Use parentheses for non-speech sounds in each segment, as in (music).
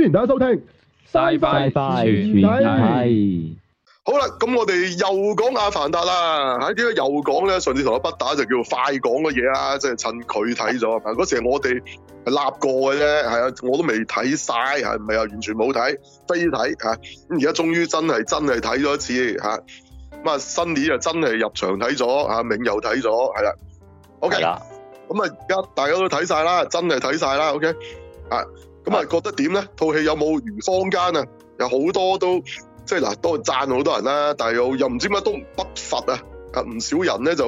歡迎大家收聽，拜拜拜拜， (noise) 好啦，咁我哋又講阿凡達啦，喺點解又講咧？上次同阿北打就叫快講嘅嘢啦，即係趁佢睇咗，嗱嗰 (noise) 時我哋係立過嘅啫，係啊，我都未睇晒，係咪啊？完全冇睇，得睇吓，而家終於真係真係睇咗一次吓，咁啊新年又真係入場睇咗阿明又睇咗，係啦，OK 咁啊而家大家都睇晒啦，真係睇晒啦，OK 啊。咁、嗯、啊、嗯，覺得點咧？套戲有冇如坊間啊？有好多都即係嗱，都讚好多人啦，但係又又唔知乜都不實啊！啊，唔少人咧就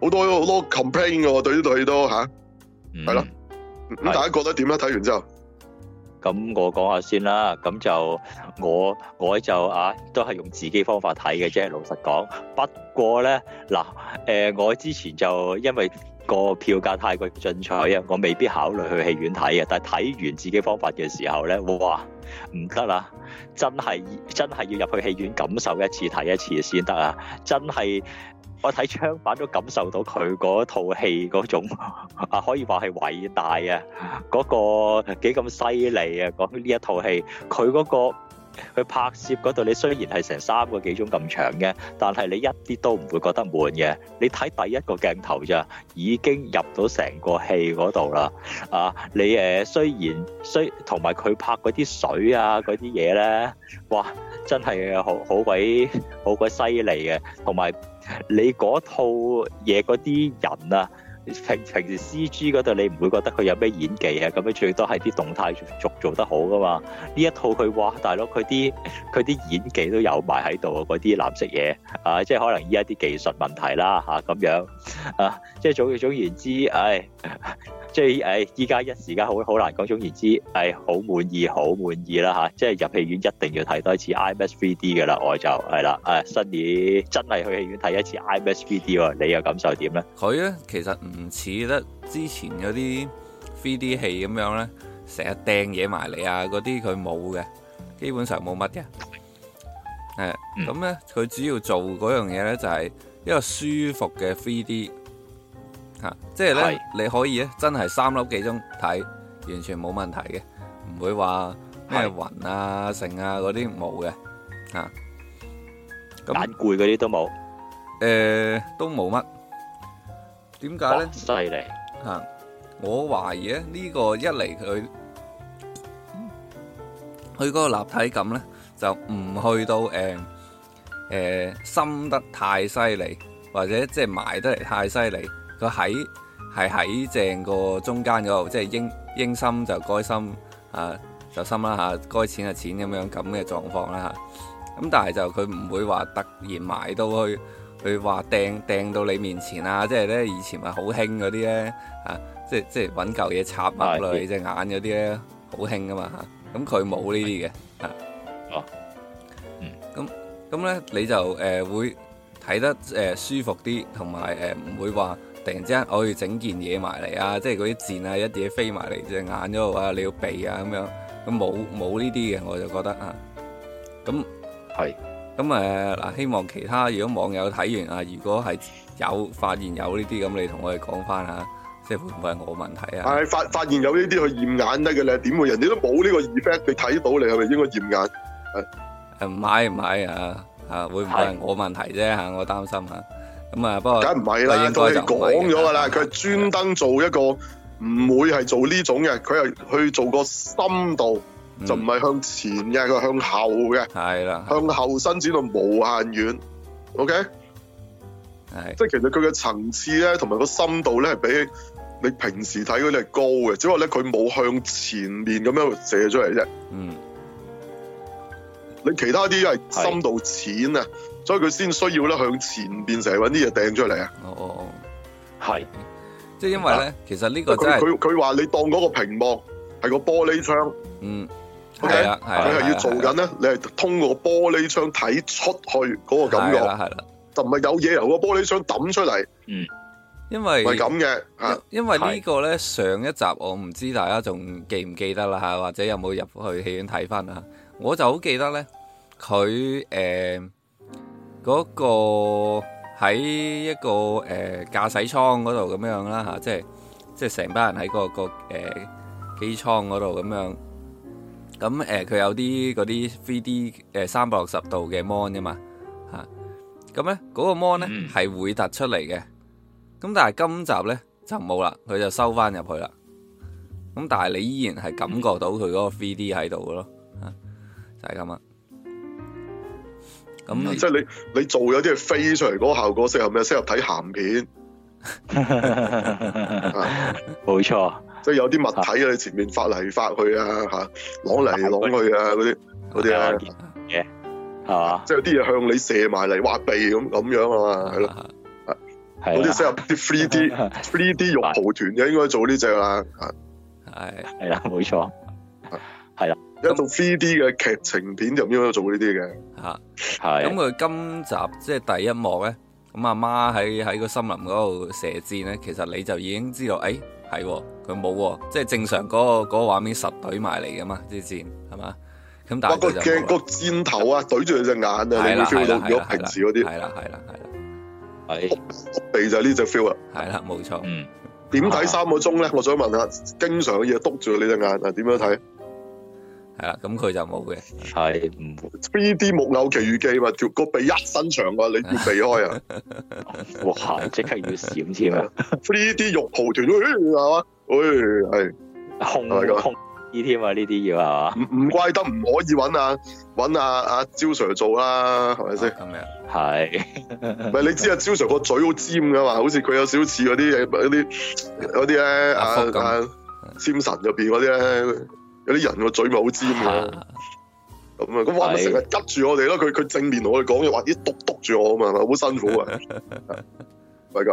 好多好多 complain 嘅喎，對呢套戲都吓，係咯。咁、嗯嗯、大家覺得點咧？睇完之後，咁我講下先啦。咁就我我就啊，都係用自己的方法睇嘅啫。老實講，不過咧嗱，誒、啊呃，我之前就因為，個票價太過盡彩啊！我未必考慮去戲院睇啊。但係睇完自己方法嘅時候咧，哇！唔得啦，真係真係要入去戲院感受一次睇一次先得啊！真係我睇槍版都感受到佢嗰套戲嗰種啊，可以話係偉大啊！嗰個幾咁犀利啊！講呢一套戲，佢嗰個。佢拍攝嗰度，你雖然係成三個幾鐘咁長嘅，但係你一啲都唔會覺得悶嘅。你睇第一個鏡頭咋，已經入到成個戲嗰度啦。啊，你誒雖然，雖同埋佢拍嗰啲水啊，嗰啲嘢咧，哇，真係好好鬼好鬼犀利嘅。同埋你嗰套嘢嗰啲人啊～平平時 C G 嗰度你唔會覺得佢有咩演技啊，咁樣最多係啲動態做做得好㗎嘛。呢一套佢話，大佬佢啲佢啲演技都有埋喺度啊，嗰啲藍色嘢啊，即係可能依一啲技術問題啦嚇咁、啊、樣啊，即係總之總言之，唉、哎。即係，誒，依家一時間好好難講。總言之，係好滿意，好滿意啦吓！即係入戲院一定要睇多一次 IMAX 3D 嘅啦，我就係啦。誒，Sunny 真係去戲院睇一次 IMAX 3D，你嘅感受點咧？佢咧其實唔似得之前有啲 3D 戲咁樣咧，成日掟嘢埋嚟啊，嗰啲佢冇嘅，基本上冇乜嘅。誒，咁咧佢主要做嗰樣嘢咧就係一個舒服嘅 3D。吓，即係咧，你可以咧，真係三粒幾鐘睇，完全冇問題嘅，唔會話咩暈啊、成啊嗰啲冇嘅吓，眼攰嗰啲都冇，誒、呃，都冇乜，點解咧？犀利吓，我懷疑咧呢個一嚟佢佢嗰個立體感咧就唔去到誒誒、呃呃、深得太犀利，或者即係埋得嚟太犀利。佢喺係喺正個中間嗰度，即係英應深就該深啊，就深啦嚇、啊，該淺就淺咁樣咁嘅狀況啦吓，咁、啊、但係就佢唔會話突然買到去去話掟掟到你面前啊！即係咧以前咪好興嗰啲咧啊，即係即係揾嚿嘢插落嚟隻眼嗰啲咧，好興噶嘛，咁佢冇呢啲嘅哦，咁咁咧你就誒、呃、會睇得、呃、舒服啲，同埋呃、唔會話，突然之間，我要整件嘢埋嚟啊！即係嗰啲箭啊，一啲嘢飛埋嚟隻眼嗰度啊，你要避啊咁樣，咁冇冇呢啲嘅，我就覺得啊，咁係咁誒嗱，希望其他如果網友睇完啊，如果係有發現有呢啲咁，你同我哋講翻啊，即係會唔會係我問題啊？係發發現有呢啲去驗眼得嘅啦，點會人哋都冇呢個 effect，你睇到你係咪應該驗眼？係誒，唔係，唔係啊？啊，會唔會係我問題啫、啊？嚇，我擔心嚇、啊。咁啊，不過梗唔係啦，同你講咗噶啦，佢係專登做一個唔會係做呢種嘅，佢係去做個深度，嗯、就唔係向前嘅，佢向後嘅，係啦，向後伸展到無限遠，OK，係，即係其實佢嘅層次咧，同埋個深度咧，係比你平時睇嗰啲係高嘅，只不過咧佢冇向前面咁樣射出嚟啫，嗯，你其他啲係深度淺啊。是所以佢先需要咧向前面成日搵啲嘢掟出嚟啊！哦、oh, 哦、oh, oh.，係，即係因為咧、嗯，其實呢個真係佢佢話你當嗰個屏幕係個玻璃窗，嗯，係、okay? 啊，係啊，佢係要做緊咧、啊啊，你係通過個玻璃窗睇出去嗰個感覺，係啦、啊啊，就唔係有嘢由個玻璃窗揼出嚟，嗯，因為係咁嘅，因為個呢個咧上一集我唔知大家仲記唔記得啦或者有冇入去戲院睇返啊？我就好記得咧，佢嗰、那個喺一個誒駕駛艙嗰度咁樣啦嚇、啊，即係即係成班人喺、那個、那個誒機艙嗰度咁樣咁誒佢有啲嗰啲 3D 誒三百六十度嘅模㗎嘛嚇，咁咧嗰個模咧係會突出嚟嘅，咁但係今集咧就冇啦，佢就收翻入去啦，咁但係你依然係感覺到佢嗰個 3D 喺度嘅咯，就係咁啦。咁即係你你做有啲係飛出嚟嗰個效果，適合咩？適合睇鹹片，冇 (laughs) 錯、啊。即係有啲物體喺你前面發嚟發去啊，吓攞嚟攞去啊，嗰啲嗰啲係嘛？即係有啲嘢向你射埋嚟挖鼻咁咁樣啊嘛，係咯。啲適合啲 three D three D 肉蒲團嘅， (laughs) 應該做呢隻啦。係係啦，冇 (laughs) 錯，係啦。 (laughs) (laughs) 嗯、做 3D 嘅劇情片又點樣做呢啲嘅？吓，係咁佢今集即係第一幕咧，咁阿媽喺喺個森林嗰度射箭咧，其實你就已經知道，誒、哎，係佢冇，即係正常嗰、嗰個、嗰個畫面實懟埋嚟噶嘛，啲箭係嘛？咁但係個鏡個箭頭啊，懟住你隻眼啊的，你會 feel 到如果平時嗰啲係啦，係啦，係啦，係，我我就係呢隻 feel 啊，係啦，冇錯，嗯，點睇三個鐘咧？我想問下，經常嘅嘢督住你隻眼啊，點樣睇？嗯係啦，咁佢就冇嘅，係唔會。3D 木偶奇遇記嘛，條個鼻一身長啊，你要避開啊！哇，即刻要閃添啊！3D 肉蒲團啊嘛，唉，係控控啲添啊，呢啲要係嘛？唔、哎、唔怪得唔可以揾阿揾阿阿招 sir 做啦，係咪先？係咪？係咪？你知阿招、啊、sir 個嘴好尖噶嘛？好似佢有少似嗰啲嗰啲嗰啲咧，啊，阿、啊、尖神入邊嗰啲咧。有啲人個嘴咪好尖嘅，咁啊，咁話乜成日拮住我哋咯？佢佢、啊、正面同我哋講嘢，話要督督住我啊嘛，係咪好辛苦 (laughs) 係係啊？咪，個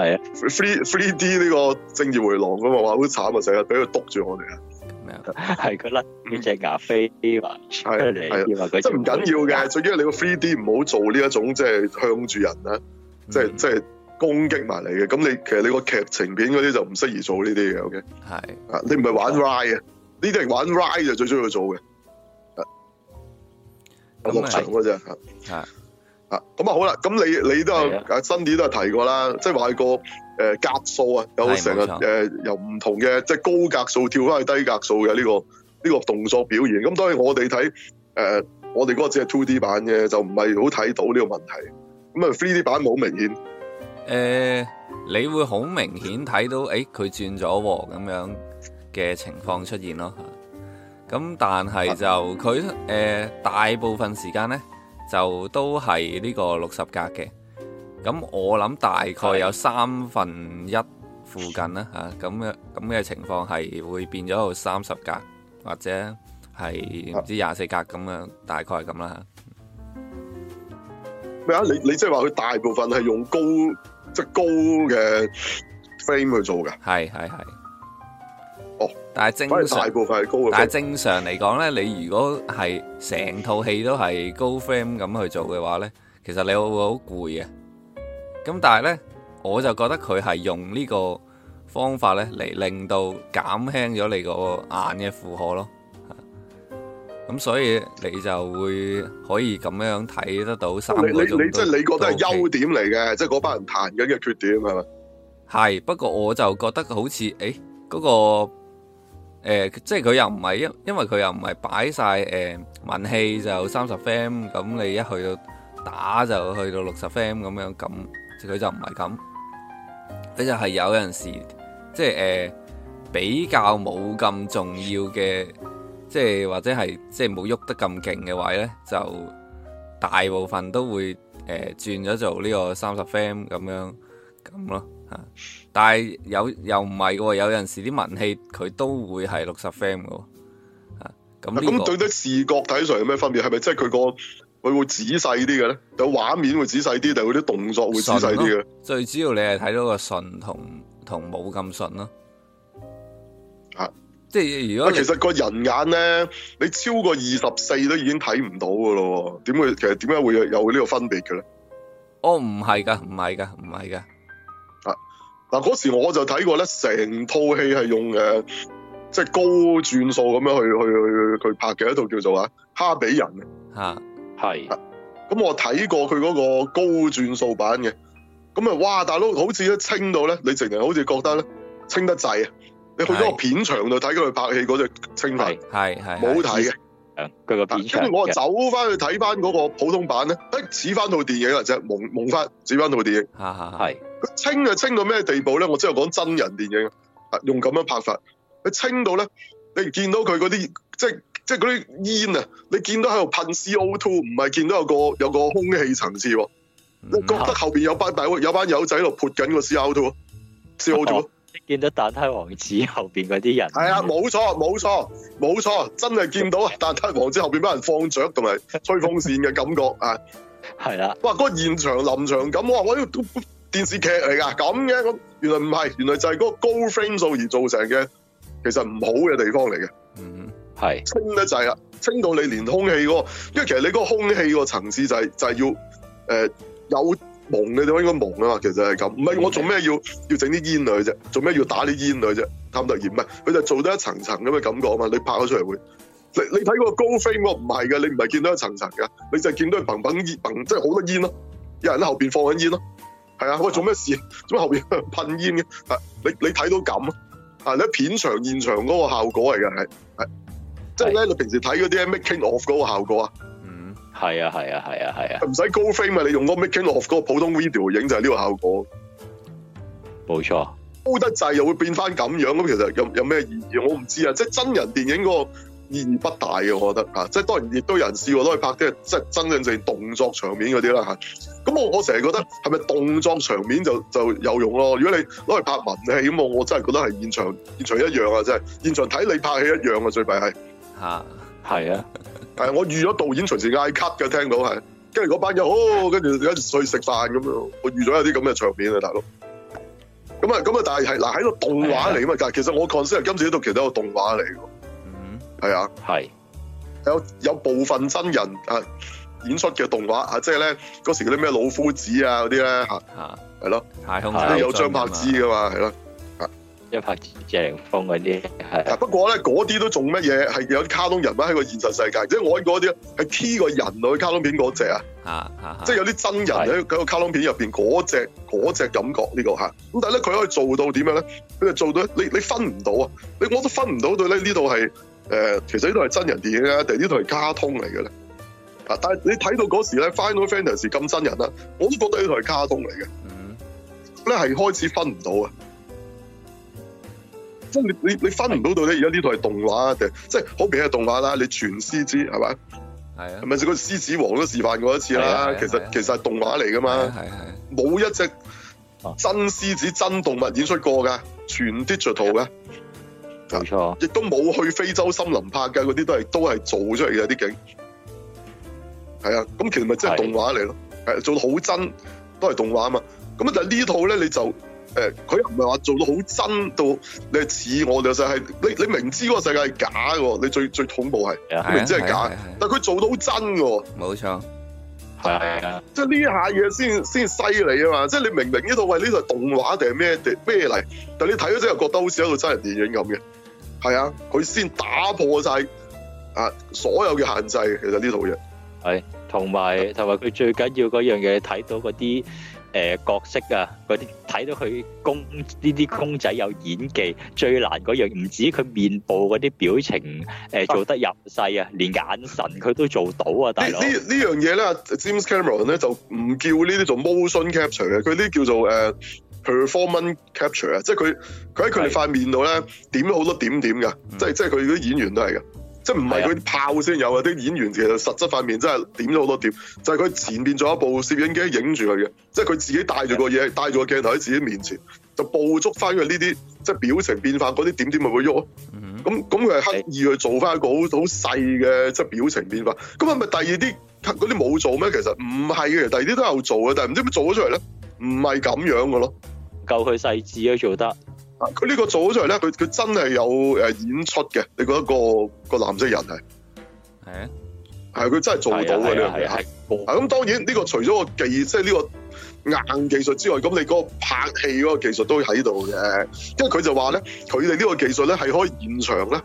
係啊，three three D 呢個正義迴廊咁啊，話好慘啊，成日俾佢督住我哋啊。咩啊？係佢甩呢隻咖啡話嚟，話佢即係唔緊要嘅、啊，最緊要你個 three D 唔好做呢一種即係、就係、向住人啦，即係即係。就係攻擊埋嚟嘅，咁你其實你個劇情片嗰啲就唔適宜做呢啲嘢，OK？啊，你唔係玩 ride 啊，呢啲人玩 ride 就最中意做嘅。咁落場嗰啫。咁啊好啦，咁、啊啊、你你都有 Sunny 都係提過啦，即係話個、呃、格數啊，有成日誒由唔同嘅即係高格數跳翻去低格數嘅呢、呢個呢、呢個呢個動作表現。咁當然我哋睇、呃、我哋嗰個只係 two D 版嘅，就唔係好睇到呢個問題。咁啊 three D 版冇明顯。誒、呃，你會好明顯睇到誒，佢轉咗咁、哦、樣嘅情況出現咯。咁但係就佢誒、呃，大部分時間呢，就都係呢個六十格嘅。咁我諗大概有三分一附近啦吓。咁嘅咁嘅情況係會變咗到三十格或者係唔知廿四格咁樣，大概咁啦。咩啊？你你即係話佢大部分係用高即係高嘅 frame 去做嘅，係係係。哦，但係正常大部分係高，但係正常嚟講咧，你如果係成套戲都係高 frame 咁去做嘅話咧，其實你會會好攰啊。咁但係咧，我就覺得佢係用呢個方法咧嚟令到減輕咗你個眼嘅負荷咯。咁所以你就會可以咁樣睇得到三。你你你即係你覺得係優點嚟嘅，即係嗰班人彈緊嘅缺點係嘛？係，不過我就覺得好似誒嗰個誒，即係佢又唔係因因為佢又唔係擺晒誒運氣就三十分，咁你一去到打就去到六十分咁樣咁，佢就唔係咁。佢就係有陣時即係誒比較冇咁重要嘅。即係或者係即係冇喐得咁勁嘅位咧，就大部分都會誒轉咗做呢個三十 fps 咁樣咁咯吓。但係有又唔係嘅，有陣時啲文戲佢都會係六十 fps 嘅吓。咁、啊、咁、這個，對得視覺睇上有咩分別？係咪即係佢個佢會，會仔細啲嘅咧？有畫面會仔細啲，定係佢啲動作會仔細啲嘅？最主要你係睇到個順同同冇咁順咯。即係如果，其實個人眼咧，你超過二十四都已經睇唔到噶咯。點會，其實點解會有呢個分別嘅咧？哦，唔係噶，唔係噶，唔係噶。啊，嗱嗰時我就睇過咧，成套戲係用誒，即係高轉數咁樣去去去去拍嘅一套叫做啊《哈比人》啊。吓，係、啊。咁我睇過佢嗰個高轉數版嘅，咁啊，哇，大佬好似都清到咧，你淨係好似覺得咧清得滯啊。去咗個片場度睇佢拍戲嗰隻清法，係係冇睇嘅。佢個片場，跟住我走翻去睇翻嗰個普通版咧，誒，似翻套電影嘅啫，蒙蒙翻指翻套電影。係佢清啊清到咩地步咧？我只係講真人電影啊，用咁樣拍法，佢清到咧，你見到佢嗰啲即係即係啲煙啊，你見到喺度噴 C O two，唔係見到有個有個空氣層次，你覺得後邊有班大、嗯、有班友仔喺度潑緊個 C O two，C O two。嗯嗯見到蛋撻王子後邊嗰啲人，係啊，冇錯冇錯冇錯，真係見到蛋撻王子後邊俾人放腳同埋吹風扇嘅感覺 (laughs) 啊，係啦，哇，嗰個現場臨場感，哇，呢個電視劇嚟噶，咁嘅咁，原來唔係，原來就係嗰個高 frame 數而造成嘅，其實唔好嘅地方嚟嘅，嗯，係清,清得滯啊，清到你連空氣個，因為其實你嗰個空氣個層次就係、是、就係、是、要誒、呃、有。朦嘅地方應該朦噶嘛，其實係咁，唔係我做咩要要整啲煙女啫，做咩要打啲煙女啫，貪得意咩？佢就做咗一層層咁嘅感覺啊嘛，你拍咗出嚟會，你你睇嗰個高飛我唔係噶，你唔係見到一層層噶，你就見到嘭嘭嘭，即係好多煙咯，有人喺後邊放緊煙咯，係啊，喂，做咩事？做咩後邊噴煙嘅？啊，你你睇到咁啊？你喺片場現場嗰個效果嚟嘅。係係，即係咧，你平時睇嗰啲 making of 嗰個效果啊？係啊係啊係啊係啊，唔使、啊啊啊啊、高飛嘛，你用嗰個 making of 嗰個普通 video 影就係呢個效果。冇錯，高得滯又會變翻咁樣咁，其實有有咩意義我唔知啊。即係真人電影嗰個意義不大嘅，我覺得啊，即係當然亦都有人試攞嚟拍嘅，即係真正正動作場面嗰啲啦吓。咁我我成日覺得係咪動作場面就就有用咯？如果你攞嚟拍文戲咁，我真係覺得係現場現場一樣，是場一樣是啊，即係現場睇你拍戲一樣啊，最弊係吓係啊。係我預咗導演隨時嗌 cut 嘅，聽到係，跟住嗰班人，哦，跟住一去食飯咁樣，我預咗有啲咁嘅場面啊，大佬。咁啊，咁啊，但係係嗱，喺個動畫嚟啊嘛，但、哎、係其實我 concept 係今次呢度，其實係一個動畫嚟，嗯，係啊，係有有部分真人啊演出嘅動畫啊，即係咧嗰時嗰啲咩老夫子啊嗰啲咧吓，係咯、啊啊啊，太空有張柏芝噶嘛，係、啊、咯。一拍鄭風嗰啲係，不過咧嗰啲都仲乜嘢係有卡通人物喺個現實世界，即係我喺嗰啲咧係 T 個人類的卡通片嗰隻啊，吓、啊、即係有啲真人喺喺個卡通片入邊嗰隻隻感覺、這個、呢個吓，咁但係咧佢可以做到點樣咧？佢就做到你你分唔到啊？你我都分唔到對咧呢度係誒，其實呢度係真人電影啊，定呢度係卡通嚟嘅咧？啊，但係你睇到嗰時咧《Final Fantasy》咁真人啦，我都覺得呢度係卡通嚟嘅，嗯，咧係開始分唔到啊。即係你你你分唔到到咧，而家呢套係動畫嘅，即係好明顯係動畫啦。你全獅子係咪？係啊，係咪先個獅子王都示範過一次啦？其實是其實係動畫嚟噶嘛，係，係冇一隻真獅子，啊、真動物演出過噶，全 digital 嘅，冇錯。亦，啊、都冇去非洲森林拍嘅，嗰啲都係都係做出嚟嘅啲景。係啊，咁其實咪即係動畫嚟咯，係做到好真都係動畫啊嘛。咁啊，但係呢套咧你就。誒，佢又唔係話做到好真到你似我的，其實係你你明知嗰個世界係假嘅，你最最恐怖係、啊、明知係假嘅、啊啊啊，但佢做到真嘅，冇錯係啊，即係呢下嘢先先犀利啊嘛！即係你明明呢套係呢套動畫定係咩咩嚟，但你睇咗之後覺得好似一個真人電影咁嘅，係啊，佢先打破晒啊所有嘅限制，其實呢套嘢係同埋同埋佢最緊要嗰樣嘢，睇到嗰啲。誒、呃，角色啊，嗰啲睇到佢公呢啲公仔有演技，最難嗰樣唔止佢面部嗰啲表情，誒、呃、做得入細啊，啊連眼神佢都做到啊！大佬呢呢樣嘢咧，James Cameron 咧就唔叫呢啲做 motion capture 嘅，佢啲叫做誒、uh, performance capture 啊，即係佢佢喺佢哋塊面度咧點咗好多點點噶、嗯，即係即係佢啲演員都係噶。即係唔係佢炮先有啊？啲演員其實實質塊面真係點咗好多點，就係佢前面仲有一部攝影機影住佢嘅，即係佢自己帶住個嘢，帶住個鏡頭喺自己面前，就捕捉翻佢呢啲即係表情變化嗰啲點點咪會喐咯。咁咁佢係刻意去做翻一個好好細嘅即係表情變化。咁係咪第二啲嗰啲冇做咩？其實唔係嘅，第二啲都有做嘅，但係唔知做咗出嚟咧，唔係咁樣嘅咯。夠佢細緻啊，做得！佢呢個做咗出嚟咧，佢佢真係有誒演出嘅。你覺得、那個個藍色人係係啊？係佢真係做到嘅呢樣嘢。咁當然呢、這個除咗個技，即係呢個硬技術之外，咁你那個拍戲嗰個技術都喺度嘅。因為佢就話咧，佢哋呢個技術咧係可以現場咧。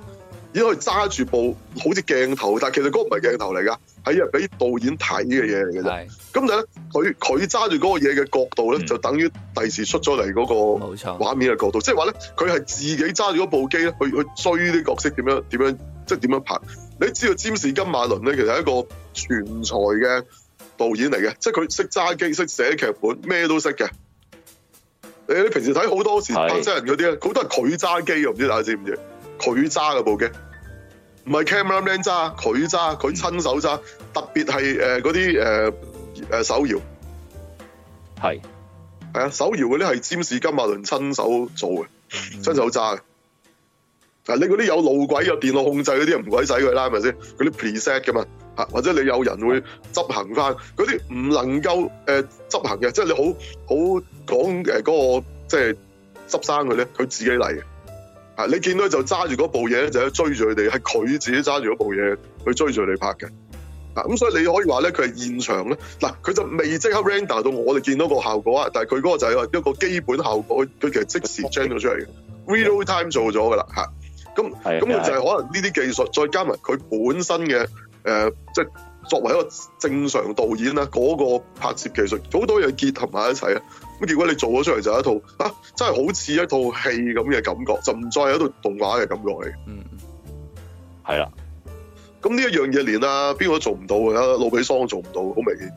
已經可以揸住部好似鏡頭，但係其實嗰個唔係鏡頭嚟㗎，係俾導演睇嘅嘢嚟嘅啫。咁但係咧，佢佢揸住嗰個嘢嘅角度咧，嗯、就等於第時出咗嚟嗰個畫面嘅角度。即係話咧，佢係自己揸住嗰部機咧，去去追啲角色點樣點樣，即係點樣拍。你知道占士金馬倫咧，其實係一個全才嘅導演嚟嘅，即係佢識揸機、識寫劇本，咩都識嘅。你你平時睇好多時拍真人嗰啲咧，好多係佢揸機㗎，唔知大家知唔知？佢揸嗰部機，唔係 Cameraman 揸，佢揸，佢親手揸，特別係誒嗰啲誒誒手搖，係係啊，手搖嗰啲係占士金馬倫親手做嘅，親手揸嘅。嗱、嗯，你嗰啲有路軌有電腦控制嗰啲，唔鬼使佢啦，係咪先？嗰啲 preset 噶嘛，吓或者你有人會執行翻嗰啲唔能夠誒執行嘅，即係你好好講誒嗰個即係執生佢咧，佢自己嚟。你見到就揸住嗰部嘢，就係追住佢哋，係佢自己揸住嗰部嘢去追住你拍嘅。啊，咁所以你可以話咧，佢係現場咧。嗱，佢就未即刻 render 到我哋見到個效果啊，但係佢嗰個就係一個基本效果，佢其實即時 generate 出嚟嘅、嗯、real time 做咗噶啦，嚇、嗯。咁咁就係可能呢啲技術，再加埋佢本身嘅誒即係作為一個正常導演啦，嗰、嗰個拍攝技術，好多嘢結合埋一齊啊。結果你做咗出嚟就係一套啊，真係好似一套戲咁嘅感覺，就唔再係一套動畫嘅感覺嚟嗯，係啦。咁呢一樣嘢連啊，邊個都做唔到嘅，老比桑都做唔到，好明顯。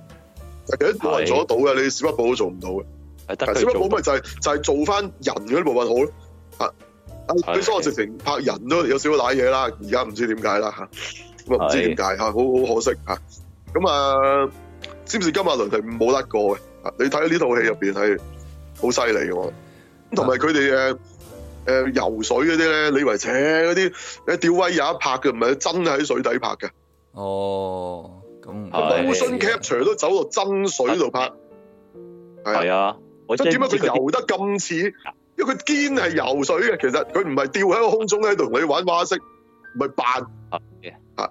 其實冇人做得到嘅，你史匹堡都做唔到嘅。係得史匹堡咪就係、是、就係、是、做翻人嗰啲部分好咯。啊，盧比桑直情拍人都有少少瀨嘢啦，而家唔知點解啦吓。咁啊唔、啊、知點解吓、啊，好好可惜吓。咁啊，啊，知唔知今日輪替冇得過嘅。你睇呢套戲入邊係好犀利嘅，咁同埋佢哋誒誒游水嗰啲咧，你以為請嗰啲誒吊威也拍嘅，唔係真係喺水底拍嘅。哦，咁 motion capture 都走到真水度拍，係啊。即點解佢游得咁似？因為佢堅係游水嘅，其實佢唔係吊喺個空中咧喺度同你玩花式，唔係扮。啊，係。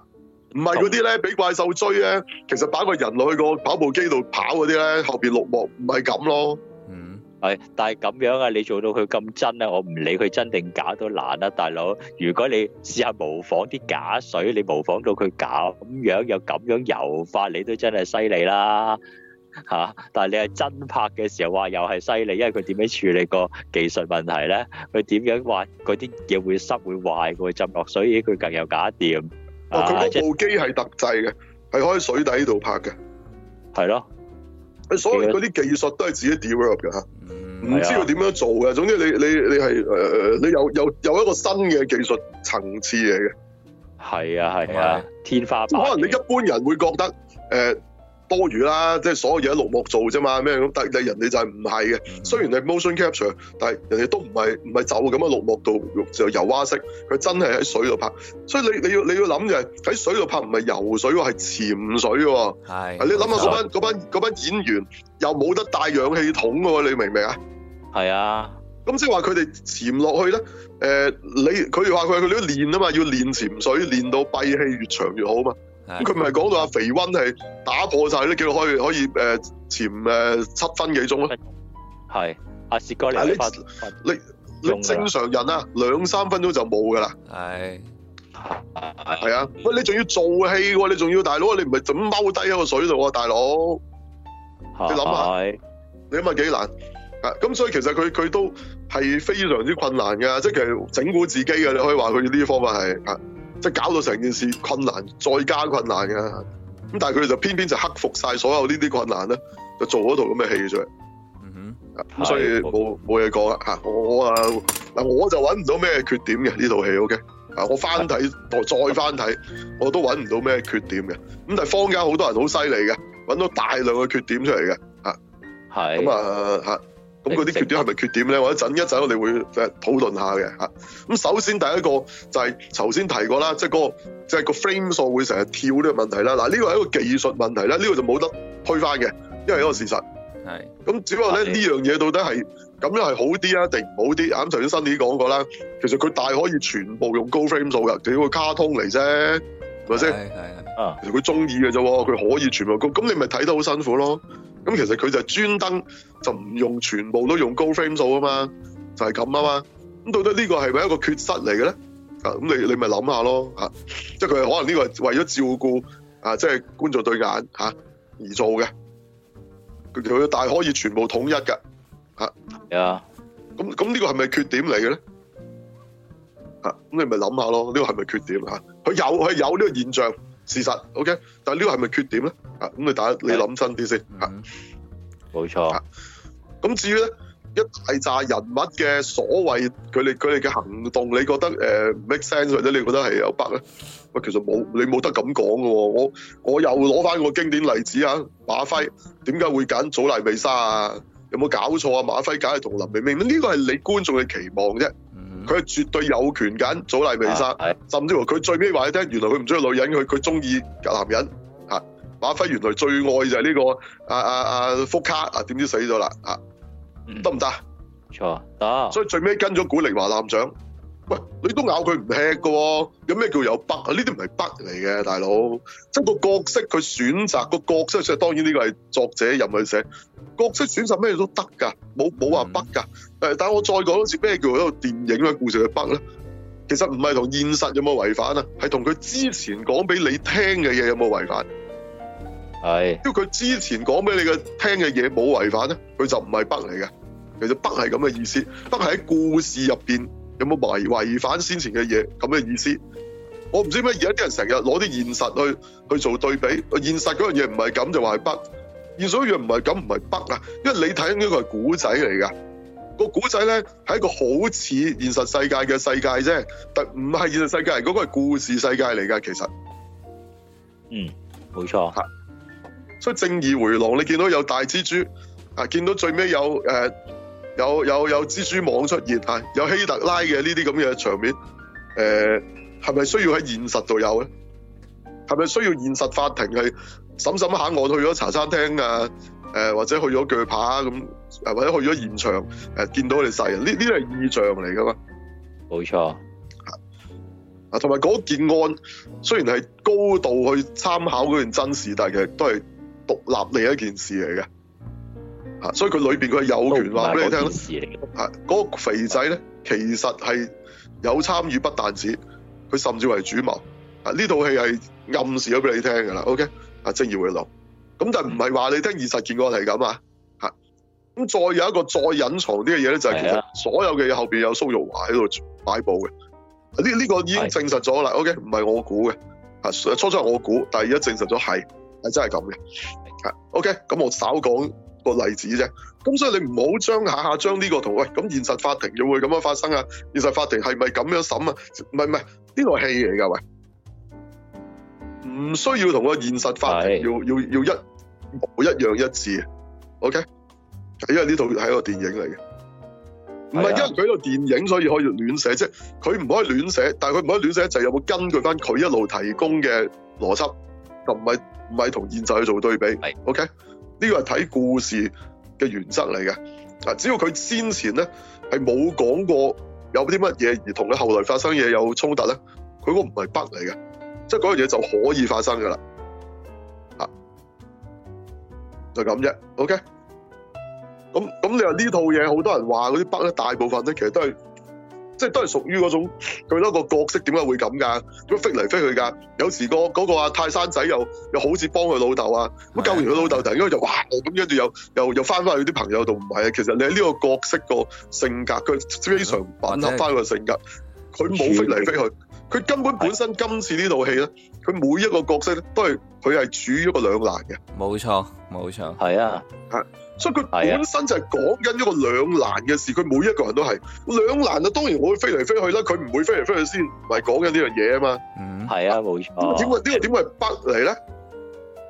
唔係嗰啲咧，俾怪獸追咧，其實擺個人落去個跑步機度跑嗰啲咧，後邊綠幕唔係咁咯。嗯，係，但係咁樣啊，你做到佢咁真咧，我唔理佢真定假都難啊，大佬。如果你試下模仿啲假水，你模仿到佢咁樣又咁樣游法，你都真係犀利啦。吓、啊，但係你係真拍嘅時候話又係犀利，因為佢點樣處理個技術問題咧？佢點樣話嗰啲嘢會濕會壞會浸落水，佢更有假點。哦，佢部機係特製嘅，係、啊就是、可以水底度拍嘅，係咯，所有嗰啲技術都係自己 develop 嘅吓，唔、嗯、知道點樣做嘅，總之你你你係誒誒，你有有有一個新嘅技術層次嚟嘅，係啊係啊，天花板。就可能你一般人會覺得誒。呃多餘啦，即係所有嘢喺綠幕做啫嘛，咩咁？但係人哋就係唔係嘅。雖然係 motion capture，但係人哋都唔係唔係走咁啊，綠幕度就游蛙式，佢真係喺水度拍。所以你你要你要諗嘅係喺水度拍唔係游水喎，係潛水喎。係。你諗下嗰班班班演員又冇得帶氧氣筒嘅喎，你明唔明啊？係啊。咁即係話佢哋潛落去咧，誒、呃，你佢話佢佢都要練啊嘛，要練潛水，練到閉氣越長越好啊嘛。咁佢唔係講到阿肥温係打破晒咧，叫可以可以誒、呃、潛誒、呃、七分幾鐘咯。係，阿你你正常人啊，兩三分鐘就冇噶啦。係，係啊，喂，你仲要做戲喎、啊？你仲要大佬？你唔係咁踎低喺個水度啊大佬。你諗下，你諗下幾難？啊，咁所以其實佢佢都係非常之困難嘅，即、就、係、是、其實整蠱自己嘅，你可以話佢呢啲方法係啊。即係搞到成件事困難，再加困難嘅，咁但係佢哋就偏偏就克服晒所有呢啲困難咧，就做咗套咁嘅戲出嚟。嗯哼，咁、啊、所以冇冇嘢講啦吓，我啊嗱我就揾唔到咩缺點嘅呢套戲，OK，啊我翻睇再翻睇，我都揾唔到咩缺點嘅，咁但係坊間好多人好犀利嘅，揾到大量嘅缺點出嚟嘅吓，係咁啊吓。咁嗰啲缺點係咪缺點咧？或者陣一陣我哋會誒討論下嘅咁、啊、首先第一個就係頭先提過啦，即、就、係、係個即係、即係、個 frame 數會成日跳嘅問題啦。嗱、啊、呢、呢個係一個技術問題啦，呢、呢個就冇得推翻嘅，因為一個事實。咁只不過咧呢樣嘢到底係咁樣係好啲啊，定唔好啲？啱頭先 Sunny 講過啦，其實佢大可以全部用高 frame 數嘅，就要個卡通嚟啫，係咪先？啊。其實佢中意嘅啫喎，佢可以全部高，咁你咪睇得好辛苦咯。咁其實佢就係專登就唔用全部都用高 frame 數啊嘛，就係咁啊嘛。咁到底呢個係咪一個缺失嚟嘅咧？啊，咁你你咪諗下咯，嚇、啊！即係佢可能呢個係為咗照顧啊，即係觀眾對眼嚇、啊、而做嘅。佢大可以全部統一嘅嚇。有。咁咁呢個係咪缺點嚟嘅咧？嚇！咁你咪諗下咯，呢個係咪缺點啊？佢有佢有呢個現象事實，OK，但係呢個係咪缺點咧？啊，咁你大家，你諗真啲先。嗯，冇錯。咁、啊、至於咧，一大扎人物嘅所謂佢哋佢哋嘅行動，你覺得誒、呃、make sense 或者你覺得係有 bug 咧？喂，其實冇你冇得咁講嘅喎。我我又攞翻個經典例子啊。馬輝點解會揀祖麗美莎啊？有冇搞錯啊？馬輝梗係同林明明，呢個係你觀眾嘅期望啫。佢、嗯、係絕對有權揀祖麗美莎、啊，甚至乎佢最尾話你聽，原來佢唔中意女人，佢佢中意男人。馬輝原來最愛就係呢、這個啊啊啊福卡啊，點知死咗啦吓？得唔得？錯得。所以最尾跟咗古靈華艦長。喂，你都咬佢唔吃噶？有咩叫有 bug 啊？呢啲唔係 bug 嚟嘅，大佬。即、就、係、是、個角色佢選擇個角色，當然呢個係作者任佢寫。角色選擇咩都得噶，冇冇話 bug 噶。誒、嗯，但我再講一次，咩叫一個電影嘅故事去 bug 咧？其實唔係同現實有冇違反啊，係同佢之前講俾你聽嘅嘢有冇違反。係，因為佢之前講俾你嘅聽嘅嘢冇違反咧，佢就唔係北嚟嘅。其實北係咁嘅意思，北係喺故事入邊有冇違違反先前嘅嘢咁嘅意思。我唔知咩而家啲人成日攞啲現實去去做對比，現實嗰樣嘢唔係咁就話係北。現實一樣唔係咁唔係北啊，因為你睇緊呢個係古仔嚟噶，個古仔咧係一個好似現實世界嘅世界啫，但唔係現實世界，嗰個係故事世界嚟噶，其實。嗯，冇錯。所以正義回廊，你見到有大蜘蛛啊，見到最尾有誒、呃、有有有蜘蛛網出現，係有希特拉嘅呢啲咁嘅場面，誒係咪需要喺現實度有咧？係咪需要現實法庭去審審下我去咗茶餐廳啊？誒或者去咗鋸扒咁，或者去咗、啊、現場誒、呃、見到你哋殺人？呢呢係意象嚟噶嘛？冇錯啊！同埋嗰件案雖然係高度去參考嗰件真事，但係其實都係。獨立另一件事嚟嘅，吓，所以佢裏邊佢係有權話俾你聽，嗰個肥仔咧，其實係有參與不但止，佢甚至為主謀，啊，呢套戲係暗示咗俾你聽噶啦，OK，阿鄭耀輝講，咁但唔係話你聽，現實見過係咁啊，吓，咁再有一個再隱藏啲嘅嘢咧，就係其實所有嘅嘢後邊有蘇玉華喺度擺布嘅，呢呢個已經證實咗啦，OK，唔係我估嘅，啊，初初係我估，但係而家證實咗係。係真係咁嘅，係 OK。咁我少講個例子啫。咁所以你唔好將下下將呢個圖喂，咁現實法庭又會咁樣發生啊？現實法庭係咪咁樣審啊？唔係，唔係呢個戲嚟噶喂，唔需要同個現實法庭要要要一模一樣一致。OK，因為呢套係一個電影嚟嘅，唔係因為佢係個電影所以可以亂寫，即係佢唔可以亂寫，但係佢唔可以亂寫就係，有冇根據翻佢一路提供嘅邏輯，就唔係。唔係同現實去做對比，係 OK？呢個係睇故事嘅原則嚟嘅。啊，只要佢先前咧係冇講過有啲乜嘢，而同佢後來發生嘢有衝突咧，佢嗰個唔係北嚟嘅，即係嗰樣嘢就可以發生㗎啦。啊，就咁啫。OK？咁咁你話呢套嘢好多人話嗰啲北咧，大部分咧其實都係。即係都係屬於嗰種，佢嗰個角色點解會咁㗎？咁飛嚟飛去㗎。有時、嗰個嗰、嗰個阿泰山仔又又好似幫佢老豆啊，咁救完佢老豆突然間就哇咁，跟住又又又翻翻去啲朋友度唔係啊？其實你喺呢個角色性個性格，佢非常吻合翻個性格。佢冇飛嚟飛去，佢根本本身今次呢套戲咧，佢每一個角色咧都係佢係處於一個兩難嘅。冇錯，冇錯，係啊。所以佢本身就係講緊一個兩難嘅事，佢、啊、每一個人都係兩難啊。當然我會飛嚟飛去啦，佢唔會飛嚟飛去先唔係講緊呢樣嘢啊嘛。嗯，係啊，冇、啊、錯。點解呢個點解北嚟咧？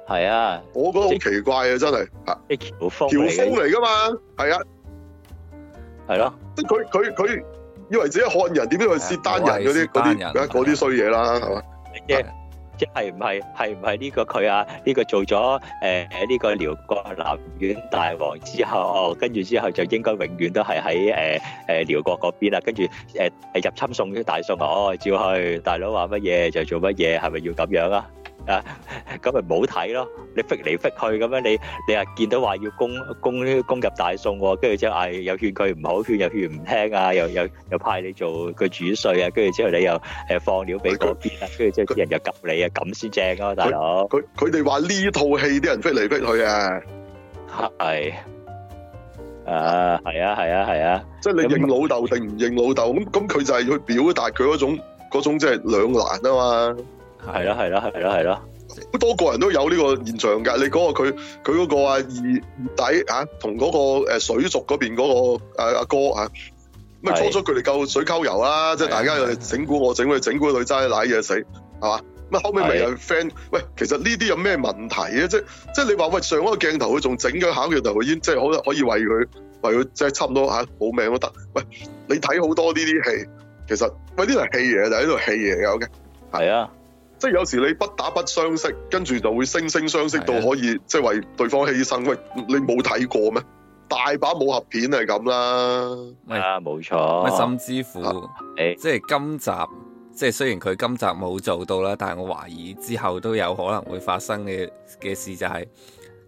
係啊，我覺得好奇怪啊，真係啊。喬峯，喬峯嚟噶嘛？係啊，係咯。即係佢佢佢以為自己漢人點樣去契丹人嗰啲嗰啲嗰啲衰嘢啦，係嘛、啊？即係唔係係唔係呢個佢啊？呢、呢個做咗誒呢個遼國南院大王之後，跟住之後就應該永遠都係喺誒誒遼國嗰邊啦、啊。跟住誒誒入侵宋，大宋啊，哦照去，大佬話乜嘢就做乜嘢，係咪要咁樣啊？咁咪唔好睇咯！你飛嚟飛去咁樣，你你又見到話要攻攻攻入大宋，跟住之後又勸佢唔好，勸又勸唔聽啊，又又又派你做佢主帥啊，跟住之後你又誒放料俾嗰邊啊，跟住之後啲人又夾你啊，咁先正啊，大佬。佢佢哋話呢套戲啲人飛嚟飛去啊，係啊，係啊，係啊，係啊，即係你認老豆定唔認老豆咁，咁佢就係去表達佢嗰種嗰種即係兩難啊嘛。係啦，係啦，係啦，係啦，多個人都有呢個現象噶。你嗰、那個佢佢嗰個啊二弟，那個、啊，同嗰個誒水族嗰邊嗰個誒阿哥啊，咁啊初初佢哋救水溝油啦，即、就、係、是、大家又整蠱我整，整蠱女仔奶嘢死，係嘛？咁後屘咪又 friend，喂，其實呢啲有咩問題啊、就是？即係即係你話喂上嗰個鏡頭佢仲整咗考佢頭，已經即係可可以為佢為佢即係差唔多吓冇、啊、命都得。喂，你睇好多呢啲戲，其實喂呢度係戲嘢，但係呢度係戲嘢 OK 係啊。即係有時你不打不相識，跟住就會惺惺相識到可以、啊、即係為對方犧牲。喂，你冇睇過咩？大把武俠片係咁啦，係啊，冇錯。甚至乎，父、啊，即係今集，即係雖然佢今集冇做到啦，但係我懷疑之後都有可能會發生嘅嘅事就、那個，就係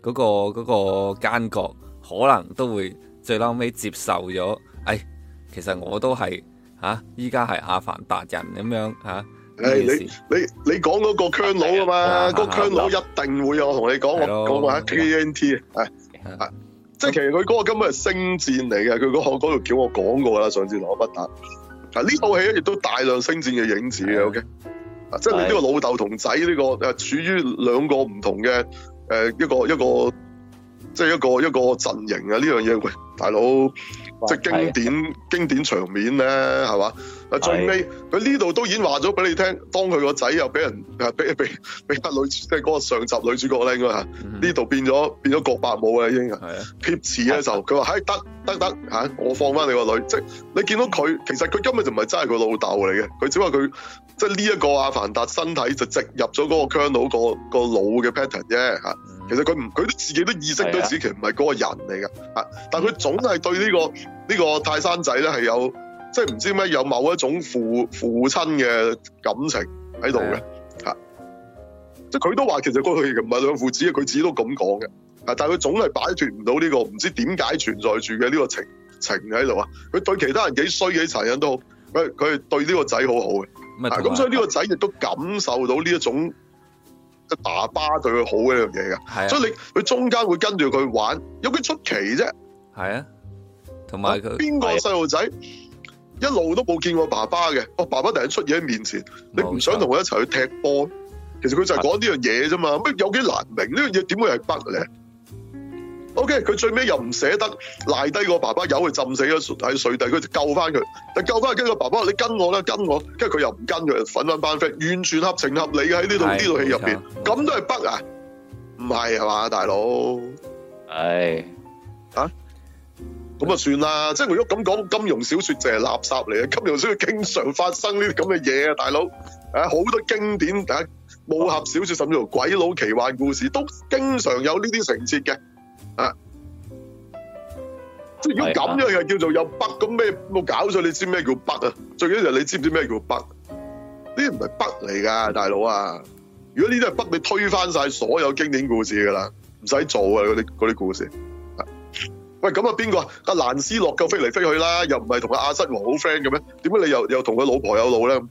嗰個嗰個奸角可能都會最嬲尾接受咗。哎，其實我都係嚇，依家係阿凡達人咁樣、啊誒、哎，你你你講嗰個槍佬啊嘛，嗰槍佬一定會有跟說，同你講，我講下 K N T 啊，係係、嗯，即係其實佢嗰個根本係星戰嚟嘅，佢嗰度叫我講過噶啦，上次攞筆答。啊，呢套戲亦都大量星戰嘅影子嘅，O K，啊即係你呢個老豆同仔呢個誒，處於兩個唔同嘅誒一個一個即係一個一個陣營啊呢樣嘢，喂大佬。即係經典、啊、經典場面咧，係嘛？是啊，最尾佢呢度都已經話咗俾你聽，當佢個仔又俾人啊俾俾俾阿女，即係嗰個上集女主角咧，應該係呢度變咗變咗郭伯母嘅已經。貼詞嘅時候，佢、啊、話，嘿，得得得嚇，我放翻你個女。即係你見到佢，其實佢根本就唔係真係佢老豆嚟嘅，佢只不過佢。即係呢一個阿凡達身體就植入咗嗰個 Colonel、嗰個腦嘅、嗰個、pattern 啫嚇，其實佢唔佢都自己都意識到自己唔係嗰個人嚟嘅嚇，但係佢總係對呢、呢個呢、呢個泰山仔咧係有即係唔知咩有某一種父父親嘅感情喺度嘅嚇，即係佢都話其實嗰對唔係兩父子嘅，佢自己都咁講嘅嚇，但係佢總係擺脫唔到呢個唔知點解存在住嘅呢個情情喺度啊！佢對其他人幾衰幾殘忍都好，佢佢對呢個仔很好好嘅。咁、嗯、所以呢個仔亦都感受到呢一種爸爸對佢好嘅嗰樣嘢噶。係、啊，所以你佢中間會跟住佢玩，有幾出奇啫。係啊，同埋佢邊個細路仔一路都冇見過爸爸嘅，我爸爸突然出現喺面前，你唔想同佢一齊去踢波。其實佢就係講呢樣嘢啫嘛。咩、啊、有幾難明、這個、怎是不呢樣嘢？點會係北咧？O K，佢最尾又唔捨得賴低個爸爸友去浸死咗喺水底，佢就救翻佢。但救翻跟個爸爸，你跟我啦，跟我，他又不跟住佢又唔跟佢，粉身碎骨，完全合情合理喺呢套呢套戲入邊，咁都係北啊？唔係係嘛，大佬，係啊，咁啊算啦。即係如果咁講，金庸小說淨係垃圾嚟嘅。金庸小說經常發生呢啲咁嘅嘢啊，大佬。啊，好多經典、啊、武俠小說甚至乎鬼佬奇幻故事都經常有呢啲情節嘅。啊！即係如果咁樣嘅、啊、叫做有筆咁咩冇搞錯，你知咩叫筆啊？最緊要就你知唔知咩叫筆？呢啲唔係筆嚟噶，大佬啊！如果呢啲係筆，你推翻晒所有經典故事噶啦，唔使做啊！嗰啲啲故事。啊、喂，咁啊邊個啊？阿蘭斯洛夠飛嚟飛去啦，又唔係同阿阿瑟王好 friend 嘅咩？點解你又又同佢老婆有路咧？誒、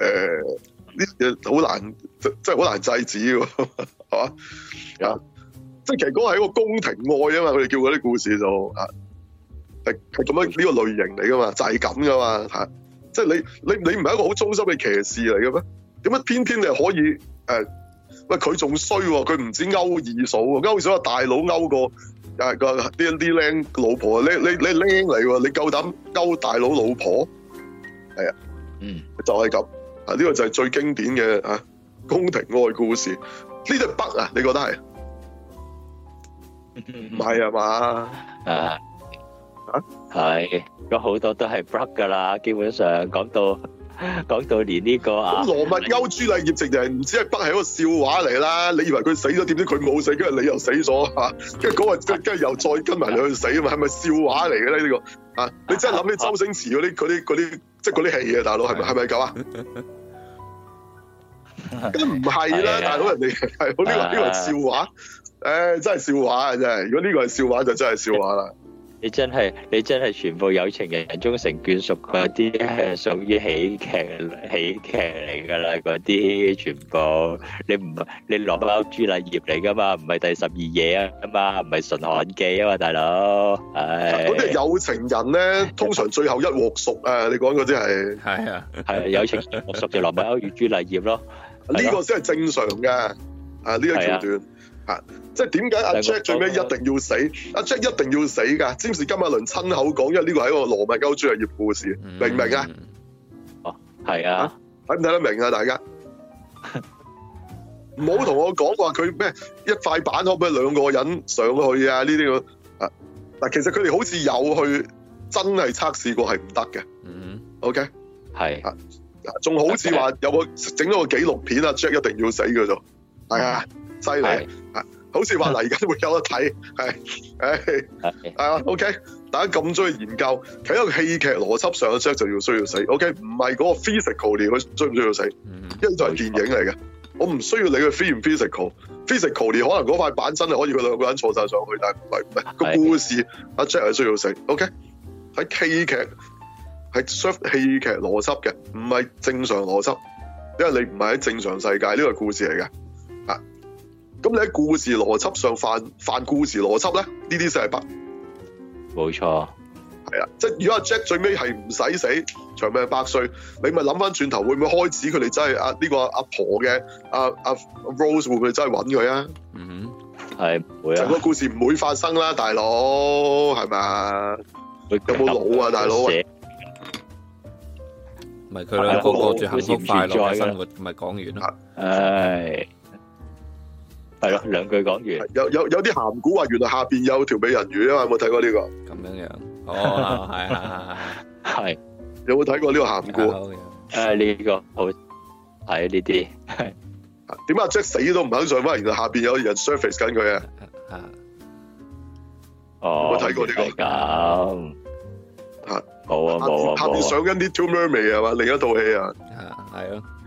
呃，呢嘢好難，真係好難制止噶，係嘛？啊！啊即係其實嗰個係一個宮廷愛啊嘛，佢哋叫嗰啲故事就啊係係咁樣呢、這個類型嚟噶嘛，就係咁噶嘛吓、啊。即係你你你唔係一個好忠心嘅騎士嚟嘅咩？點解偏偏你係可以誒？喂、啊，佢仲衰喎，佢唔止勾二嫂、啊，勾二嫂個大佬勾過誒個啲啲靚老婆，你你你靚嚟喎，你夠膽勾大佬老，老婆？係、就是、啊，嗯，就係咁啊，呢個就係最經典嘅啊宮廷愛故事呢對不啊？你覺得係？唔係啊嘛，uh, 啊，係，咁好多都係 bug 噶啦，基本上講到講到連呢個、啊，咁羅密歐朱麗葉情就係唔知係 bug 係一個笑話嚟啦。你以為佢死咗，點知佢冇死，跟住你又死咗，跟住嗰個跟住又再跟埋你去死啊嘛，係咪笑話嚟嘅咧呢個？啊，你真係諗起周星馳嗰啲啲啲，即係嗰啲戲啊，大佬係咪係咪咁啊？咁唔係啦， (laughs) 大佬哥 (laughs) 人哋係呢個呢個笑話。誒，真係笑話啊！真係，如果呢個係笑話，就真係笑話啦。你真係，你真係全部有情人終成眷屬嗰啲，係屬於喜劇喜劇嚟噶啦。嗰啲全部，你唔，你羅密歐朱麗葉嚟噶嘛？唔係第十二夜啊嘛？唔係馴悍記啊嘛？大佬，唉，嗰啲有情人咧，通常最後一鑊熟啊！你講嗰啲係係啊，係有情人鑊熟就羅密歐與朱麗葉咯。呢個先係正常噶，啊呢個橋段。啊！即係點解阿 Jack 最尾一定要死？阿、啊啊、Jack 一定要死噶！詹姆士金馬倫親口講，因為呢個係一個羅密歐專業故事，明唔明啊？哦，係啊，睇唔睇得明白啊？大家唔好同我講話佢咩一塊板可唔可以兩個人上去啊？呢啲個啊嗱、啊，其實佢哋好似有去真係測試過係唔得嘅。OK 係啊，仲好似話有個整咗個紀錄片，阿、啊、Jack 一定要死嘅啫，係啊。嗯啊犀利，係，好似話嗱，而家都會有得睇，係， (laughs) 唉，係、okay, 啊，OK，大家咁中意研究，睇到戲劇邏輯上嘅 Jack 就要需要死，OK，唔係嗰個 physical，佢需唔需要死，okay, 需需要死嗯，因為就係電影嚟嘅，okay. 我唔需要你去 feel 唔 physical，physical、okay. 你可能嗰塊板真係可以佢兩個人坐晒上去，但係唔係唔係，個故事阿 Jack 係需要死，OK，喺戲劇，係 serve 戲劇邏輯嘅，唔係正常邏輯，因為你唔係喺正常世界，呢個故事嚟嘅，啊。咁你喺故事邏輯上犯犯故事邏輯咧？呢啲就係白，冇錯，係啊，即係如果阿 Jack 最尾係唔使死，長命百歲，你咪諗翻轉頭，會唔會開始佢哋真係呢、這個阿婆嘅阿阿 Rose 會唔會真係揾佢啊？嗯，係唔會啊？整個故事唔會發生啦，大佬係咪？有冇腦啊，大佬？咪佢兩個過最幸福快樂嘅生活，咪、嗯、講、嗯嗯嗯嗯嗯嗯、完咯，唉、哎。係咯，兩句講完。有有有啲鹹古話，原來下邊有條美人魚啊嘛，uh, 有冇睇過呢、這個？咁樣樣哦，係係有冇睇過呢個鹹古？誒，呢個好係呢啲。係點解？Jack 死都唔肯上翻，原來下邊有人 surface 緊佢啊！吓，有冇睇過呢個？咁吓、啊，冇啊冇啊上緊啲 two mermaid 未嘛，另一套戲啊，係、uh,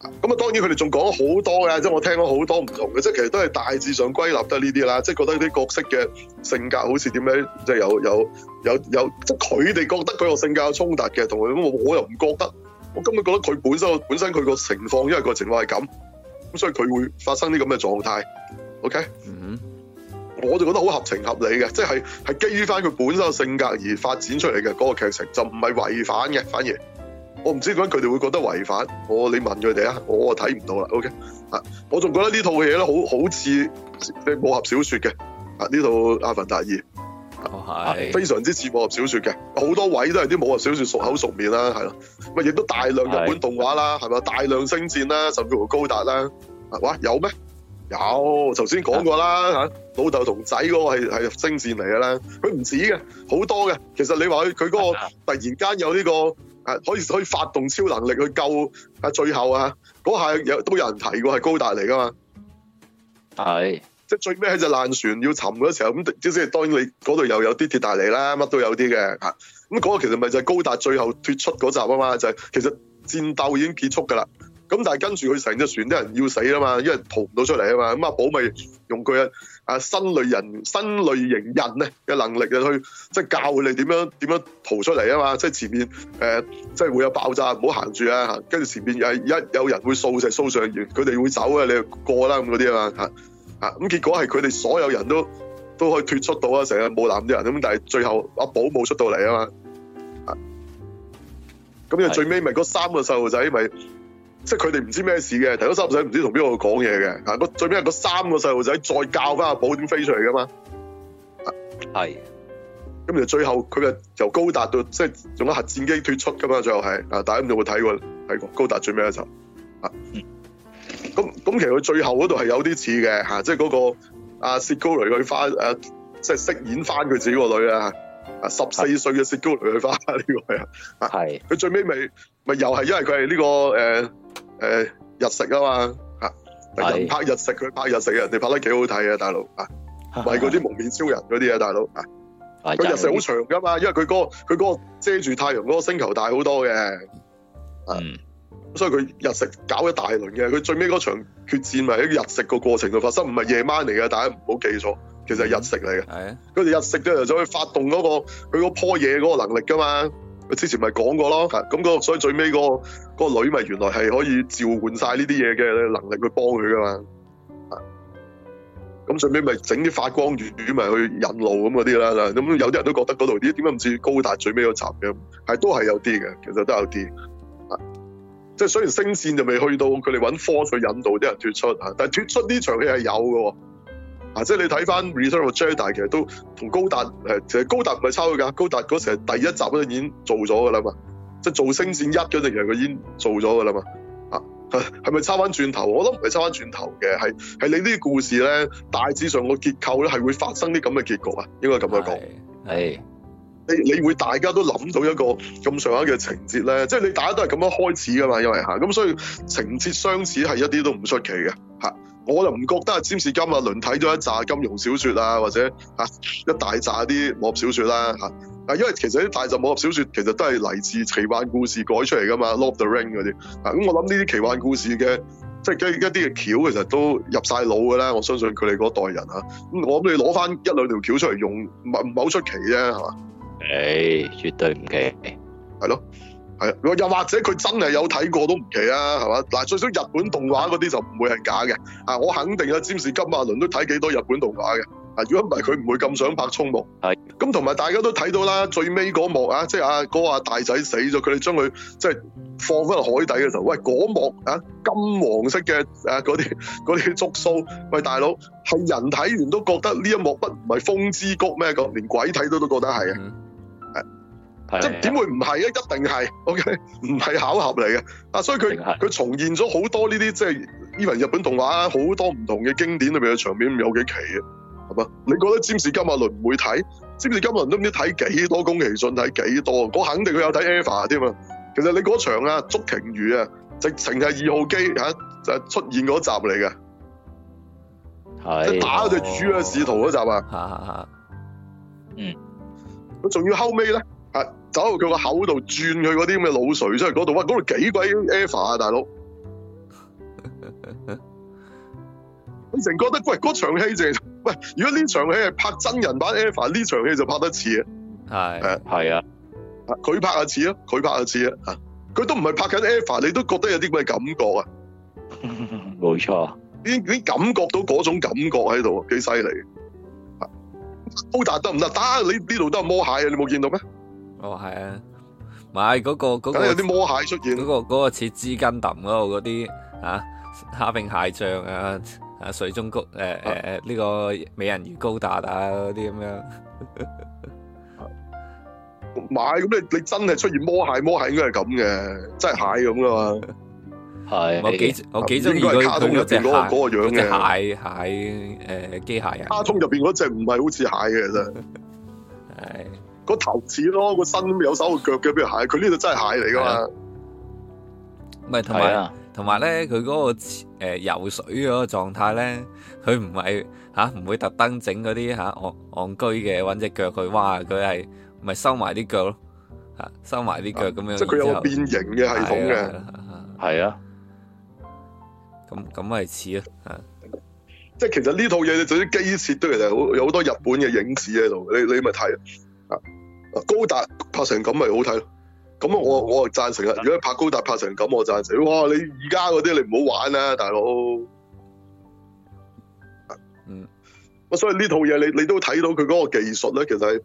咁啊，當然佢哋仲講咗好多嘅，即係我聽咗好多唔同嘅，即係其實都係大致上歸納得呢啲啦，即係覺得呢啲角色嘅性格好似點樣，即係有有有有，即係佢哋覺得佢個性格有衝突嘅，同佢。我又唔覺得，我根本覺得佢本身本身佢個情況，因為個情況係咁，咁所以佢會發生啲咁嘅狀態。OK，嗯、mm -hmm.，我就覺得好合情合理嘅，即係係基於翻佢本身個性格而發展出嚟嘅嗰個劇情，就唔係違反嘅，反而。我唔知點解佢哋會覺得違反我。你問佢哋啊，我睇唔到啦。O K 啊，我仲覺得呢套嘢咧好好似武俠小説嘅啊。呢套《阿凡達二》哦係非常之似武俠小説嘅，好多位都係啲武俠小説熟口熟面啦，係咯咪亦都大量日本動畫啦，係咪？大量星戰啦，甚至乎高達啦。哇，有咩有？頭先講過啦嚇，老豆同仔嗰個係星戰嚟嘅啦。佢唔止嘅，好多嘅。其實你話佢佢嗰個突然間有呢個。可以可以發動超能力去救啊！最後啊，嗰下有都有人提過係高達嚟噶嘛？係即係最尾喺隻爛船要沉嗰時候，咁即係當然你嗰度又有啲鐵達尼啦，乜都有啲嘅吓。咁嗰個其實咪就係高達最後脫出嗰集啊嘛？就係其實戰鬥已經結束噶啦。咁但係跟住佢成隻船啲人要死啦嘛，因為逃唔到出嚟啊嘛。咁阿寶咪用佢啊。啊新類人、新類型人咧嘅能力啊，去即係教佢哋點樣點樣逃出嚟啊嘛！即係前面誒、呃，即係會有爆炸，唔好行住啊！吓，跟住前面又係一有人會掃就掃上完，佢哋會走嘅，你就過啦咁嗰啲啊！吓、嗯、吓，咁結果係佢哋所有人都都可以脫出到啊，成日冇男啲人咁，但係最後阿寶冇出到嚟啊嘛！啊，咁、嗯、就最尾咪嗰三個細路仔咪。即係佢哋唔知咩事嘅，睇到三唔唔知同邊個講嘢嘅，吓個最尾係三個細路仔再教翻阿寶點飛出嚟噶嘛，係，咁就最後佢嘅由高達到即係用核戰機脫出噶嘛，最後係，啊，大家有冇睇過？睇過高達最尾一集，啊、嗯，咁咁其實佢最後嗰度係有啲似嘅，吓，即係嗰個阿雪高雷佢翻誒，即係飾演翻佢自己個女啊。啊！十四歲嘅雪糕嚟去翻，呢個係啊！係佢最尾咪咪又係因為佢係呢個誒誒、呃呃、日食嘛啊嘛人拍日食佢拍日食人拍啊！哋拍得幾好睇啊，大佬啊！唔係嗰啲蒙面超人嗰啲啊，大佬啊！佢日食好長噶嘛，因為佢嗰、嗰個佢嗰個遮住太陽嗰個星球大好多嘅，嗯，所以佢日食搞咗一大輪嘅。佢最尾嗰場決戰咪喺日食個過程度發生，唔係夜晚嚟嘅，大家唔好記錯。其實係日食嚟嘅、啊，佢哋日食咧就走去發動嗰、那個佢嗰棵嘢嗰個能力㗎嘛。佢之前咪講過咯，咁、啊那個所以最尾、那個、那個女咪原來係可以召喚晒呢啲嘢嘅能力去幫佢㗎嘛。咁、啊、最尾咪整啲發光魚咪、就是、去引路咁嗰啲啦。咁、啊、有啲人都覺得嗰度啲點解唔似高達最尾嗰集嘅，係、啊、都係有啲嘅，其實都有啲。即、啊、係雖然星戰就未去到佢哋揾科去引導啲人脱出，啊、但係脱出呢場戲係有嘅。啊！即係你睇翻 Return of Jedi 其實都同高達誒，其實高達唔係抄佢㗎。高達嗰時係第一集嗰陣已經做咗㗎啦嘛，即係做星戰一，跟住其實佢已經做咗㗎啦嘛。嚇係咪抄翻轉頭？我覺得唔係抄翻轉頭嘅，係係你呢啲故事咧，大致上個結構咧係會發生啲咁嘅結局啊。應該咁樣講。係。你你會大家都諗到一個咁上下嘅情節咧，即係你大家都係咁樣開始㗎嘛？因為吓，咁、啊，所以情節相似係一啲都唔出奇嘅嚇。啊我就唔覺得啊，占士金啊，輪睇咗一紮金庸小説啊，或者嚇一大紮啲武俠小説啦嚇。嗱，因為其實啲大集武俠小説其實都係嚟自奇幻故事改出嚟噶嘛，Love the Ring 嗰啲。嗱，咁我諗呢啲奇幻故事嘅，即係一啲嘅橋，其實都入晒腦㗎啦。我相信佢哋嗰代人啊。咁我諗你攞翻一兩條橋出嚟用，唔係唔係好出奇啫，係嘛？誒，絕對唔奇，係咯。又或者佢真係有睇過都唔奇啊，係嘛？嗱，最少日本動畫嗰啲就唔會係假嘅。啊，我肯定有占士金馬倫都睇幾多日本動畫嘅。啊，如果唔係佢唔會咁想拍冲目。咁同埋大家都睇到啦，最尾嗰幕啊，即係阿哥阿大仔死咗，佢哋將佢即係放翻去海底嘅時候，喂，嗰幕啊，金黃色嘅嗰啲嗰啲觸鬚，喂大佬，係人睇完都覺得呢一幕不唔係風之谷咩？咁連鬼睇都都覺得係啊。嗯即係點會唔係啊？一定係，OK，唔係巧合嚟嘅。啊，所以佢佢重現咗好多呢啲，即係 even 日本動畫好多唔同嘅經典裏面嘅場面，有幾奇啊？係嘛？你覺得占士金馬倫唔會睇？占士金馬倫都唔知睇幾多《宮崎駿》，睇幾多？我肯定佢有睇《Eva》添啊。其實你嗰場啊，祝庭宇啊，直情係二號機吓就出現嗰集嚟嘅。係打就主嘅使徒嗰集啊。嗯，咁仲要後尾咧。啊！走到佢個口度，轉佢嗰啲咁嘅腦髓出去嗰度，喂，嗰度幾鬼 Eva 啊，大佬！佢成覺得喂，嗰場戲淨係喂，如果呢場戲係拍真人版 Eva，呢場戲就拍得似啊！係係啊，佢拍，拍啊似咯，佢拍啊似啦吓，佢都唔係拍緊 Eva，你都覺得有啲咁嘅感覺啊！冇 (laughs) 錯，已經感覺到嗰種感覺喺度，幾犀利！高達得唔得？打你呢度都係魔蟹啊！你冇見到咩？哦，係啊！買嗰個嗰個，嗰、嗰個有啲魔蟹出現，嗰、嗰個似資金揼嗰度嗰啲啊，蝦兵蟹將啊，啊，啊水中谷誒誒誒，呢、呢個美人魚高達啊嗰啲咁樣。啊、 (laughs) 買咁你你真係出現魔蟹，魔蟹應該係咁嘅，真係蟹咁噶嘛？係我幾我幾中意入佢嗰隻蟹，嘅、嗰個、蟹蟹誒機、呃、械人。卡通入邊嗰隻唔係好似蟹嘅，真係。 (laughs) 個頭似咯，個身有手個腳嘅，譬如蟹，佢呢度真係蟹嚟㗎嘛？咪同埋，同埋咧，佢嗰、啊嗰個誒、呃、游水嗰個狀態咧，佢唔係吓，唔、啊、會特登整嗰啲吓戇戇居嘅，揾隻腳佢挖佢係，咪收埋啲腳咯吓，收埋啲腳咁樣。啊、即係佢有變形嘅系統嘅，係啊，咁咁係似咯。即係其實呢套嘢你做啲機設，其實好有好多日本嘅影子喺度。你你咪睇啊。高達拍成咁咪好睇咯，咁啊我我啊贊成啊，如果拍高達拍成咁我贊成。哇，你而家嗰啲你唔好玩啦大佬。嗯。咁所以呢套嘢你你都睇到佢嗰個技術咧，其實係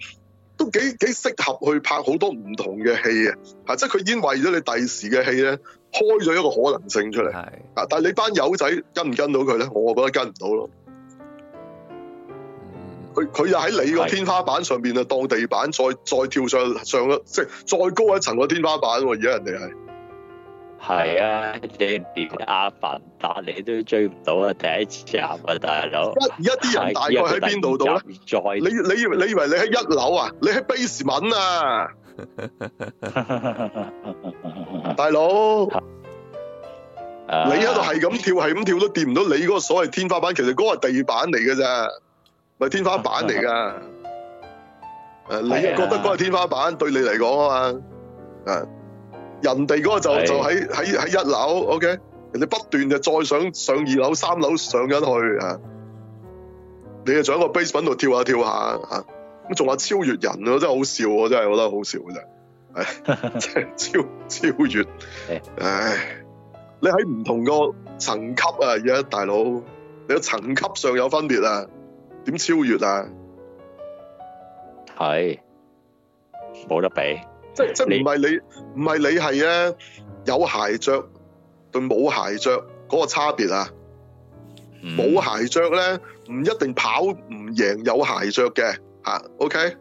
都幾幾適合去拍好多唔同嘅戲嘅。嚇，即係佢已經為咗你第時嘅戲咧開咗一個可能性出嚟。係。嚇，但係你班友仔跟唔跟到佢咧？我啊覺得跟唔到咯。佢佢又喺你個天花板上邊啊，當地板再再，再跳上上個即係再高一層個天花板、啊。而家人哋係係啊，你點阿凡達你都追唔到啊，第一次啊，大佬。而家啲人大概喺邊度度咧？你你，你以為你以為你喺一樓啊？你喺 basement 啊， (laughs) 大佬、啊，你喺度係咁跳係咁跳都掂唔到，你嗰個所謂天花板，其實嗰個係地板嚟嘅咋。咪天花板嚟噶，誒、啊、你又覺得嗰個天花板、啊、對你嚟講啊嘛，啊人哋嗰個就、啊、就喺喺喺一樓，OK，人哋不斷就再上上二樓三樓上緊去啊，你又仲喺個 base 度跳下跳下嚇，咁仲話超越人咯，真係好笑喎，真係覺得好笑嘅啫，係真係超 (laughs) (laughs) 超越，唉，你喺唔同個層級啊而家大佬，你個層級上有分別啊。點超越啊？係，冇得比。即即唔係你唔係你係啊？有、嗯、鞋着對冇鞋着嗰個差別啊？冇鞋着咧，唔一定跑唔贏有鞋着嘅吓，OK？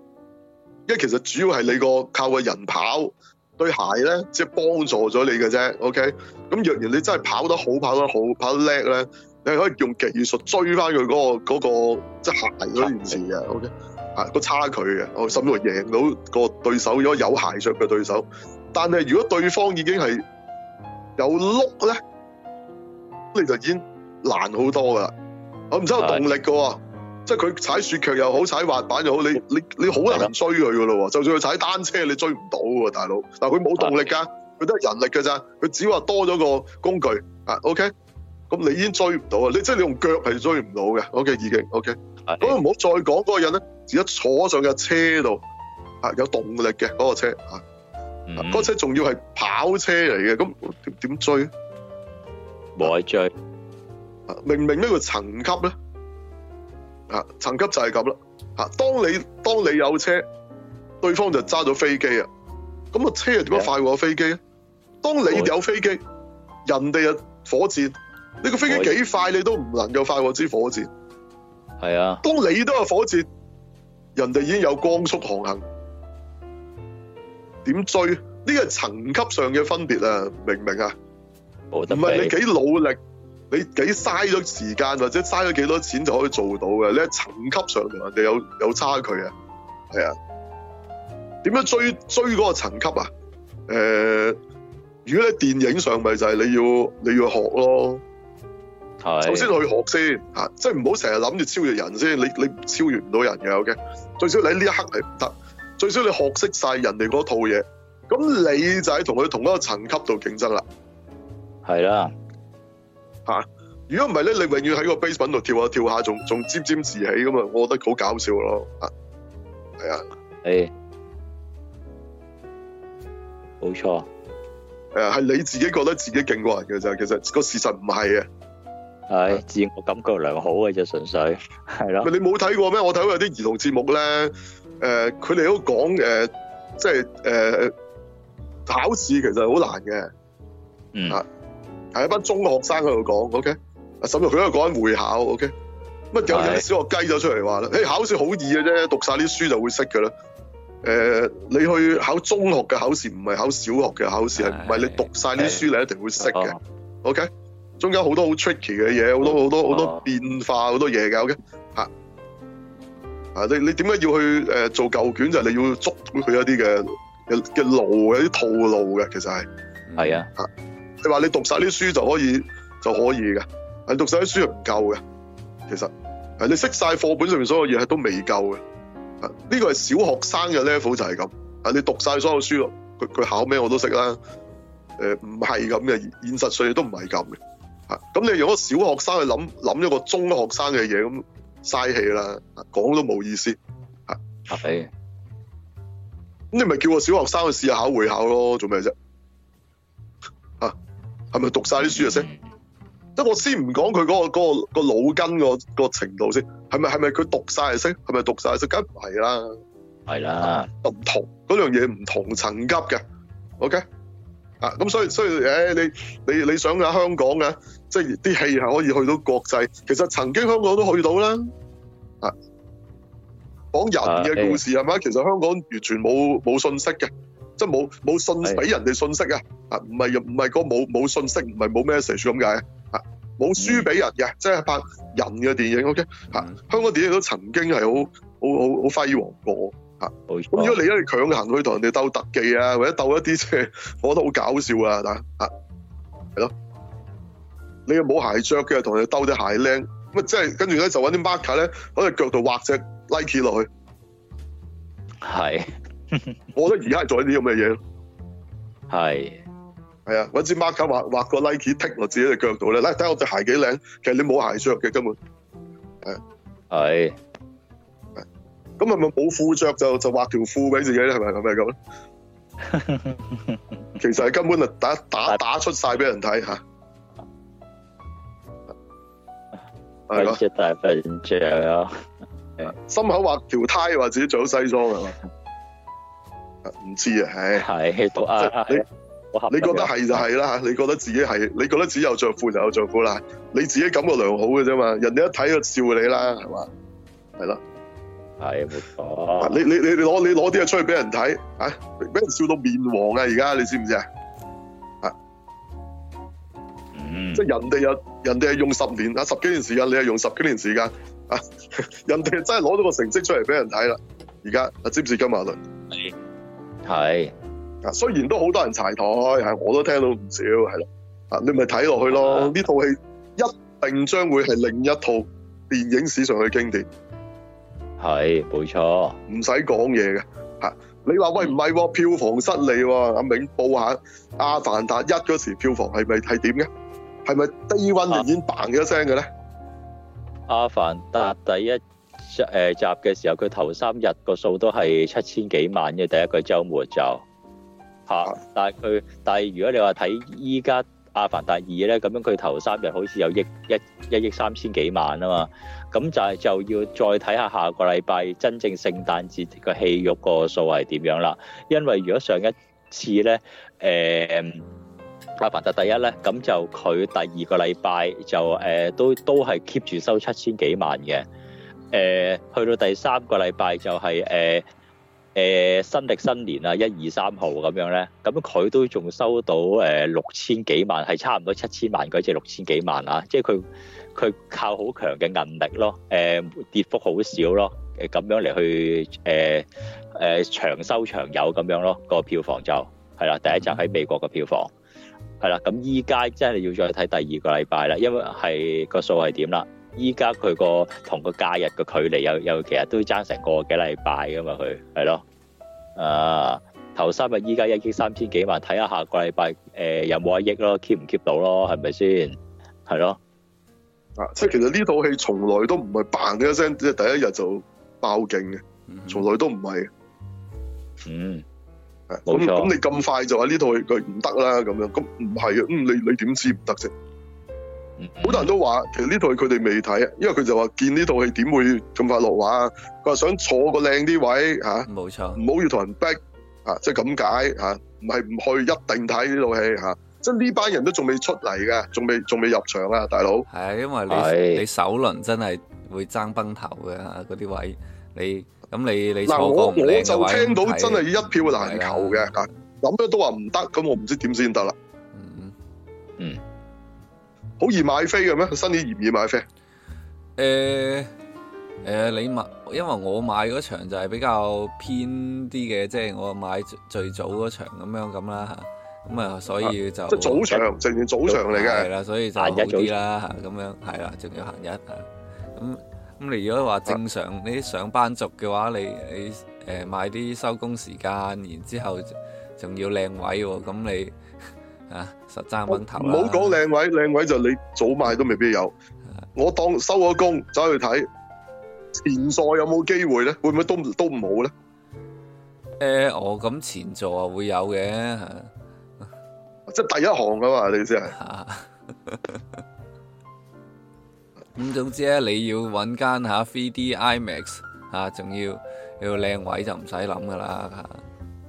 因為其實主要係你個靠個人跑，對鞋咧即係幫助咗你嘅啫，OK？咁若然你真係跑得好，跑得好，跑得叻咧。你可以用技術追翻佢嗰個即係、嗰個嗰個、鞋嗰件事嘅，OK？嚇、啊嗰個差距嘅，我甚至乎贏到個對手，如果有鞋着嘅對手，但係如果對方已經係有碌咧，你就已經難好多噶啦。我唔使有動力㗎喎，即係佢踩雪橇又好，踩滑板又好，你你你好難追佢噶咯。就算佢踩單車，你追唔到嘅，大佬，但佢冇動力㗎，佢都係人力㗎咋，佢只話話多咗個工具啊，OK？咁你已經追唔到啊！你即係你用腳係追唔到嘅。OK，已經。OK。咁唔好再講嗰個人咧，而家坐上架車度啊，嗰個、有動力嘅嗰、嗰個車啊，嗰、嗯嗰個車仲要係跑車嚟嘅。咁點點追？冇得追。明明層呢個層級咧啊，層級就係咁啦。吓、啊，當你當你有車，對方就揸咗飛機啊。咁啊，個車係點樣快過飛機啊？當你有飛機，人哋啊火箭。呢個飛機幾快，你都唔能夠快過支火箭。係啊，當你都係火箭，人哋已經有光速航行，點追？呢個層級上嘅分別啊，明唔明啊？唔係你幾努力，你幾嘥咗時間或者嘥咗幾多錢就可以做到嘅？呢個層級上嘅人哋有有差距啊。係啊，點樣追追嗰個層級啊？誒、呃，如果你電影上咪就係你要你要學咯。首先去學先，吓、啊，即係唔好成日諗住超越人先，你你不超越唔到人嘅，OK。最少你喺呢一刻係唔得，最少你學識晒人哋嗰套嘢，咁你就係同佢同一個層級度競爭啦。係啦、啊，吓、啊，如果唔係咧，你永遠喺個 base 品度跳下跳下，仲仲沾沾自喜咁啊！我覺得好搞笑咯，啊，係啊，係，冇錯，誒、啊，係你自己覺得自己勁過人嘅啫，其實個事實唔係啊。係自我感覺良好嘅就純粹係咯。你冇睇過咩？我睇到有啲兒童節目咧，誒、呃，佢哋都講誒、呃，即係誒、呃、考試其實好難嘅。嗯，係、啊、一班中學生喺度講。O K，阿沈玉佢喺度講緊會考。O K，乜有啲小學雞就出嚟話啦，誒、欸，考試好易嘅啫，讀晒啲書就會識㗎啦。誒、呃，你去考中學嘅考試唔係考小學嘅考試，係唔係你讀晒啲書你一定會識嘅？O K。中間好多好 tricky 嘅嘢，好、oh，多好多好多變化，好、oh。多嘢教嘅，吓、okay，啊，你你點解要去誒、呃、做舊卷？就係、是、你要捉佢一啲嘅嘅嘅路，一啲套路嘅，其實係，係、mm。啊，吓，你話你讀晒啲書就可以就可以嘅，係、啊、讀晒啲書唔夠嘅，其實，誒、啊，你識晒課本上面所有嘢都未夠嘅，啊，呢、這個係小學生嘅 level 就係咁，啊，你讀晒所有的書咯，佢佢考咩我都識啦，誒、啊，唔係咁嘅，現實上亦都唔係咁嘅。咁你用個小學生去諗諗一個中學生嘅嘢，咁嘥氣啦，講都冇意思。吓、啊、理。咁你咪叫個小學生去試下考會考咯，做咩啫？啊，係咪讀晒啲書啊先？即我先唔講佢嗰個嗰、個、個腦筋、個個程度先，係咪係咪佢讀晒啊先？係咪讀晒啊先？梗係唔係啦，係啦，唔同嗰樣嘢唔同層級嘅，OK。啊，咁所以所以，唉、哎，你你你想下香港嘅，即係啲戲係可以去到國際。其實曾經香港都去到啦，啊，講人嘅故事係咪、啊？其實香港完全冇冇信息嘅，即係冇冇信俾人哋信息啊，啊，唔係唔係冇冇信息，唔係冇 message 咁解，啊，冇輸俾人嘅、嗯，即係拍人嘅電影，OK，啊、嗯，香港電影都曾經係好好好好輝煌過。咁如果你一係強行去同人哋鬥特技啊，或者鬥一啲即係，我覺得好搞笑啊！嗱，係咯，你又冇鞋着嘅，同人哋鬥隻鞋靚，咁即係跟住咧就揾啲 marker 咧喺隻腳度畫隻 Nike 落去。係， (laughs) 我覺得而家係做呢啲咁嘅嘢咯。係，係啊，揾支 marker 畫畫個 Nike 剔落自己隻腳度咧，嚟睇我隻鞋幾靚。其實你冇鞋着嘅根本，係。咁係咪冇褲着就就畫條褲俾自己咧？係咪咁嚟講？ (laughs) 其實係根本就打打打出晒俾人睇吓，係 (laughs) 咯是、啊，大笨象，心口畫條胎，話自己着咗西裝啊嘛？唔知啊，係 (laughs) 係，即係、啊、 (laughs) 是你 (laughs) 你覺得係就係啦吓，你覺得自己係，你覺得自己有着褲就有着褲啦、啊，你自己感覺良好嘅啫嘛，人哋一睇就笑你啦，係嘛、啊，係咯、啊。係冇錯，你你你攞你攞啲嘢出去俾人睇，吓、啊、俾人笑到面黃啊！而家你知唔知啊？啊，嗯、即係人哋又人哋係用十年啊十幾年時間，你係用十幾年時間啊，人哋真係攞到個成績出嚟俾人睇啦！而家啊，知唔知金馬倫？係係啊，雖然都好多人柴台，係我都聽到唔少，係咯啊，你咪睇落去咯，呢套戲一定將會係另一套電影史上嘅經典。係，冇錯，唔使講嘢嘅，吓，你話喂唔係、嗯，票房失利喎，阿明報下《阿凡達一》嗰時票房係咪係點嘅？係咪低溫突然嘣一聲嘅咧？是是啊呢《阿凡達、啊》第一集誒集嘅時候，佢頭三日個數都係七千幾萬嘅，第一個週末就吓、啊啊，但係佢但係如果你話睇依家。阿凡達二咧，咁樣佢頭三日好似有億一一億三千幾萬啊嘛，咁就係就要再睇下下個禮拜真正聖誕節個戲肉個數係點樣啦，因為如果上一次咧，誒阿凡達第一咧，咁就佢第二個禮拜就誒都都係 keep 住收七千幾萬嘅，誒去到第三個禮拜就係誒。誒新歷新年啊，一二三號咁樣咧，咁佢都仲收到誒六千幾萬，係差唔多七千萬嗰隻六千幾萬啊，即係佢佢靠好強嘅韌力咯，誒跌幅好少咯，誒咁樣嚟去誒誒長收長有咁樣咯，個票房就係啦，第一集喺美國嘅票房係啦，咁依家真係要再睇第二個禮拜啦，因為係個數係點啦。依家佢個同個假日嘅距離又有其實都爭成個幾禮拜噶嘛佢係咯，啊頭三日依家一億三千幾萬，睇下下個禮拜誒有冇一億咯，keep 唔 keep 到咯係咪先係咯？啊，即係、呃、其實呢套戲從來都唔係嘭嘅一聲，即係第一日就爆勁嘅，從來都唔係。嗯，係冇錯。咁咁你咁快就話呢套戲佢唔得啦咁樣，咁唔係啊？咁你你點知唔得啫？好、嗯嗯、多人都話，其實呢套戲佢哋未睇啊，因為佢就話見呢套戲點會咁快落畫啊？佢話想坐個靚啲位嚇，冇、啊、錯，唔好要同人逼啊，即係咁解嚇，唔係唔去一定睇呢套戲嚇，即係呢班人都仲未出嚟嘅，仲未仲未入場啊，大佬。係因為你的你首輪真係會爭崩頭嘅嗰啲位你咁你你嗱我我就聽到真係一票難求嘅，咁樣、啊、都話唔得，咁我唔知點先得啦。嗯。嗯。好易買飛嘅咩？新年易唔易買飛？誒、呃、誒、呃，你買？因為我買嗰場就係比較偏啲嘅，即、就、係、是、我買最早嗰場咁樣咁啦吓。咁啊，所以就、啊、即係早場，正早場嚟嘅。係啦，所以就好啲啦。咁樣係啦，仲要行日。啊。咁咁，你如果話正常，你啲上班族嘅話，你你誒買啲收工時間，然後之後仲要靚位喎。咁你。啊，實爭蚊頭唔好講靚位，靚、啊、位就你早買都未必有。啊、我當收咗工走去睇前座有冇機會咧？會唔會都都唔好咧？誒、欸，我咁前座啊會有嘅、啊，即、就、係、是、第一行噶嘛，你先。咁、啊、 (laughs) 總之咧，你要搵間吓 3D IMAX 吓、啊，仲要要靚位就唔使諗噶啦。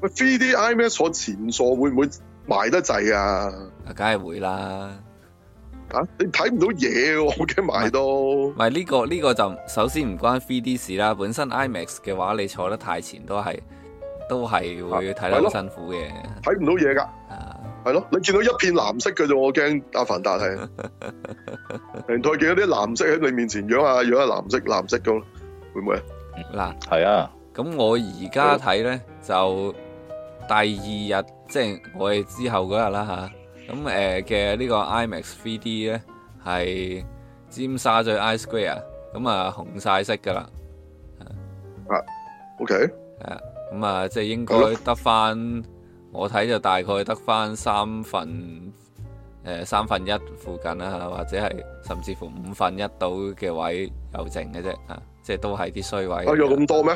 喂、啊、，3D IMAX 我前座會唔會？埋得滯啊！啊，梗係會啦。啊，你睇唔到嘢，啊，我驚埋到。唔係呢個呢、呢個就首先唔關 3D 事啦。本身 IMAX 嘅話，你坐得太前都係都係會睇得好辛苦嘅。睇、啊、唔到嘢噶，係、啊、咯，你見到一片藍色嘅啫，我驚阿凡達係。連台見到啲藍色喺你面前，樣啊樣啊藍色藍色咁，會唔會啊？嗱，係啊。咁我而家睇咧就。第二日即係我哋之後嗰日啦吓，咁誒嘅呢個 IMAX 3D 咧，係尖沙咀 iSquare，咁啊紅晒色噶啦，啊 OK 係、嗯、啊，咁啊即係應該得翻，我睇就大概得翻三分，誒、呃、三分一附近啦，或者係甚至乎五分一到嘅位有剩嘅啫，啊即係都係啲衰位。啊有咁多咩？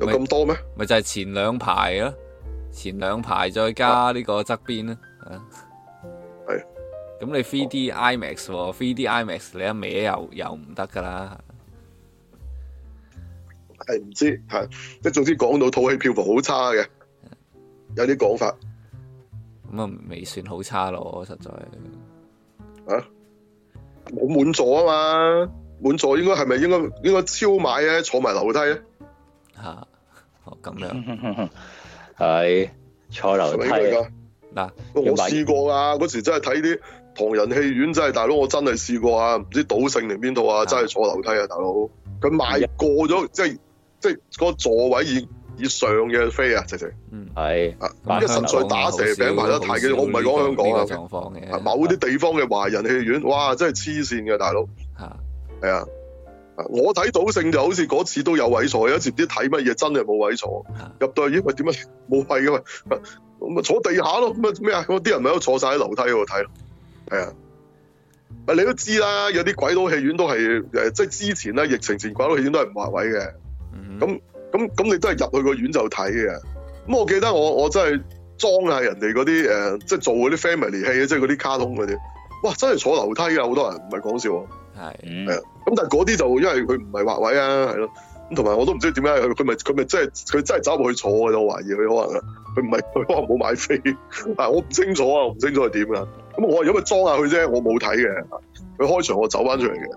有咁多咩？咪就係前兩排咯，啊，前兩排再加呢個側邊啦。係，咁你 3D IMAX 喎，啊，3D IMAX 你一歪又又唔得噶啦。係唔知係，即係總之講到套戲票房好差嘅，有啲講法。咁啊，未算好差咯，實在。啊？冇滿座啊嘛，滿座應該係咪應該應該超買咧？坐埋樓梯咧？吓、啊，哦咁樣係 (laughs) 坐樓梯嗱、啊，我試過,過啊。嗰時真係睇啲唐人戲院，真係大佬，我真係試過啊，唔知賭聖定邊度啊，真係坐樓梯啊，大佬，佢、啊、賣過咗，即係即係個座位以以上嘅飛啊，直情，嗯係、這個這個、啊，咁即打蛇餅，排得太緊，我唔係講香港嘅，某啲地方嘅華人戲院，哇，真係黐線嘅，大佬，係係啊。我睇賭聖就好似嗰次都有位坐，有一次唔知睇乜嘢真係冇位坐。入到去咦？喂，點解冇位嘅嘛？咁啊坐地下咯。咁咩啊？嗰啲人咪都坐晒喺樓梯嗰度睇。係啊，咪你都知啦。有啲鬼佬戲院都係誒，即係之前咧疫情前鬼佬戲院都係唔劃位嘅。咁咁咁，你都係入去個院就睇嘅。咁我記得我我真係裝下人哋嗰啲誒，即係做嗰啲 family 戲啊，即係嗰啲卡通嗰啲。哇！真係坐樓梯啊，好多人唔係講笑啊。係、mm -hmm.，係啊。咁但係嗰啲就因為佢唔係畫位啊，係咯。咁同埋我都唔知點解佢咪佢咪真係佢真係走入去坐嘅，我就懷疑佢可能佢唔係佢可能冇買飛，但我唔清楚啊，我唔清楚係點㗎。咁我如果佢裝下佢啫，我冇睇嘅。佢開場我走翻出嚟嘅。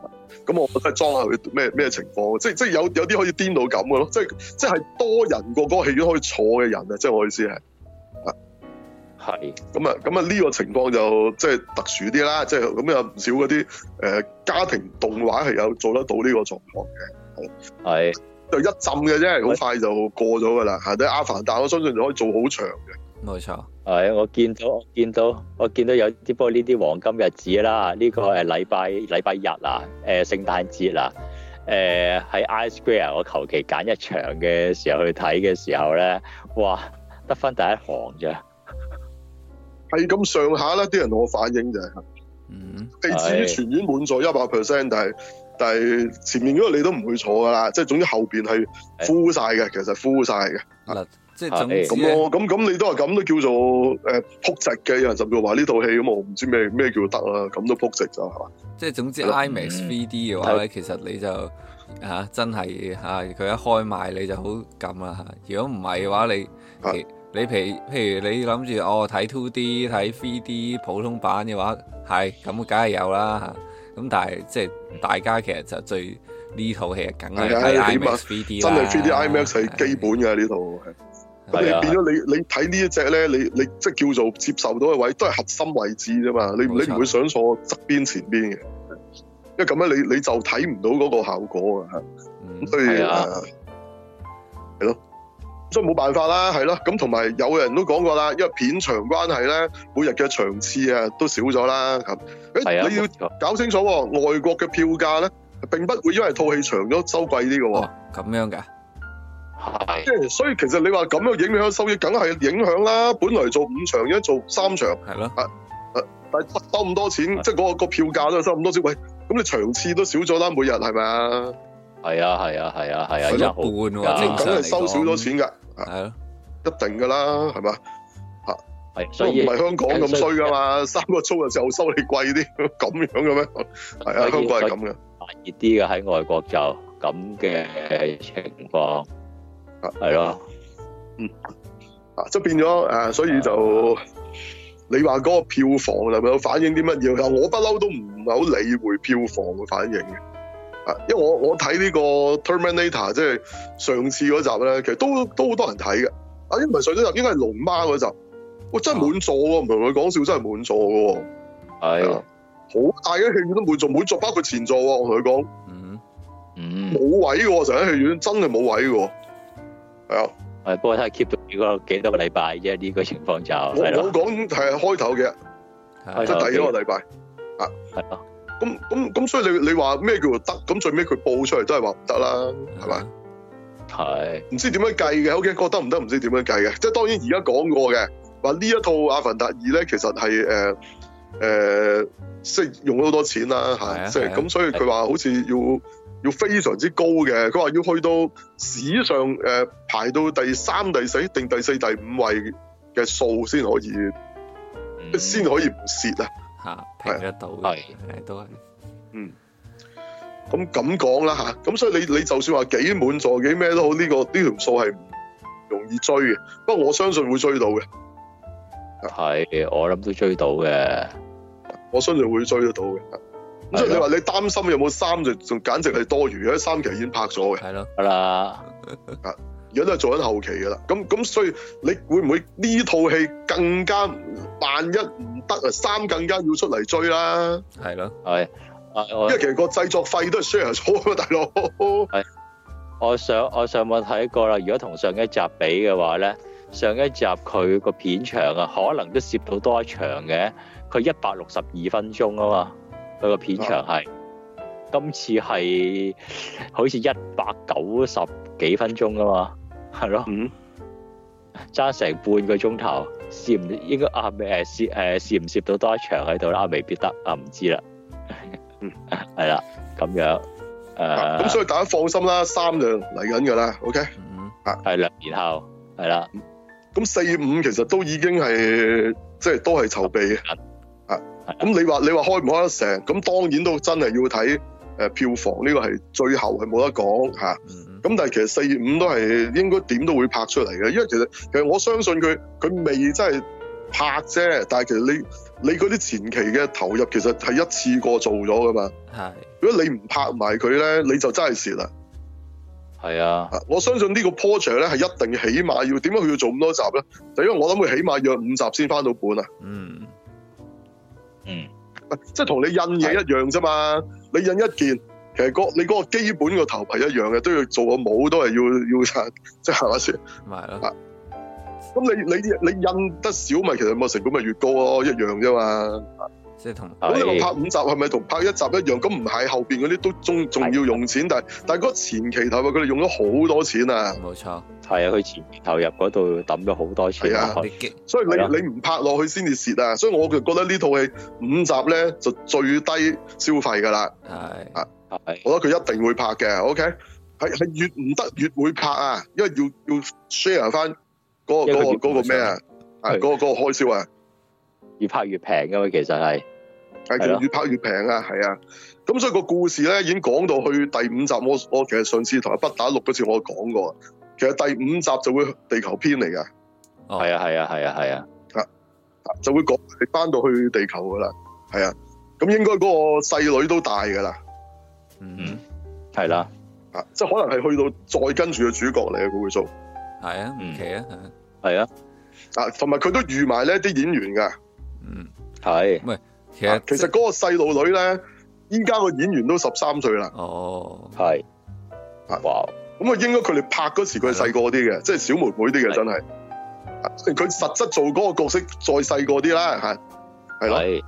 咁、嗯、我覺得係裝下佢咩咩情況，即係即係有有啲可以顛到咁嘅咯。即係即係多人過嗰個戲院可以坐嘅人啊！即係我意思係。係咁啊，咁啊呢個情況就即係特殊啲啦，即係咁有唔少嗰啲、呃、家庭動畫係有做得到呢個狀況嘅。係，就係、一浸嘅啫，好快就過咗㗎啦。係，但阿凡達我相信就可以做好長嘅。冇錯，係我見到我見到我見到有啲，不過呢啲黃金日子啦，呢、呢個係禮拜禮拜日啦誒、呃、聖誕節啊，喺 Ice Square 我求其揀一場嘅時候去睇嘅時候咧，哇得翻第一行啫。係咁上下啦，啲人同我反映就係，嗯，未至於全院滿座一百 percent，但係但係前面嗰個你都唔會坐噶啦，即係總之後邊係敷晒嘅、啊，其實敷晒嘅，嗱、啊，即係咁咯，咁咁、啊啊、你都係咁都叫做誒扑、呃、直嘅，有人甚至話呢套戲咁我唔知咩咩叫得啦，咁都扑直就係嘛，即係總之、啊、IMAX 3D 嘅話咧，其實你就吓、啊、真係吓，佢、啊、一開賣你就好咁啦吓，如果唔係嘅話你。啊你譬如譬如你諗住哦睇 two D 睇 three D 普通版嘅話係咁梗係有啦吓咁但係即係大家其實就最呢套戲梗係 three D 真係 three D IMAX 係基本嘅呢套，咁你變咗你你睇呢一隻咧你你即係叫做接受到嘅位都係核心位置啫嘛你你唔會想坐側邊前邊嘅，因為咁樣你你就睇唔到嗰個效果啊，咁、嗯、所以係咯。所以冇辦法啦，係咯。咁同埋有人都講過啦，因為片長關係咧，每日嘅場次啊都少咗啦。咁誒，你要搞清楚喎，外國嘅票價咧並不會因為套戲長咗收貴啲嘅喎。咁、哦、樣㗎，係即係所以其實你話咁樣影響收益，梗係影響啦。本來做五場，場，而家做三場，係、啊、啦但係收咁多錢，即係嗰個票價都收咁多錢。喂，咁你場次都少咗啦，每日係咪啊？係啊，係啊，係啊，係啊，一半喎，咁樣係收少咗錢㗎。嗯係咯、啊，一定噶啦，係嘛，所以唔係香港咁衰噶嘛的，三個鐘嘅時候收你貴啲，咁樣嘅咩？係啊，香港係咁嘅，大熱啲嘅喺外國就咁嘅情況，係咯、啊啊，嗯，啊，即係變咗誒，所以就、啊、你話嗰個票房係咪有反映啲乜嘢？但我不嬲都唔係好理會票房嘅反應嘅。因為我我睇呢個 Terminator 即係上次嗰集咧，其實都都好多人睇嘅。啊、哎，唔係上次該龍媽嗰集，應該係龍媽嗰集。我真係滿座的，唔同佢講笑，真係滿座嘅。係、哎，好大嘅戲院都滿座，滿座包括前座。我同佢講，嗯，冇、嗯、位的。成間戲院真係冇位的。係啊、哎，不過我睇下 keep 到幾個幾多個禮拜啫。呢、這個情況就我冇講係開頭嘅，即係、就是、第一個禮拜。啊，係咯。咁咁咁，所以你你話咩叫做得？咁最尾佢報出嚟都係話唔得啦，係咪？mm-hmm. 係。唔知點樣計嘅，OK 覺得唔得，唔知點樣計嘅。即係當然而家講過嘅，話呢一套《阿凡達二》咧，其實係誒誒，即係、呃、呃、用咗好多錢啦嚇，即係咁，所以佢話好似要要非常之高嘅，佢話、啊、要去到史上誒排到第三、第四定第四、第五位嘅數先可以，先、嗯、可以唔蝕啊！吓、啊，評得到嘅，誒，都係，嗯，咁咁講啦吓，咁所以你你就算話幾滿座，幾咩都好，呢、這個呢條數係唔容易追嘅，不過我相信會追到嘅，係，我諗都追到嘅，我相信會追得到嘅，咁所以你話你擔心有冇三就，仲簡直係多餘嘅，三期已經拍咗嘅，係咯，係啦， (laughs) 而家都係做緊後期㗎啦，咁咁所以你會唔會呢套戲更加萬一唔得啊？三更加要出嚟追啦，係咯，係，因為其實個製作費都係 share 咗啊，大佬。係，我上我上網睇過啦，如果同上一集比嘅話咧，上一集佢個片長啊，可能都攝到多一場嘅，佢一百六十二分鐘啊嘛，佢個片長係，今次係好似一百九十幾分鐘啊嘛。係咯，揸、嗯、成半個鐘頭，攝唔應該啊？誒，攝、啊、誒，攝唔攝到多一場喺度啦？未必得啊，唔知啦。嗯， (laughs) 係啦，咁樣誒。咁、啊、所以大家放心啦，三樣嚟緊噶啦，OK、啊。嗯，啊，係啦，然後係啦。咁四五其實都已經係即係都係籌備啊。咁、啊、你話你話開唔開得成？咁當然都真係要睇誒、呃、票房呢個係最後係冇得講吓。啊嗯咁但係其實四月五都係應該點都會拍出嚟嘅，因為其實其實我相信佢佢未真係拍啫，但係其實你你嗰啲前期嘅投入其實係一次過做咗噶嘛。係。如果你唔拍埋佢咧，你就真係蝕啦。係啊，啊。我相信呢個 project 咧係一定起碼要點解佢要做咁多集咧？就因為我諗佢起碼約五集先返到本啊。嗯。嗯。即係同你印嘢一樣啫嘛，你印一件。其實、那個、你嗰個基本個頭皮一樣嘅，都要做個帽，都係要要擦，即係係咪先？係、就、啦、是， (laughs) 咁你你你印得少咪，其實個成本咪越高咯，一樣啫嘛。咁你話拍五集係咪同拍一集一樣？咁唔係後邊嗰啲都中，仲要用錢。但係但係嗰前期投入佢哋用咗好多錢啊！冇錯，係啊，佢前期投入嗰度抌咗好多錢啊。所以你、啊、你唔拍落去先至蝕啊！所以我就覺得呢套戲五集咧就最低消費噶啦。係，係，我覺得佢一定會拍嘅。OK，係係越唔得越會拍啊！因為要要 share 翻嗰個、嗰個、嗰個咩啊？嗰、啊嗰個嗰、嗰個開銷啊！越拍越平噶嘛，其實係。係越拍越平啊，係啊，咁所以個故事咧已經講到去第五集。我我其實上次同阿不打錄嗰次，我講過，其實第五集就會地球篇嚟噶。哦係，係啊，係啊，係啊，係啊，啊就會講翻到去地球噶啦，係啊，咁應該嗰個細女都大噶啦，嗯，係、嗯、啦，係啊，即係可能係去到再跟住個主角嚟嘅故事，係啊，唔奇啊，係啊，嗯、啊，同埋佢都預埋呢啲演員噶，嗯，係，喂其實其實嗰個細路女咧，依家個演員都十三歲啦。哦，係，係哇！咁啊，應該佢哋拍嗰時佢係細個啲嘅，即係小妹妹啲嘅，真係。佢實質做嗰個角色再細個啲啦，係係。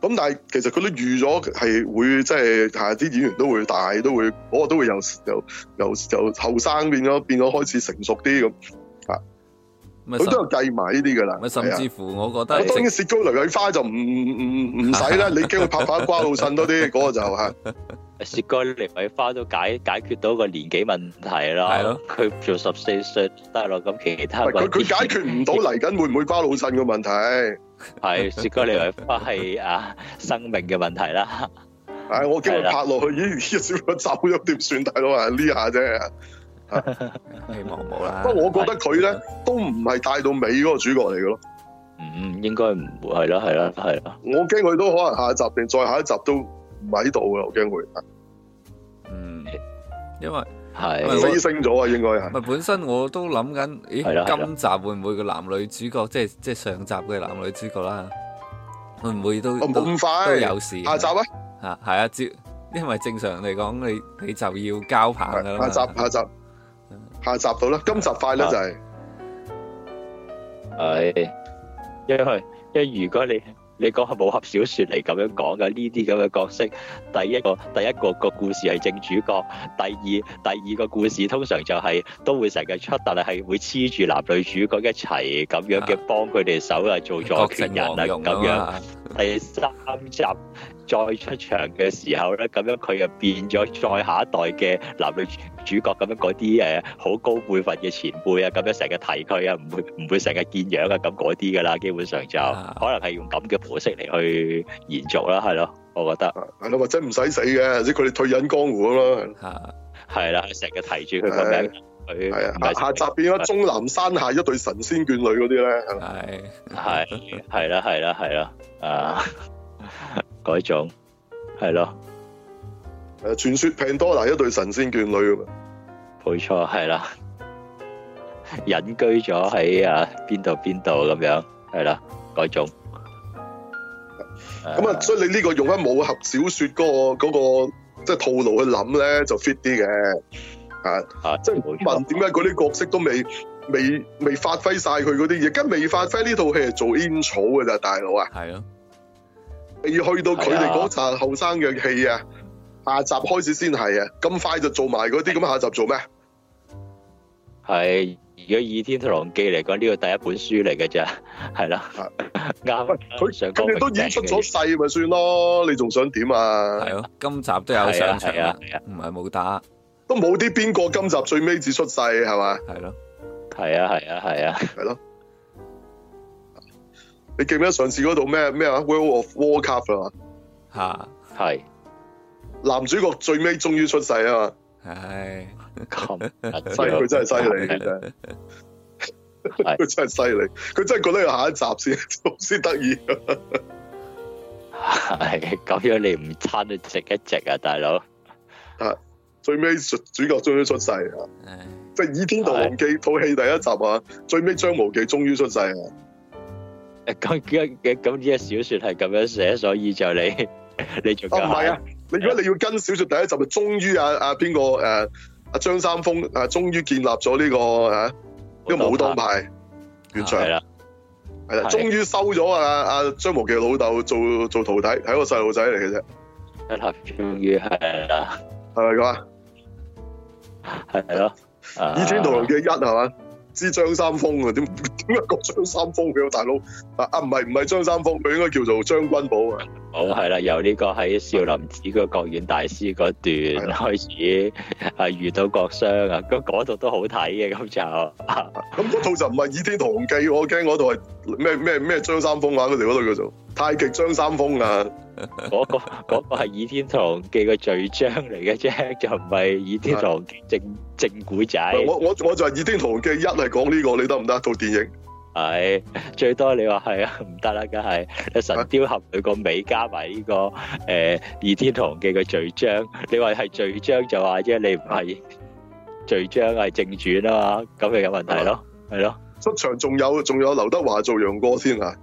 咁但係其實佢都預咗係會即係，係啲演員都會大，都會嗰個都會有有有有後生變咗變咗開始成熟啲咁。佢都有計埋呢啲噶啦，甚至乎我覺得，我當然雪糕雷米花就唔唔唔使啦， (laughs) 你驚佢拍翻瓜老襯多啲，嗰 (laughs) 個就係雪糕雷米花都解解決到個年紀問題咯。佢做十四歲得咯，咁其他佢解決唔到，嚟緊會唔會瓜老襯嘅問題。係 (laughs) 雪糕雷米花係啊生命嘅問題啦。係 (laughs) 我驚佢拍落去，咦少咗手又點算，大佬啊呢下啫。希望冇啦。不過我覺得佢咧都唔係帶到尾嗰個主角嚟嘅咯。嗯，應該唔會係啦，係啦，係啦。我驚佢都可能下一集定再下一集都唔喺度啦，我驚會。嗯，因為係飛升咗啊，應該係。咪本身我都諗緊，咦，今集會唔會個男女主角，即係即係上集嘅男女主角啦？會唔會都冇咁快都有事？下集咧？吓係啊，接，因為正常嚟講，你你就要交棒㗎啦嘛。下集下集。下集下集到啦，今集快啦就係，係因為因為如果你你講係武俠小說嚟，咁樣講嘅呢啲咁嘅角色，第一個第一個個故事係正主角，第二第二個故事通常就係都會成日出，但係會黐住男女主角一齊咁樣嘅幫佢哋手啊，做屋企人啊咁樣，第三集。再出場嘅時候咧，咁樣佢又變咗再下一代嘅男女主角咁樣，嗰啲誒好高輩分嘅前輩啊，咁樣成日提佢啊，唔會唔會成日見樣啊，咁嗰啲噶啦，基本上就可能係用咁嘅模式嚟去延續啦，係咯，我覺得。或者唔使死嘅，即係佢哋退隱江湖咁咯。係啦，成日提住佢個名。係啊，下集變咗終南山下一對神仙眷侶嗰啲咧，係咪？係係係啦係啦係啦啊！嗰 (laughs) 種係咯、啊，誒，傳說 Pandora 一對神仙眷侶冇錯，係啦，隱 (laughs) 居咗喺啊邊度邊度咁樣，係啦，嗰種，咁啊，啊，所以你呢個用翻武俠小說嗰、那個、那個即係、就是、套路去諗咧，就 fit 啲嘅，啊啊，即、就、係、是、問點解嗰啲角色都未未未發揮晒佢嗰啲，而家未發揮呢套戲係做煙草嘅咋，大佬啊，係啊。要去到佢哋嗰陣後生嘅戲啊，下集開始先係啊，咁快就做埋嗰啲咁，下集做咩？係如果《倚天屠龍記》嚟講呢個第一本書嚟嘅啫，係啦、啊，啱、啊。佢想咁你都已經出咗世咪、啊、算咯，你仲想點啊？係咯、啊，今集都有上場，唔係冇打，都冇啲邊個今集最尾至出世係嘛？係咯，係啊，係啊，係啊，係咯、啊。你記唔記得上次嗰度咩咩啊 World of Warcraft 啊，吓係男主角最尾終於出世啊嘛，唉、哎、咁，犀 (laughs) 佢真係犀利，佢真係犀利，佢 (laughs) 是 (laughs) 真係覺得有下一集先先得意，係咁、 (laughs) 啊、樣你唔親啊，你直一直啊，大佬，啊最尾主角終於出世，即係《倚天屠龍記》套戲第一集啊，最尾張無忌終於出世啊。咁咁呢個小說係咁樣寫，所以就你你做哦唔係啊，你如果你要跟小說第一集，咪終於啊阿邊個誒阿張三豐啊，終、啊、於、啊啊啊、建立咗呢、這個吓呢、啊這個武當派、啊，原場係啦，係啦，終於收咗阿阿張無忌老豆做做徒弟，係一個細路仔嚟嘅啫，一集終於係啦，係咪咁啊？係係咯，倚天屠龍記嘅一係嘛？知張三豐啊？點點解講張三豐嘅大佬？啊，唔係唔係張三豐，佢應該叫做張君寶啊！哦，係啦，由呢個喺少林寺個覺遠大師嗰段開始，啊、遇到郭襄啊，嗰度都好睇嘅咁就，咁嗰套就唔係倚天屠龍記，我驚嗰套係咩咩咩張三豐啊！佢哋嗰度叫做太極張三豐啊。嗰個嗰個係《倚天屠龍記》個序章嚟嘅啫，就唔係《倚天屠龍記》正正古仔。我我我就係《倚天屠龍記》一係講呢個，你得唔得套電影？係最多你話係啊，唔得啦，梗係神鵰俠侶個尾加埋呢個誒《倚天屠龍記》個序章。你話係序章就話啫，你唔係序章係正傳啊嘛，咁咪有問題咯？係咯，出場仲有仲有劉德華做楊過先啊？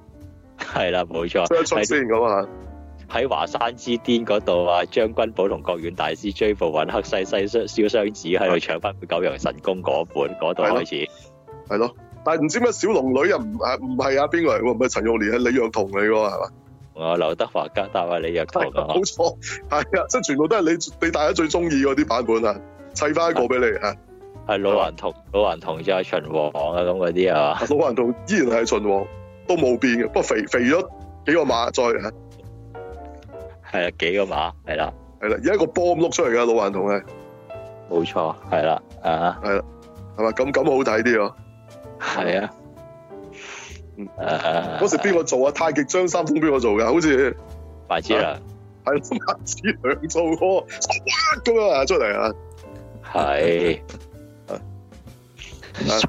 係啦，冇錯，出一出先咁啊。喺華山之巔嗰度啊，張君寶同國遠大師追捕尹克西西傷小雙子喺度搶翻佢九陽神功嗰本，嗰度開始係咯。但係唔知咩小龍女又唔唔係啊？邊個嚟？唔係陳玉蓮啊，李若彤嚟係嘛？我劉德華加搭啊，李若彤。冇錯，係啊，即係全部都係你你大家最中意嗰啲版本啊，砌翻一個俾你啊。係老頑童，老頑童就係秦王啊，咁嗰啲啊。老頑童依然係秦王，都冇變，不過肥肥咗幾個碼再。係啊，幾個馬係啦，係啦，而家個波咁碌出嚟噶，老頑童係，冇錯，係啦，啊，係啦，係咪咁咁好睇啲啊？係啊，嗰時邊個做啊？太極張三豐邊個做嘅？好似白痴啊，係馬志強做個，so 啊，出嚟啊？係，啊，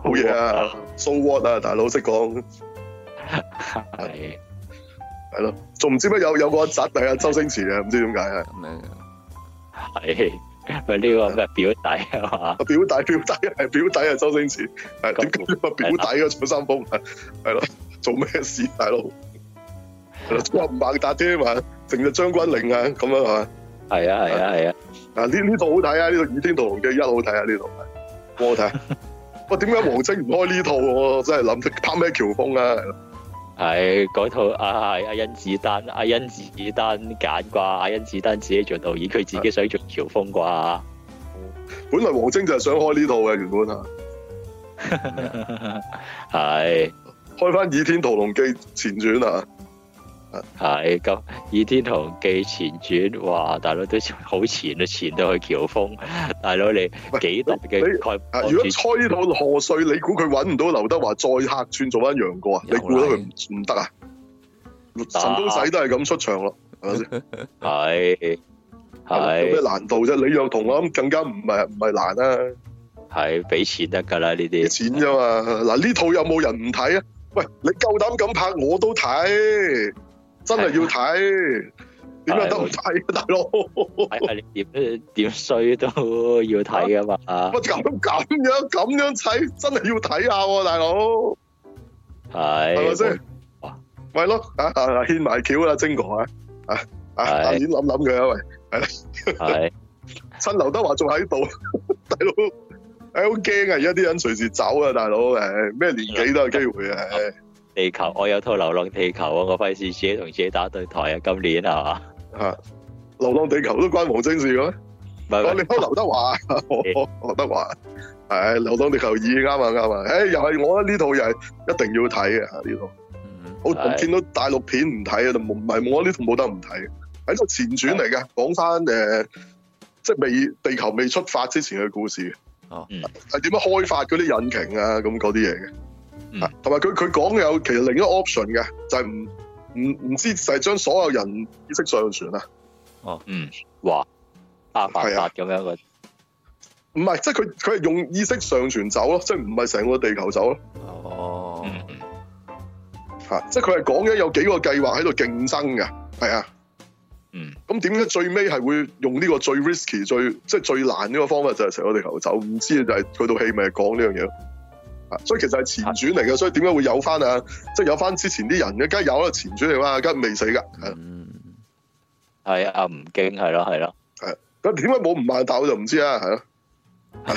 好嘢啊，是哈哈是啊，啊，so, 啊 what，so what 啊？大佬識講。係咯，仲唔知咩有有個侄弟啊，周星馳啊，唔知點解啊？係佢呢個嘅表弟啊嘛，表弟表弟係表弟啊，周星馳係點解表弟啊？張三豐啊係咯，做咩事大佬？係咯，仲話猛打車嘛？成日將軍令啊，咁樣係嘛？係啊係啊係啊！嗱，呢呢套好睇啊，呢套《倚天屠龍記》一好睇啊，呢套好好睇。喂點解、 (laughs) 啊、王晶唔開呢套？我真係諗拍咩喬峰啊？係、哎、嗰套阿阿、哎啊、甄子丹，阿、啊、甄子丹揀啩，阿甄、啊、甄子丹自己做導演，佢、哎、自己想做風《喬峰》啩。本來王晶就係想開呢套嘅原本啊，係 (laughs) 、嗯嗯、開翻《倚天屠龍記》前傳啊。係咁《倚天屠記前傳》哇，大佬都好前都前到去喬峰，大佬你幾多嘅？如果吹到賀歲，你估佢搵唔到劉德華再客串做翻楊過啊？你估得佢唔唔得啊？神功使都係咁出場咯，係咪先？係係咩難度啫？李若彤咁更加唔係唔係難啊？係俾錢得噶啦呢啲錢啫嘛。嗱呢套有冇人唔睇啊？喂，你夠膽咁拍我都睇。真係要睇，點樣都唔睇啊，大佬。係你點衰都要睇噶嘛。乜咁咁樣咁樣睇，真係要睇下，啊，大佬。係，啊。係咪先？啊，咪咯，啊牽埋橋啊，精哥啊，啊啊眼諗諗佢啊，啊，啊，啊，啊，想想啊喂，係，啊。係，啊。趁、啊、劉、啊、 (laughs) 德華仲喺度，大佬，你好驚啊！而家啲人隨時走啊，大佬，唉咩、啊、年紀都有機會啊！地球，我有套《流浪地球》啊， (laughs) 我費事自己同自己打對台啊！今年係嘛？係《流浪地球》都關王晶事嘅咩？唔係講你溝劉德華，我德華，係《流浪地球二》啱啊啱啊！誒、啊 (laughs) 欸，又係我呢套又係一定要睇嘅呢套、嗯我。我見到大陸片唔睇啊，就唔係我呢套冇得唔睇。喺個前傳嚟嘅，講翻誒，即係未地球未出發之前嘅故事啊，係點樣開發嗰啲引擎啊，咁嗰啲嘢嘅。同埋佢佢講有其實另一個 option 嘅，就係唔唔唔知就係、是、將所有人意識上傳、哦嗯、啊、那個就是上傳就是是。哦，嗯，哇、啊，阿凡達咁樣個，唔係，即係佢佢係用意識上傳走咯，即係唔係成個地球走咯。哦，吓，即係佢係講咧有幾個計劃喺度競爭嘅，係啊，嗯，咁點解最尾係會用呢個最 risky 最即係、就是、最難呢個方法就係成個地球走？唔知道就係佢套戲咪係講呢樣嘢。所以其實係前傳嚟嘅，所以點解會有翻啊？即係有翻之前啲人嘅，梗係有啦，前傳嚟嘛，梗係未死噶。嗯，係 (laughs) 啊，吳京係咯，係咯，係。咁點解冇吳孟達我就唔知啦，係咯。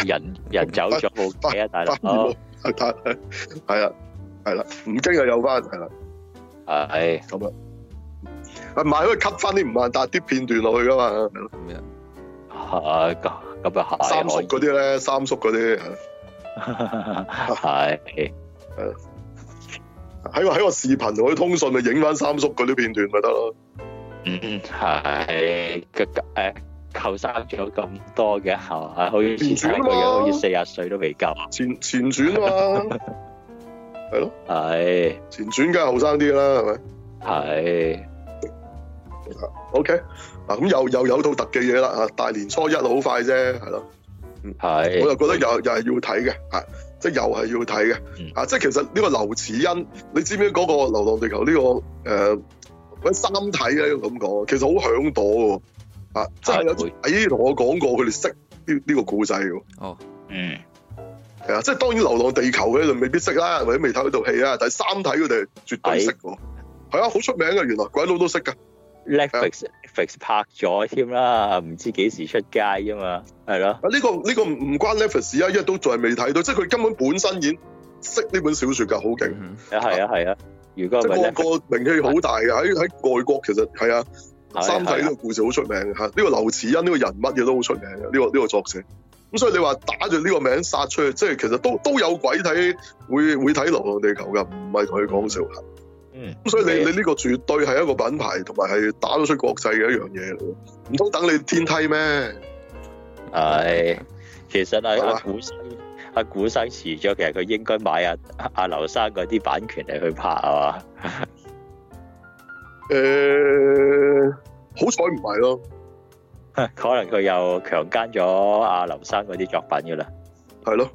人人走咗冇幾啊大佬，係啦係啦，吳京又有翻係啦，係咁啊。 (laughs) 啊買佢吸翻啲吳孟達啲片段落去噶嘛。咁樣吓咁啊吓。三叔嗰啲咧，三叔嗰啲。係 (laughs) 是，喺個喺個視頻或者通訊咪影翻三叔嗰啲片段咪得咯。嗯，係，個誒後生咗咁多嘅吓，好似前傳個樣，好似四廿歲都未夠。前傳嘛 (laughs) 前傳啊，係咯，係 (laughs) 前傳梗係後生啲啦，係咪？係。OK，啊咁又又有一套特技嘢啦，吓大年初一好快啫，係咯。係，我又覺得、嗯、又又係要睇嘅，嚇，即係又係要睇嘅，嚇、嗯啊，即係其實呢個劉慈欣，你知唔知嗰個《流浪地球、這個》呢個誒《三體呢》咧咁講，其實好響朵喎，即、啊、真係有啲，咦，同我講過佢哋識呢、這、呢、個這個故仔喎。哦，嗯，係啊，即係當然《流浪地球》嘅就未必識啦，或者未睇呢套戲啦，但係《三體》佢哋絕對識喎，係啊，好出名嘅，原來鬼佬都識㗎。Netflix 拍咗添啦，唔知幾時出街啊嘛，係咯。呢、啊呢個呢、呢個唔唔關 Netflix 啊，因為都仲係未睇到，即係佢根本本身已經識呢本小説㗎，好勁。啊係啊係啊，如果即個個名氣好大㗎，喺喺外國其實係啊，的的《三體》呢個故事好出名嘅呢、呢個劉慈欣呢、呢個人乜嘢都好出名嘅，呢、呢個呢、呢個作者。咁所以你話打住呢個名字殺出去，即係其實都都有鬼睇，會會睇《流浪地球》㗎，唔係同佢講笑。咁所以你你呢個絕對係一個品牌，同埋係打得出國際嘅一樣嘢嚟，唔通等你天梯咩？係，其實阿阿古西阿古西遲咗，其實佢應該買阿阿劉生嗰啲版權嚟去拍啊嘛？誒，好彩唔係咯，可能佢又強姦咗阿劉生嗰啲作品噶啦，係咯，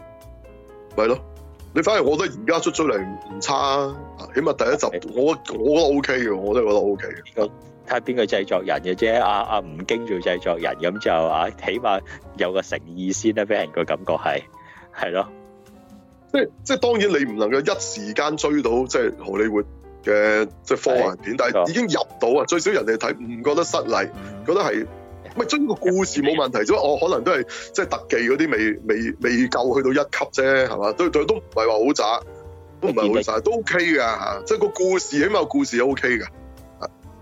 咪咯。你反而我覺得而家出出嚟唔差啊！起碼第一集、okay. 我我覺得 O K 嘅，我都覺得 O K 嘅。睇下邊個製作人嘅啫，阿阿吳京做製作人咁就啊，起碼有個誠意先啦，俾人個感覺係係咯。即即當然你唔能夠一時間追到即係荷里活嘅即係科幻片，但係已經入到啊、嗯！最少人哋睇唔覺得失禮，覺得係。咪真係個故事冇問題啫，我可能都係即係特技嗰啲未未未夠去到一級啫，係嘛？都都都唔係話好渣，都唔係好渣，都 OK 噶，即係個故事起碼個故事 OK 噶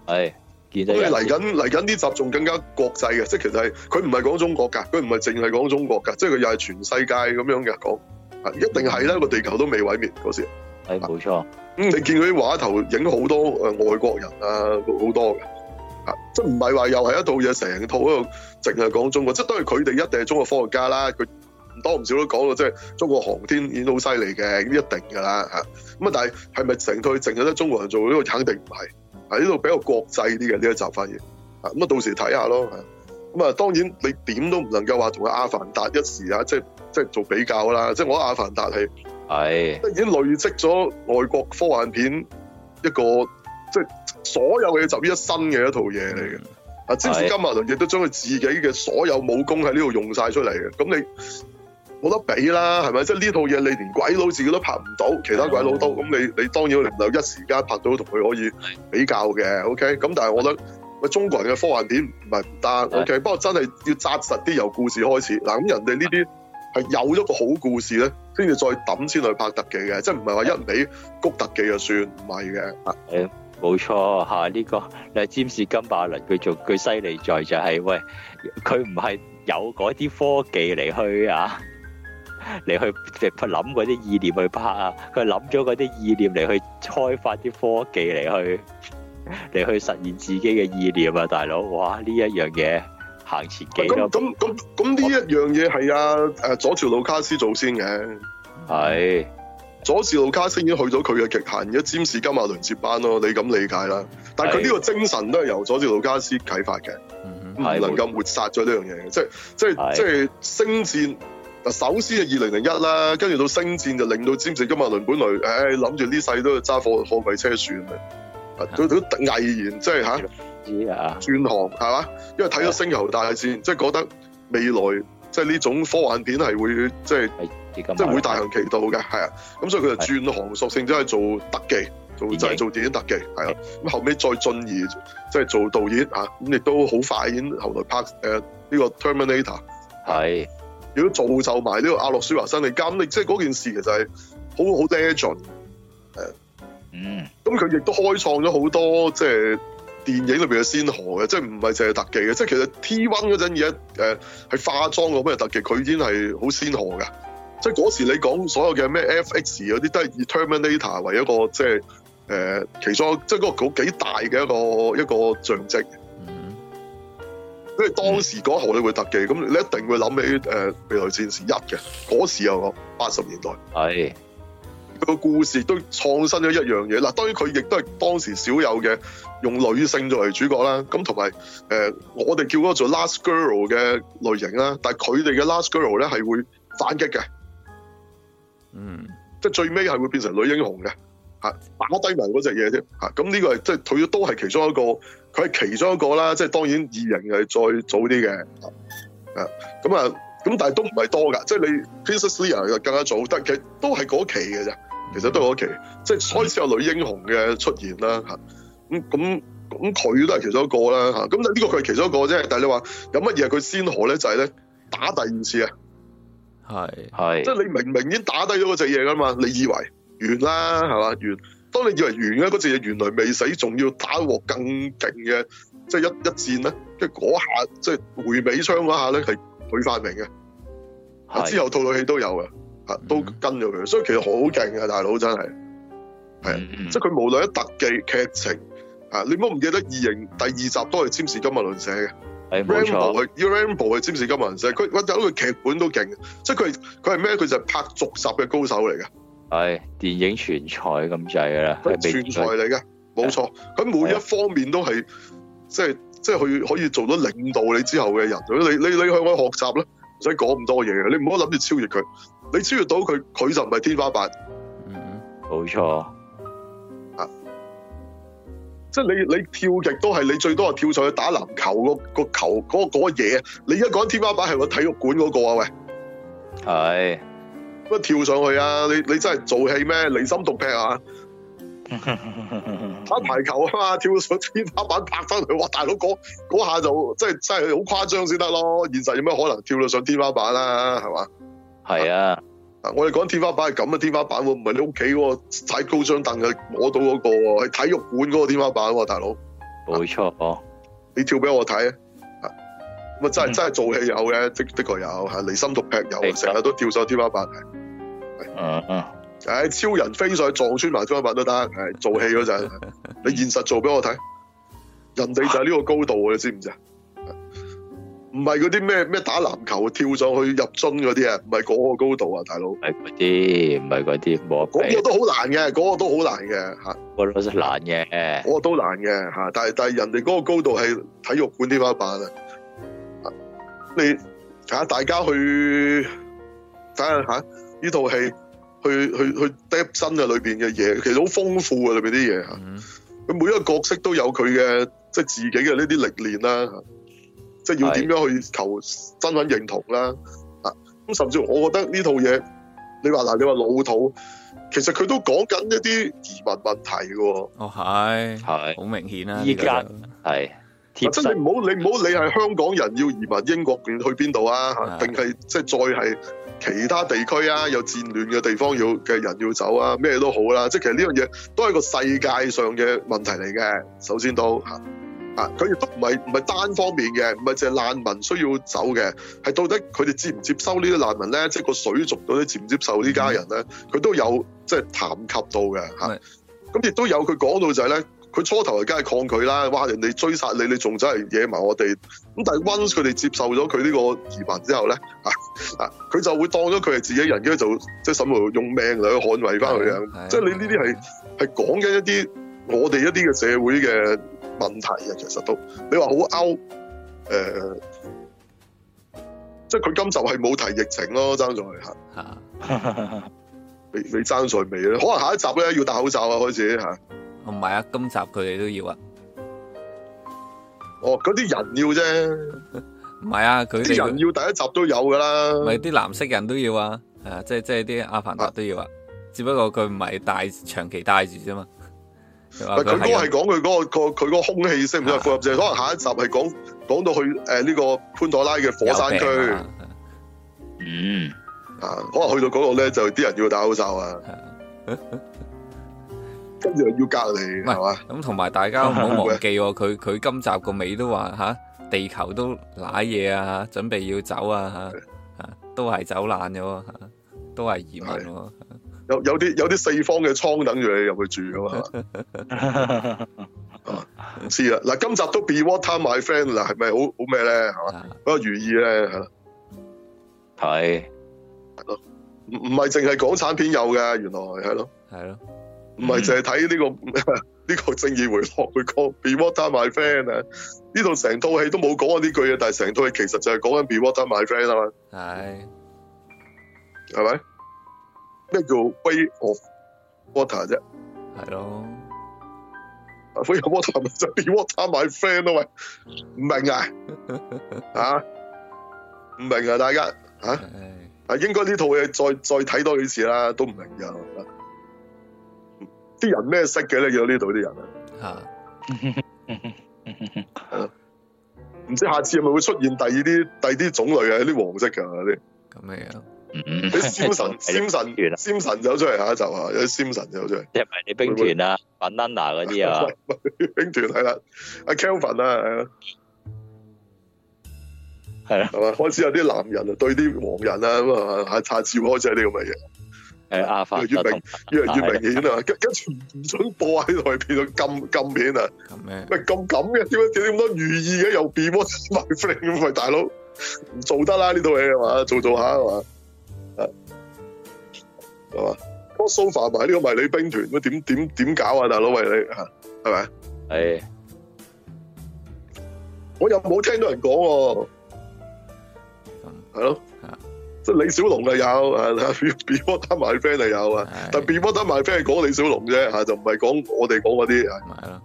係，咁你嚟緊嚟緊啲集仲更加國際嘅，即係其實係佢唔係講中國噶，佢唔係淨係講中國噶，即係佢又係全世界咁樣嘅講，一定係啦，個地球都未毀滅嗰時。係冇錯，咁、嗯、你見佢啲畫頭影好多誒、呃、外國人啊，好多嘅。即唔係話又係一套嘢，成套喺度淨係講中國，即都係佢哋一定係中國科學家啦。佢唔多唔少都講到，即係中國航天已經好犀利嘅，咁一定噶啦吓。咁啊，但係係咪成套淨係得中國人做呢個？肯定唔係喺呢度比較國際啲嘅呢一集發，發現咁啊，到時睇下咯。咁啊，當然你點都唔能夠話同阿阿凡達一時啊，即即做比較啦。即我阿凡達係係已經累積咗外國科幻片一個即。所有嘅嘢集於一身嘅一套嘢嚟嘅，啊！即使今日，龍亦都將佢自己嘅所有武功喺呢度用晒出嚟嘅，咁你冇得比啦，係咪？即係呢套嘢，你連鬼佬自己都拍唔到，其他鬼佬都咁，咁你你當然能夠一時間拍到同佢可以比較嘅，OK？咁但係我覺得，咪中國人嘅科幻片唔係唔得。OK，不過真係要紮實啲由故事開始嗱。咁人哋呢啲係有一個好故事咧，跟住再揼先去拍特技嘅，即係唔係話一味谷特技就算唔係嘅，係。是的。冇錯吓，呢個誒，占士金馬倫佢仲佢犀利在就係喂，佢唔係有嗰啲科技嚟去啊，嚟去諗嗰啲意念去拍啊，佢諗咗嗰啲意念嚟去開發啲科技嚟去，嚟去實現自己嘅意念啊，大佬，哇，呢一樣嘢行前幾咁咁咁咁，呢一樣嘢係阿誒，佐治魯卡斯做先嘅，係。佐治路卡斯已經去咗佢嘅極限，而家占士金馬倫接班咯，你咁理解啦。但係佢呢個精神都係由佐治路卡斯啟發嘅，唔能夠抹殺咗呢樣嘢。即係即係即係星戰，首先係二零零一啦，跟住到星戰就令到占士金馬倫本來，唉諗住呢世都係揸貨貨櫃車算啦，都佢毅然即係嚇、yeah. 轉行係嘛？因為睇咗星球大戰，是即係覺得未來即係呢種科幻片係會即係。即係會大行其道嘅，係啊，咁所以佢就轉行，索性即係做特技，是的電影做製、就是、做電影特技，係啊。咁後尾再進而即係做導演啊，咁亦都好快。已經後來拍誒呢、呃這個 Terminator，《Terminator》，係亦都造就埋呢個阿諾舒華辛力加，力，即係嗰件事其實係好好 legend，係啊，嗯。咁佢亦都開創咗好多即係、就是、電影裏邊嘅先河嘅，即係唔係淨係特技嘅，即、就、係、是、其實 T one 嗰陣嘢誒係化妝，冇咩特技，佢已經係好先河噶。即係嗰時你講所有嘅咩 FX 嗰啲都係以 Terminator 為一個即係誒其中一即係嗰個幾大嘅一個一個象徵。Mm -hmm. 因為當時嗰候你會特技，咁你一定會諗起誒、呃、未來戰士一嘅嗰時又個八十年代。係、mm、個 -hmm. 故事都創新咗一樣嘢。嗱，當然佢亦都係當時少有嘅用女性作為主角啦。咁同埋誒我哋叫嗰個做 Last Girl 嘅類型啦。但係佢哋嘅 Last Girl 咧係會反擊嘅。嗯，即係最尾係會變成女英雄嘅，吓打低埋嗰隻嘢添。吓咁呢個係即係佢都係其中一個，佢係其中一個啦，即係當然二人係再早啲嘅，誒，咁、嗯、啊，咁但係都唔係多噶，即係你 Princess Leia 又更加早，但係都係嗰期嘅咋。其實都係嗰期，嗯、即係開始有女英雄嘅出現啦，吓咁咁咁佢都係其中一個啦，吓咁但呢個佢係其中一個啫，但係你話有乜嘢佢先河咧就係、是、咧打第二次啊。係，即係、就是、你明明已經打低咗嗰隻嘢噶嘛？你以為完啦，係嘛完？當你以為完嘅嗰隻嘢，隻原來未死，仲要打鑊更勁嘅，即、就、係、是、一一戰咧，即係嗰下即係、就是、回尾槍嗰下咧，係佢發明嘅。之後套套戲都有嘅，吓、啊、都跟咗佢、嗯，所以其實好勁嘅大佬真係，係啊，即係佢無論喺特技、劇情，吓、啊、你唔好唔記得異形第二集都係占士金馬倫寫嘅。係 r a m b o w 占士金馬倫，佢佢有一個劇本都勁，即係佢佢係咩？佢就係拍續集嘅高手嚟㗎。係電影全才咁滯㗎啦，係全才嚟㗎，冇錯。佢每一方面都係、啊、即係即係，佢可以做到領導你之後嘅人。如果你你你向我學習咧，唔使講咁多嘢嘅，你唔好諗住超越佢。你超越到佢，佢就唔係天花板。嗯，冇錯。即係你你跳極都係你最多係跳上去打籃球個球嗰嗰嘢，你而家講緊天花板係個體育館嗰個啊喂，係，乜跳上去啊？你你真係做戲咩？離心獨劈啊！ (laughs) 打排球啊嘛，跳上天花板拍翻佢，哇！大佬嗰下就真係真係好誇張先得咯，現實有咩可能跳到上天花板啦？係嘛？係啊。我哋講天花板係咁嘅天花板唔係你屋企喎，踩高張凳去摸到嗰、嗰個喎，係體育館嗰個天花板喎，大佬。冇錯哦，你跳俾我睇啊！咁啊真係、嗯、真係做戲有嘅，的的確有，係離心度劈有，成日都跳上天花板。嗯誒、嗯哎，超人飛上去撞穿埋天花板都得，係做戲嗰陣， (laughs) 你現實做俾我睇，人哋就係呢個高度，啊、你知唔知啊？唔係嗰啲咩咩打籃球跳上去入樽嗰啲啊，唔係嗰個高度啊，大佬。唔係嗰啲，唔係嗰啲，冇。嗰、嗰個都好難嘅，嗰、嗰個都好難嘅嚇。嗰、嗰個嗰個都難嘅，嗰、嗰個都難嘅嚇。但係但係人哋嗰個高度係體育館點樣辦啊？你嚇大家去睇下嚇呢套戲，去去去 deep 身嘅裏邊嘅嘢，其實好豐富啊。裏邊啲嘢嚇。佢、嗯、每一個角色都有佢嘅即係自己嘅呢啲歷練啦。即係要點樣去求身份認同啦？啊，咁甚至我覺得呢套嘢，你話嗱，你話老土，其實佢都講緊一啲移民問題嘅喎。哦，係係，好明顯啦、啊。依家係貼身真係唔好你唔好理係香港人要移民英國去邊度啊？定係、啊、即係再係其他地區啊？有戰亂嘅地方要嘅人要走啊？咩都好啦、啊。即係其實呢樣嘢都係一個世界上嘅問題嚟嘅。首先都嚇。啊。佢亦都唔係唔係單方面嘅，唔係淨係難民需要走嘅，係到底佢哋接唔接收呢啲難民咧？即係個水族到底接唔接受呢家人咧？佢都有即係談及到嘅嚇。咁亦都有佢講到就係、是、咧，佢初頭梗係抗拒啦，哇！人哋追殺你，你仲走係惹埋我哋。咁但係 once 佢哋接受咗佢呢個移民之後咧，啊啊，佢就會當咗佢係自己人家就即係甚至用命嚟去捍衞翻佢啊！即係、就是、你呢啲係係講緊一啲我哋一啲嘅社會嘅。問題啊，其實都你話好 out，誒、呃，即係佢今集係冇提疫情咯，爭在下，未 (laughs) 你爭在未咧，可能下一集咧要戴口罩啊開始吓，唔、啊、係啊，今集佢哋都要啊，哦，嗰啲人要啫，唔 (laughs) 係啊，佢啲人要第一集都有噶啦，咪啲藍色人都要啊，係、啊、即係即係啲阿凡達都要啊，啊，只不過佢唔係戴長期戴住啫嘛。佢哥係講佢嗰個個佢個空氣聲，即係復合聲。可能下一集係講講到去誒呢個潘多拉嘅火山區啊。嗯，啊，可能去到嗰個咧就啲人要戴口罩啊，跟住要隔離，係嘛？咁同埋大家唔好忘記，佢佢今集個尾都話吓，地球都瀨嘢啊，準備要走啊，吓都係走難咗，吓都係移民咯。有有啲有啲四方嘅倉等住你入去住噶嘛、嗯？唔 (laughs) 知啊！嗱，今集都 Be Water, My Friend 嗱，係咪好好咩咧？啊，嗰個寓意咧，係咯，係，係咯，唔唔係淨係港產片有嘅，原來係咯，係咯，唔係淨係睇呢個呢、嗯這個正義回廊嗰個 Be Water, My Friend 啊！呢度成套戲都冇講過呢句嘢，但係成套戲其實就係講緊 Be Water, My Friend 啊嘛，係，係咪？咩叫 Way of Water 啫？係咯 Way of Water 咪就 Be Water my friend 咯喂，明啊？明啊，唔、 (laughs) 啊、明啊？大家吓？啊， (laughs) 應該呢套嘢再再睇多幾次啦，都唔明嘅。啲人咩識嘅咧？如果呢度啲人啊，唔、 (laughs) 啊、知下次係咪會出現第二啲第二啲種類嘅啲黃色嘅啲？咁樣。嗯，啲神梟神梟神走出嚟下一集啊，有啲梟神走出嚟，即係唔係啲兵團啊，品納嗰啲啊，兵團係啦，阿 Kelvin 啊，係啦，係嘛，開始有啲男人,人啊，對啲黃人啊咁啊，拆照開晒呢咁嘅嘢，誒、啊、阿越,越明越嚟越明顯啊，啊 (laughs) 跟住唔准播喺度，變到禁禁片啊，咩？咪咁嘅？點解點解咁多寓意嘅、啊？又 Be my friend 咁、啊、喂大佬唔做得啦呢套嘢係嘛，做做下係嘛。嗯啊，係嘛 coser 埋呢個迷你兵團，咁點點點搞啊？大佬，喂，你吓係咪？係，我又冇聽到人講，啊，係咯，即係李小龍又有啊？變變 d 打埋 friend 又有啊？但變 d 打埋 friend 講李小龍啫吓，就唔係講我哋講嗰啲，係咯，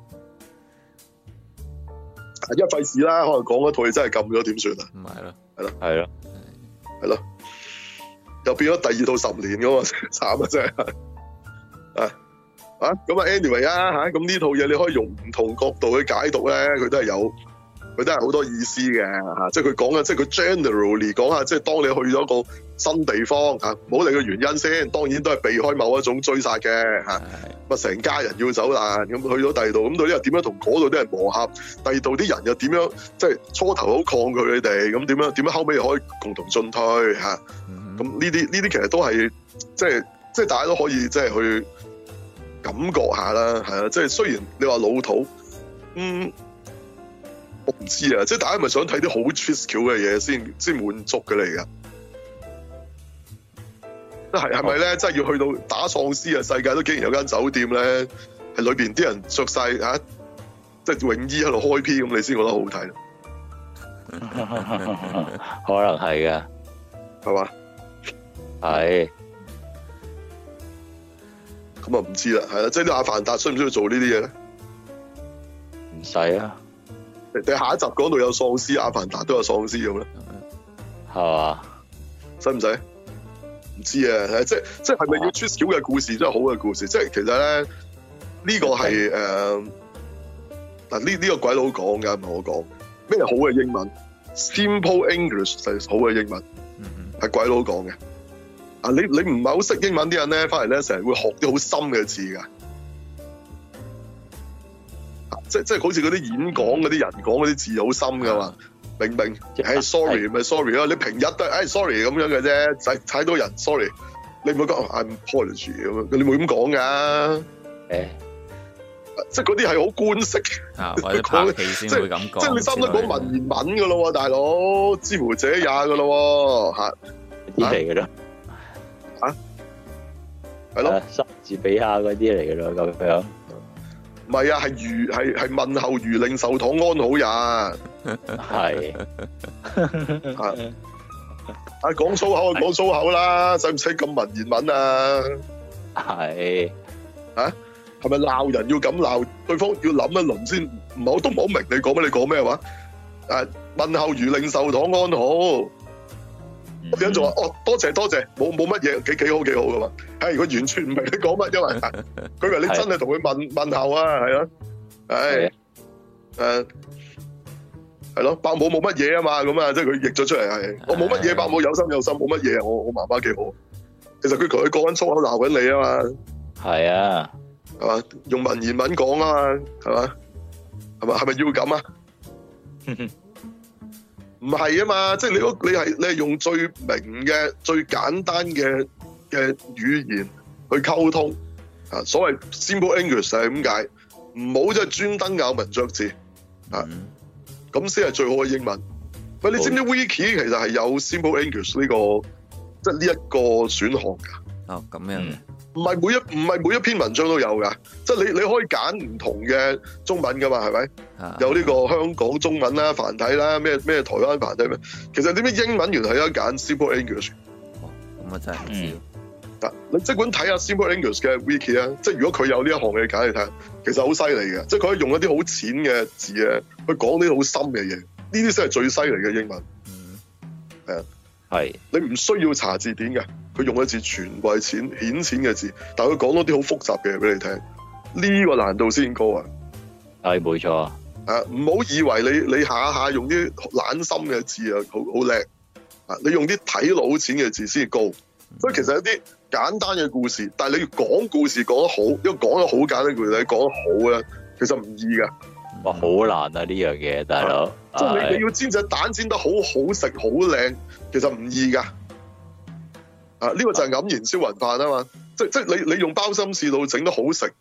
係一費事啦，可能講一套嘢真係撳咗，點算啊？唔係咯，係咯，係咯，係咯。又變咗第二套十年噶嘛，慘啊真係！啊、anyway、啊咁啊，anyway 啊吓！咁呢套嘢你可以用唔同角度去解讀咧，佢都係有，佢都係好多意思嘅吓、啊。即係佢講嘅，即係佢 generally 講下，即係當你去咗個新地方吓，冇你嘅原因先。當然都係避開某一種追殺嘅吓。咁啊，成家人要走難咁去咗第二度，咁到呢又點樣同嗰度啲人磨合？第二度啲人又點樣？即係初頭好抗拒你哋，咁點樣？點樣後尾又可以共同進退吓？啊嗯咁呢啲呢啲，其實都係即係即係大家都可以即係去感覺下啦，係啊，即係雖然你話老土，嗯，我唔知啊，即係大家係咪想睇啲好 t r i s k i 嘅嘢先先滿足嘅嚟噶？係，係咪咧？即係要去到打喪屍嘅世界都竟然有間酒店咧？係裏邊啲人着晒吓即係泳衣喺度開 P，咁，你先覺得好睇？ (laughs) 可能係噶，係嘛？係，咁啊唔知啦，係啦，即係啲阿凡達需唔需要做呢啲嘢咧？唔使啊，你下一集講到有喪屍，阿凡達都有喪屍咁咧，係嘛？使唔使？唔知啊，即係即係係咪要出小嘅故事，即係好嘅故事？即係其實咧呢個係誒、嗱呢呢個鬼佬講嘅，唔係我講咩好嘅英文，simple English 係好嘅英文，嗯，係鬼佬講嘅。啊！你你唔係好識英文啲人咧，翻嚟咧成日會學啲好深嘅字噶，啊！即即係好似嗰啲演講嗰啲人講嗰啲字好深噶嘛，啊？明明？唉、哎、sorry，咪、哎、sorry 咯。你平日都唉、哎、sorry 咁樣嘅啫，就踩到人 sorry，你唔會講 I'm sorry 咁樣說的，你會咁講噶？誒、啊，即係嗰啲係好官式的啊，或者拍戲先會咁講。 (laughs) 即係你收得講文言文噶咯，大佬知乎者也噶咯，嚇、啊？啲嚟嘅啫。啊啊啊，係咯，十字比下嗰啲嚟噶啦，咁樣。唔係啊，係如係係問候如令壽堂安好呀，係。啊，講粗口就講粗口啦，使唔使咁文言文啊？係。啊，係咪鬧人要咁鬧？對方要諗一輪先，唔好都唔好明你講乜？你講咩話？誒，問候如令壽堂安好。點樣做啊？哦，多謝多謝，冇冇乜嘢，幾幾好幾好噶嘛？係，果、哎、完全唔明你講乜， (laughs) 因為佢話你真係同佢問 (laughs) 問，問候啊，係咯、啊，係誒、啊，係咯、啊，伯、啊啊、母冇乜嘢啊嘛，咁啊，即係佢譯咗出嚟係，我冇乜嘢，伯母有心有心，冇乜嘢，我我媽媽幾好，其實佢同佢講緊粗口鬧緊你啊嘛，係啊，係嘛、啊，用文言文講啊嘛，係嘛，係咪係咪要咁啊？ (laughs) 唔係啊嘛，即、就、係、是、你嗰你係你係用最明嘅、最簡單嘅嘅語言去溝通是這是、嗯、啊。所謂 simple English 係咁解，唔好即係專登咬文嚼字啊。咁先係最好嘅英文。喂，你知唔知 Wiki 其實係有 simple English 呢、這個即係呢一個選項㗎。哦，咁樣，唔、嗯、係每一唔係每一篇文章都有㗎。即、就、係、是、你你可以揀唔同嘅中文噶嘛，係咪、啊？有呢個香港中文啦、啊、繁體啦、啊、咩咩台灣繁體咩、啊？其實點解英文原來可以揀 Simple English，哦，咁啊真係唔知。嗱、嗯，你即管睇下 Simple English 嘅 Wiki 啊，即係如果佢有呢一項嘅揀嚟睇，其實好犀利嘅，即係佢可以用一啲好淺嘅字啊，去講啲好深嘅嘢，呢啲先係最犀利嘅英文。嗯，係啊。係，你唔需要查字典嘅，佢用一啲全貴錢顯淺嘅字，但係佢講多啲好複雜嘅嘢俾你聽，呢、這個難度先高啊！係，冇錯啊！唔好以為你你下下用啲懶心嘅字啊，好好叻啊！你用啲睇腦淺嘅字先至高、嗯，所以其實一啲簡單嘅故事，但係你要講故事講得好，因為講得，得好簡單句你講得好咧，其實唔易噶。哇，好難啊呢樣嘢，大佬，啊啊，即係你要煎隻蛋煎得好好食，好靚，其實唔易噶。啊，呢，這個就係黯然銷魂飯啊嘛，即即係你你用包心絲到整得好食。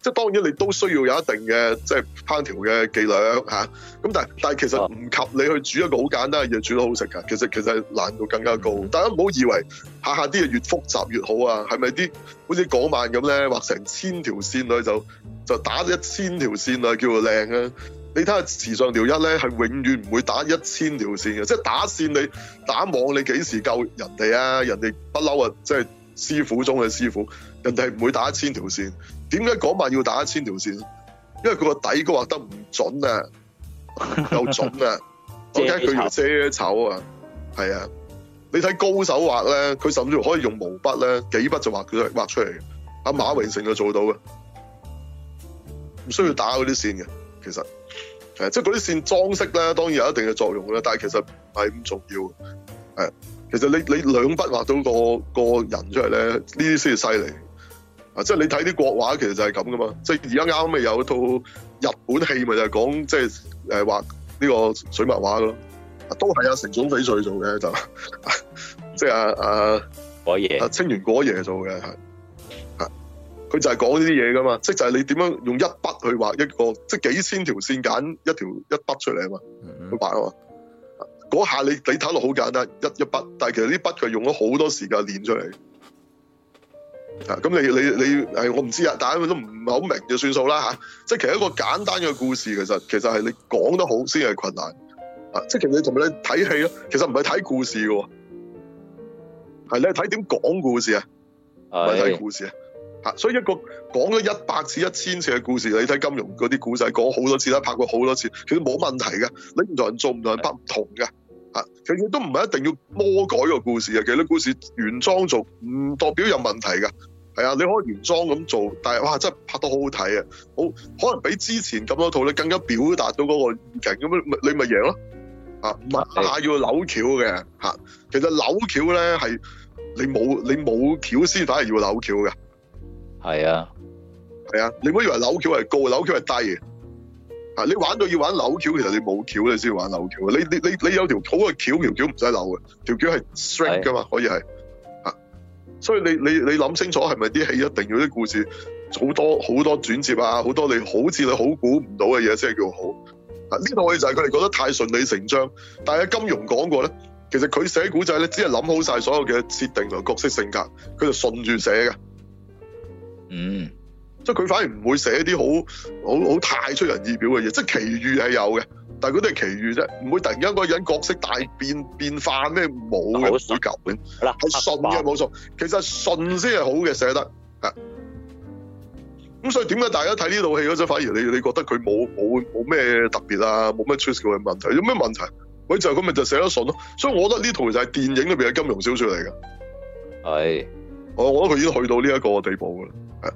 即係當然，你都需要有一定嘅即係烹調嘅伎倆嚇。咁、啊、但係但係，其實唔及你去煮一個好簡單嘅嘢煮得好食嘅。其實其實難度更加高。大家唔好以為下下啲嘢越複雜越好啊。係咪啲好似港漫咁咧畫成千條線咧就就打一千條線啊，線叫做靚啊？你睇下時尚條一咧係永遠唔會打一千條線嘅。即係打線你打網你幾時夠人哋啊？人哋不嬲啊！即係師傅中嘅師傅，人哋係唔會打一千條線。點解講話要打一千條線？因為佢個底畫得唔準啊，又準啊， (laughs) 我睇佢條遮醜啊，係啊！你睇高手畫咧，佢甚至可以用毛筆咧，幾筆就畫佢畫出嚟。阿馬榮成就做到嘅，唔需要打嗰啲線嘅，其實即係嗰啲線裝飾咧，當然有一定嘅作用啦，但係其實唔係咁重要。誒、啊，其實你你兩筆畫到個個人出嚟咧，呢啲先至犀利。即係你睇啲國畫，其實就係咁噶嘛。即係而家啱咪有套日本戲，咪就係講即係誒畫呢個水墨畫咯。都係阿、啊、成種翡翠做嘅就，即係阿果爺阿清源果爺做嘅係。佢、啊、就係講呢啲嘢噶嘛，即係就係你點樣用一筆去畫一個，即係幾千條線揀一條一筆出嚟啊嘛，嗯嗯去畫啊嘛。嗰下你你睇落好簡單，一一筆，但係其實呢筆佢用咗好多時間練出嚟。你你你啊！咁你你你係我唔知啊，但係我都唔係好明就算數啦吓。即係其實一個簡單嘅故事其，其實其實係你講得好先係困難。啊！即係其實你同埋你睇戲咯，其實唔係睇故事嘅，係你睇點講故事啊，唔係睇故事，哎、啊。吓，所以一個講咗一百次、一千次嘅故事，你睇金庸嗰啲古仔講好多次啦，拍過好多次，其實冇問題嘅。你唔同人做唔同人拍唔同嘅，吓、啊，其實都唔係一定要魔改個故事嘅。其實啲故事原裝做唔代表有問題嘅。係啊，你可以原裝咁做，但係哇，真係拍得很好好睇啊！好可能比之前咁多套你更加表達到嗰、那個意境，咁樣你咪贏咯！啊，咪、啊、要扭橋嘅嚇，其實扭橋咧係你冇你冇橋先反而要扭橋嘅。係啊，係啊，你唔好以為扭橋係高，扭橋係低嘅。啊，你玩到要玩扭橋，其實你冇橋你先玩扭橋，你你你你有條好嘅橋，條橋唔使扭嘅，條橋係 straight 噶嘛、啊，可以係。所以你你你諗清楚係咪啲戲一定要啲故事好多好多轉折啊，好多你好似你好估唔到嘅嘢先係叫好。呢個位就係佢哋覺得太順理成章。但係金庸講過咧，其實佢寫古仔咧，只係諗好晒所有嘅設定同角色性格，佢就順住寫㗎。嗯，即係佢反而唔會寫啲好好好太出人意表嘅嘢，即係奇遇係有嘅。但係佢都係奇遇啫，唔會突然間一個人角色大變變化咩冇嘅，好水嘅。係啦，係順嘅冇錯。其實順先係好嘅，寫得啊。咁所以點解大家睇呢套戲嗰陣反而你你覺得佢冇冇冇咩特別啊，冇咩 t r 出其不意嘅問題？有咩問題？喂，就咁咪就寫得順咯、啊。所以我覺得呢套就係電影裏邊嘅金融小説嚟嘅。係，我我覺得佢已經去到呢一個地步㗎啦。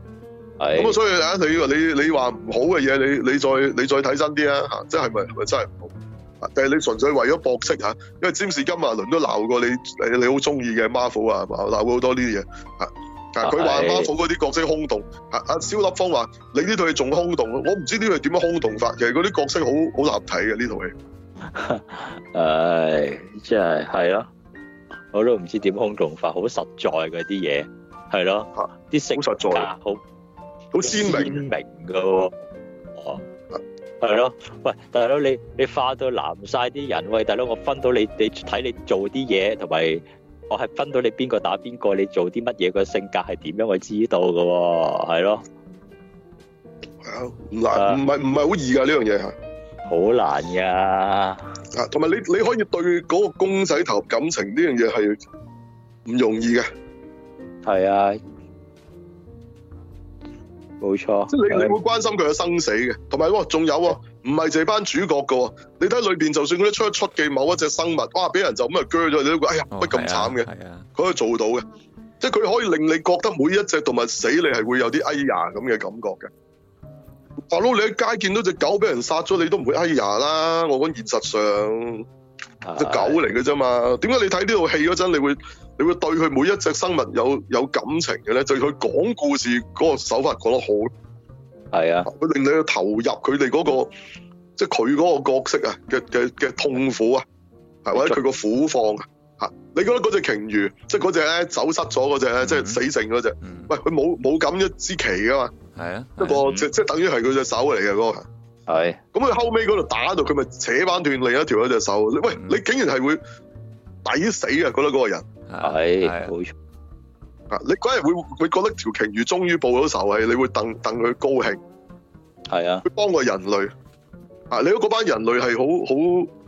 咁啊、嗯，所以說啊，你你你話唔好嘅嘢，你你再你再睇真啲啊！嚇，即係咪咪真係唔好？但係你純粹為咗搏色嚇，因為、James、占士金馬倫都鬧過你，你你好中意嘅 Marvel 啊，係嘛？鬧過好多呢啲嘢嚇。但係佢話 Marvel 嗰啲角色空洞，阿、啊、蕭立峯話你呢套戲仲空洞，我唔知呢套戲點樣空洞法，其實嗰啲角色好好立體嘅呢套戲。唉，真係係咯，我都唔知點空洞法，好實在嗰啲嘢係咯，啲色好實在，好。好鮮明㗎喎，哦，係咯，喂，大佬你你化到藍晒啲人，喂，大佬我分到你你睇你做啲嘢，同埋我係分到你邊個打邊個，你做啲乜嘢個性格係點樣，我知道㗎喎，係咯，係啊，唔難唔係唔係好易㗎呢樣嘢，係好難㗎，啊，同埋你你可以對嗰個公仔頭感情呢樣嘢係唔容易嘅，係啊。冇錯，即係你你會關心佢嘅生死嘅，同埋仲有喎，唔係就班主角嘅喎。你睇裏邊，就算佢啲出一出嘅某一隻生物，哇，俾人就咁啊鋸咗你都個，哎呀，乜咁慘嘅？佢、哦啊啊、可以做到嘅，即係佢可以令你覺得每一隻動物死你，你係會有啲哎呀咁嘅感覺嘅。大佬，你喺街見到隻狗俾人殺咗，你都唔會哎呀啦。我講現實上。隻狗嚟嘅啫嘛，點解你睇呢套戲嗰陣你會你會對佢每一隻生物有有感情嘅咧？就係佢講故事嗰個手法講得好，係啊，佢令你去投入佢哋嗰個即係佢嗰個角色啊嘅嘅嘅痛苦啊，係或者佢個苦況啊嚇。你覺得嗰隻鯨魚即係嗰隻咧走失咗嗰隻咧，即、mm、係 -hmm. 死剩嗰隻，mm -hmm. 喂佢冇冇咁一支旗噶嘛？係啊，不過即即等於係佢隻手嚟嘅嗰個。係，咁佢後尾嗰度打到佢，咪扯翻斷另一條一隻手。嗯、喂，你竟然係會抵死啊？那個、覺得嗰個人係，冇錯啊！你嗰日會會覺得條鯨魚終於報咗仇係，你會戥戥佢高興，係啊！佢幫過人類啊！你嗰班人類係好好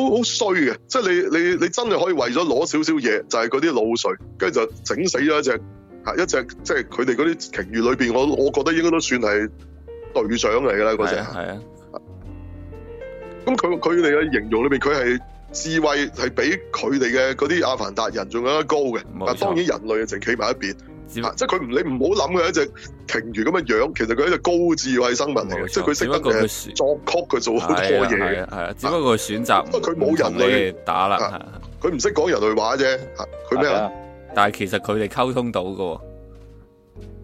好好衰嘅，即係你你你真係可以為咗攞少少嘢，就係嗰啲腦髓，跟住就整死咗一隻一隻，即係佢哋嗰啲鯨魚裏面，我我覺得應該都算係。隊、那個、長嚟噶啦嗰隻，係啊咁佢佢哋嘅形容裏邊，佢係智慧係比佢哋嘅嗰啲阿凡達人仲更加高嘅。但當然人類只只不啊，淨企埋一邊，即係佢唔你唔好諗佢一隻鯨魚咁嘅樣子，其實佢係一隻高智慧生物嚟嘅，即係佢識得作曲他的，佢做好多嘢嘅。係啊,啊，只不過佢選擇，不過佢冇人類打啦，佢唔識講人類話啫。佢咩、啊啊、但係其實佢哋溝通到噶。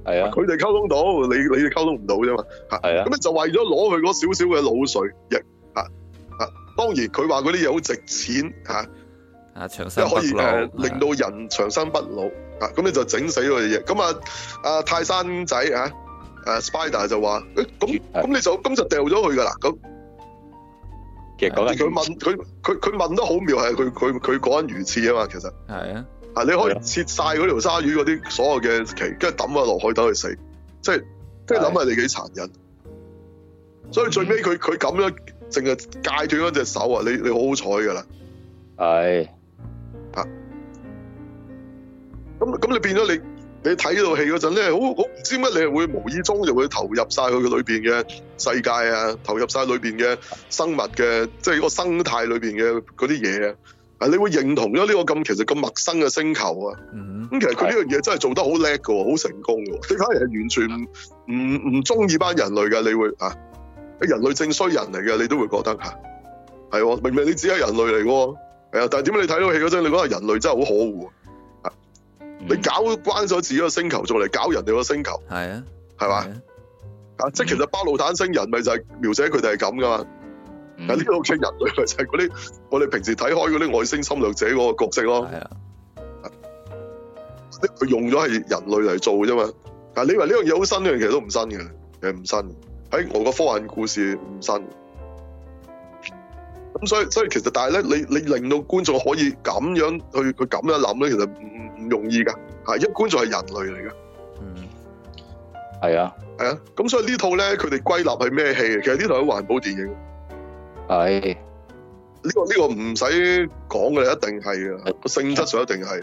係、啊，佢哋溝通到，你你溝通唔到啫嘛。係啊，咁就為咗攞佢嗰少少嘅腦髓液，吓、啊啊、當然佢話嗰啲嘢好值錢，吓、啊、吓，即係可以誒、啊、令到人長生不老，吓咁就整死佢哋。嘢。咁啊，阿、啊啊、泰山仔啊，誒、啊、，Spider 就話誒，咁、欸、咁、啊、你就咁就掉咗佢噶啦。咁其實講嚟，佢、啊、問佢佢佢問得好妙，係佢佢佢講緊魚翅啊嘛，其實係啊。啊！你可以切晒嗰條鯊魚嗰啲所有嘅鰭，跟住抌佢落海等去死，即係即係諗下你幾殘忍。所以最尾佢佢咁樣淨係截斷咗隻手啊！你你好好彩㗎啦。係。嚇！咁咁你變咗你你睇呢套戲嗰陣咧，好好唔知乜，你會無意中就會投入晒佢嘅裏邊嘅世界啊，投入晒裏邊嘅生物嘅，即係個生態裏邊嘅嗰啲嘢啊。啊！你會認同咗呢個咁其實咁陌生嘅星球啊？咁、嗯、其實佢呢樣嘢真係做得好叻嘅，好成功嘅、嗯。你睇嚟係完全唔唔中意班人類嘅，你會啊？人類正衰人嚟嘅，你都會覺得嚇係、啊、明明？你只係人類嚟嘅，係啊！但係點解你睇到戲嗰陣，你覺得人類真係好可惡啊、嗯？你搞關咗自己嘅星球，仲嚟搞人哋嘅星球？係、嗯、啊，係嘛？啊！嗯、即係其實巴魯坦星人就是描他們是這樣的，咪就係描寫佢哋係咁噶嘛？嗱，呢個即係人類，咪就係嗰啲我哋平時睇開嗰啲外星侵略者嗰個角色咯。係啊，嗰啲佢用咗係人類嚟做嘅啫嘛。嗱，你以為呢樣嘢好新嘅，其實都唔新嘅，係唔新。喺我個科幻故事唔新。咁所以所以其實，但係咧，你你令到觀眾可以咁樣去去咁樣諗咧，其實唔唔容易噶。吓，一觀眾係人類嚟嘅。嗯。係啊，係啊。咁所以呢套咧，佢哋歸納係咩戲？其實呢套係環保電影。係，呢個呢個唔使講嘅，一定係啊，個性質上一定係，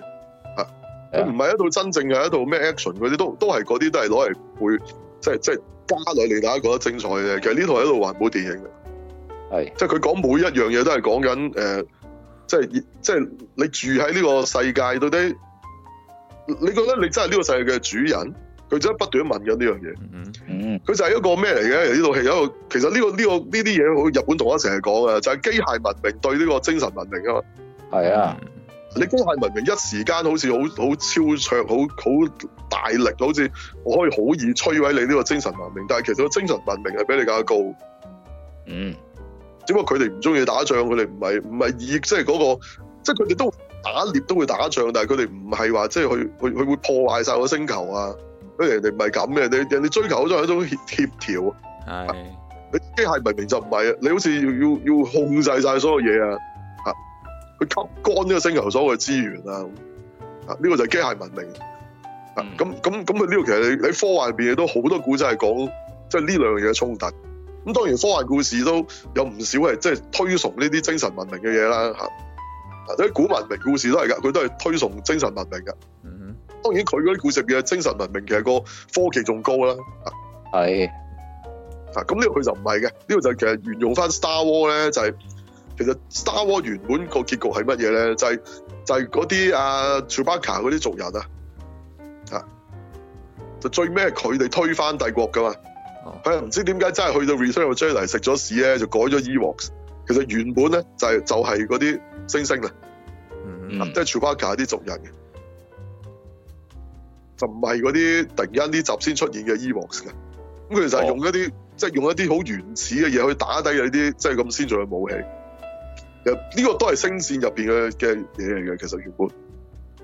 佢唔係一套真正嘅一套咩 action 嗰啲，都都係都係嗰啲都係攞嚟配，即係即係加落嚟大家覺得精彩嘅。其實呢套係一套環保電影嘅，係，即係佢講每一樣嘢都係講緊，誒、呃，即係即係你住喺呢個世界到底，你覺得你真係呢個世界嘅主人？佢真係不斷問緊呢樣嘢，佢、嗯、就係一個咩嚟嘅？呢套戲有一個，其實呢、呢個呢、呢個呢啲嘢，好日本動畫成日講嘅，就係機械文明對呢個精神文明啊嘛。係啊，你機械文明一時間好似好好超卓、好好大力，好似我可以好易摧毀你呢個精神文明。但係其實個精神文明係比你更高。嗯，只不過佢哋唔中意打仗，佢哋唔係唔係以即係嗰個，即係佢哋都打獵都會打仗，但係佢哋唔係話即係去去佢會破壞晒個星球啊。人哋唔係咁嘅，你人哋追求嗰種係一種協調。係，你機械文明就唔係啊，你好似要要要控制晒所有嘢啊，吓，啊，佢吸乾呢個星球所有嘅資源啦，啊，啊，呢、啊這個就係機械文明。啊，咁咁咁佢呢個其實你你科幻入邊都好多古仔係講即係呢兩樣嘢嘅衝突。咁、啊、當然科幻故事都有唔少係即係推崇呢啲精神文明嘅嘢啦，吓、啊，啲、啊啊即係、古文明故事是都係噶，佢都係推崇精神文明嘅。嗯當然佢嗰啲故事嘅精神文明，其實個科技仲高啦。係、就是就是、啊，咁呢個佢就唔係嘅，呢個就係其實沿用翻《Star War》咧，就係其實《Star War》原本個結局係乜嘢咧？就係就係嗰啲啊 Chewbacca 嗰啲族人啊，啊就最尾係佢哋推翻帝國噶嘛。佢又唔知點解真係去到《Return of Jedi》嚟食咗屎咧，就改咗 Ewoks。其實原本咧就係、是、就係嗰啲猩猩啊，即係 Chewbacca 啲族人、啊。就唔係嗰啲突然間呢集先出現嘅 Ewoks 嘅，咁佢就係用一啲、oh. 即係用一啲好原始嘅嘢去打低你啲即係咁先進嘅武器。其、這、呢個都係星戰入面嘅嘅嘢嚟嘅，其實原本，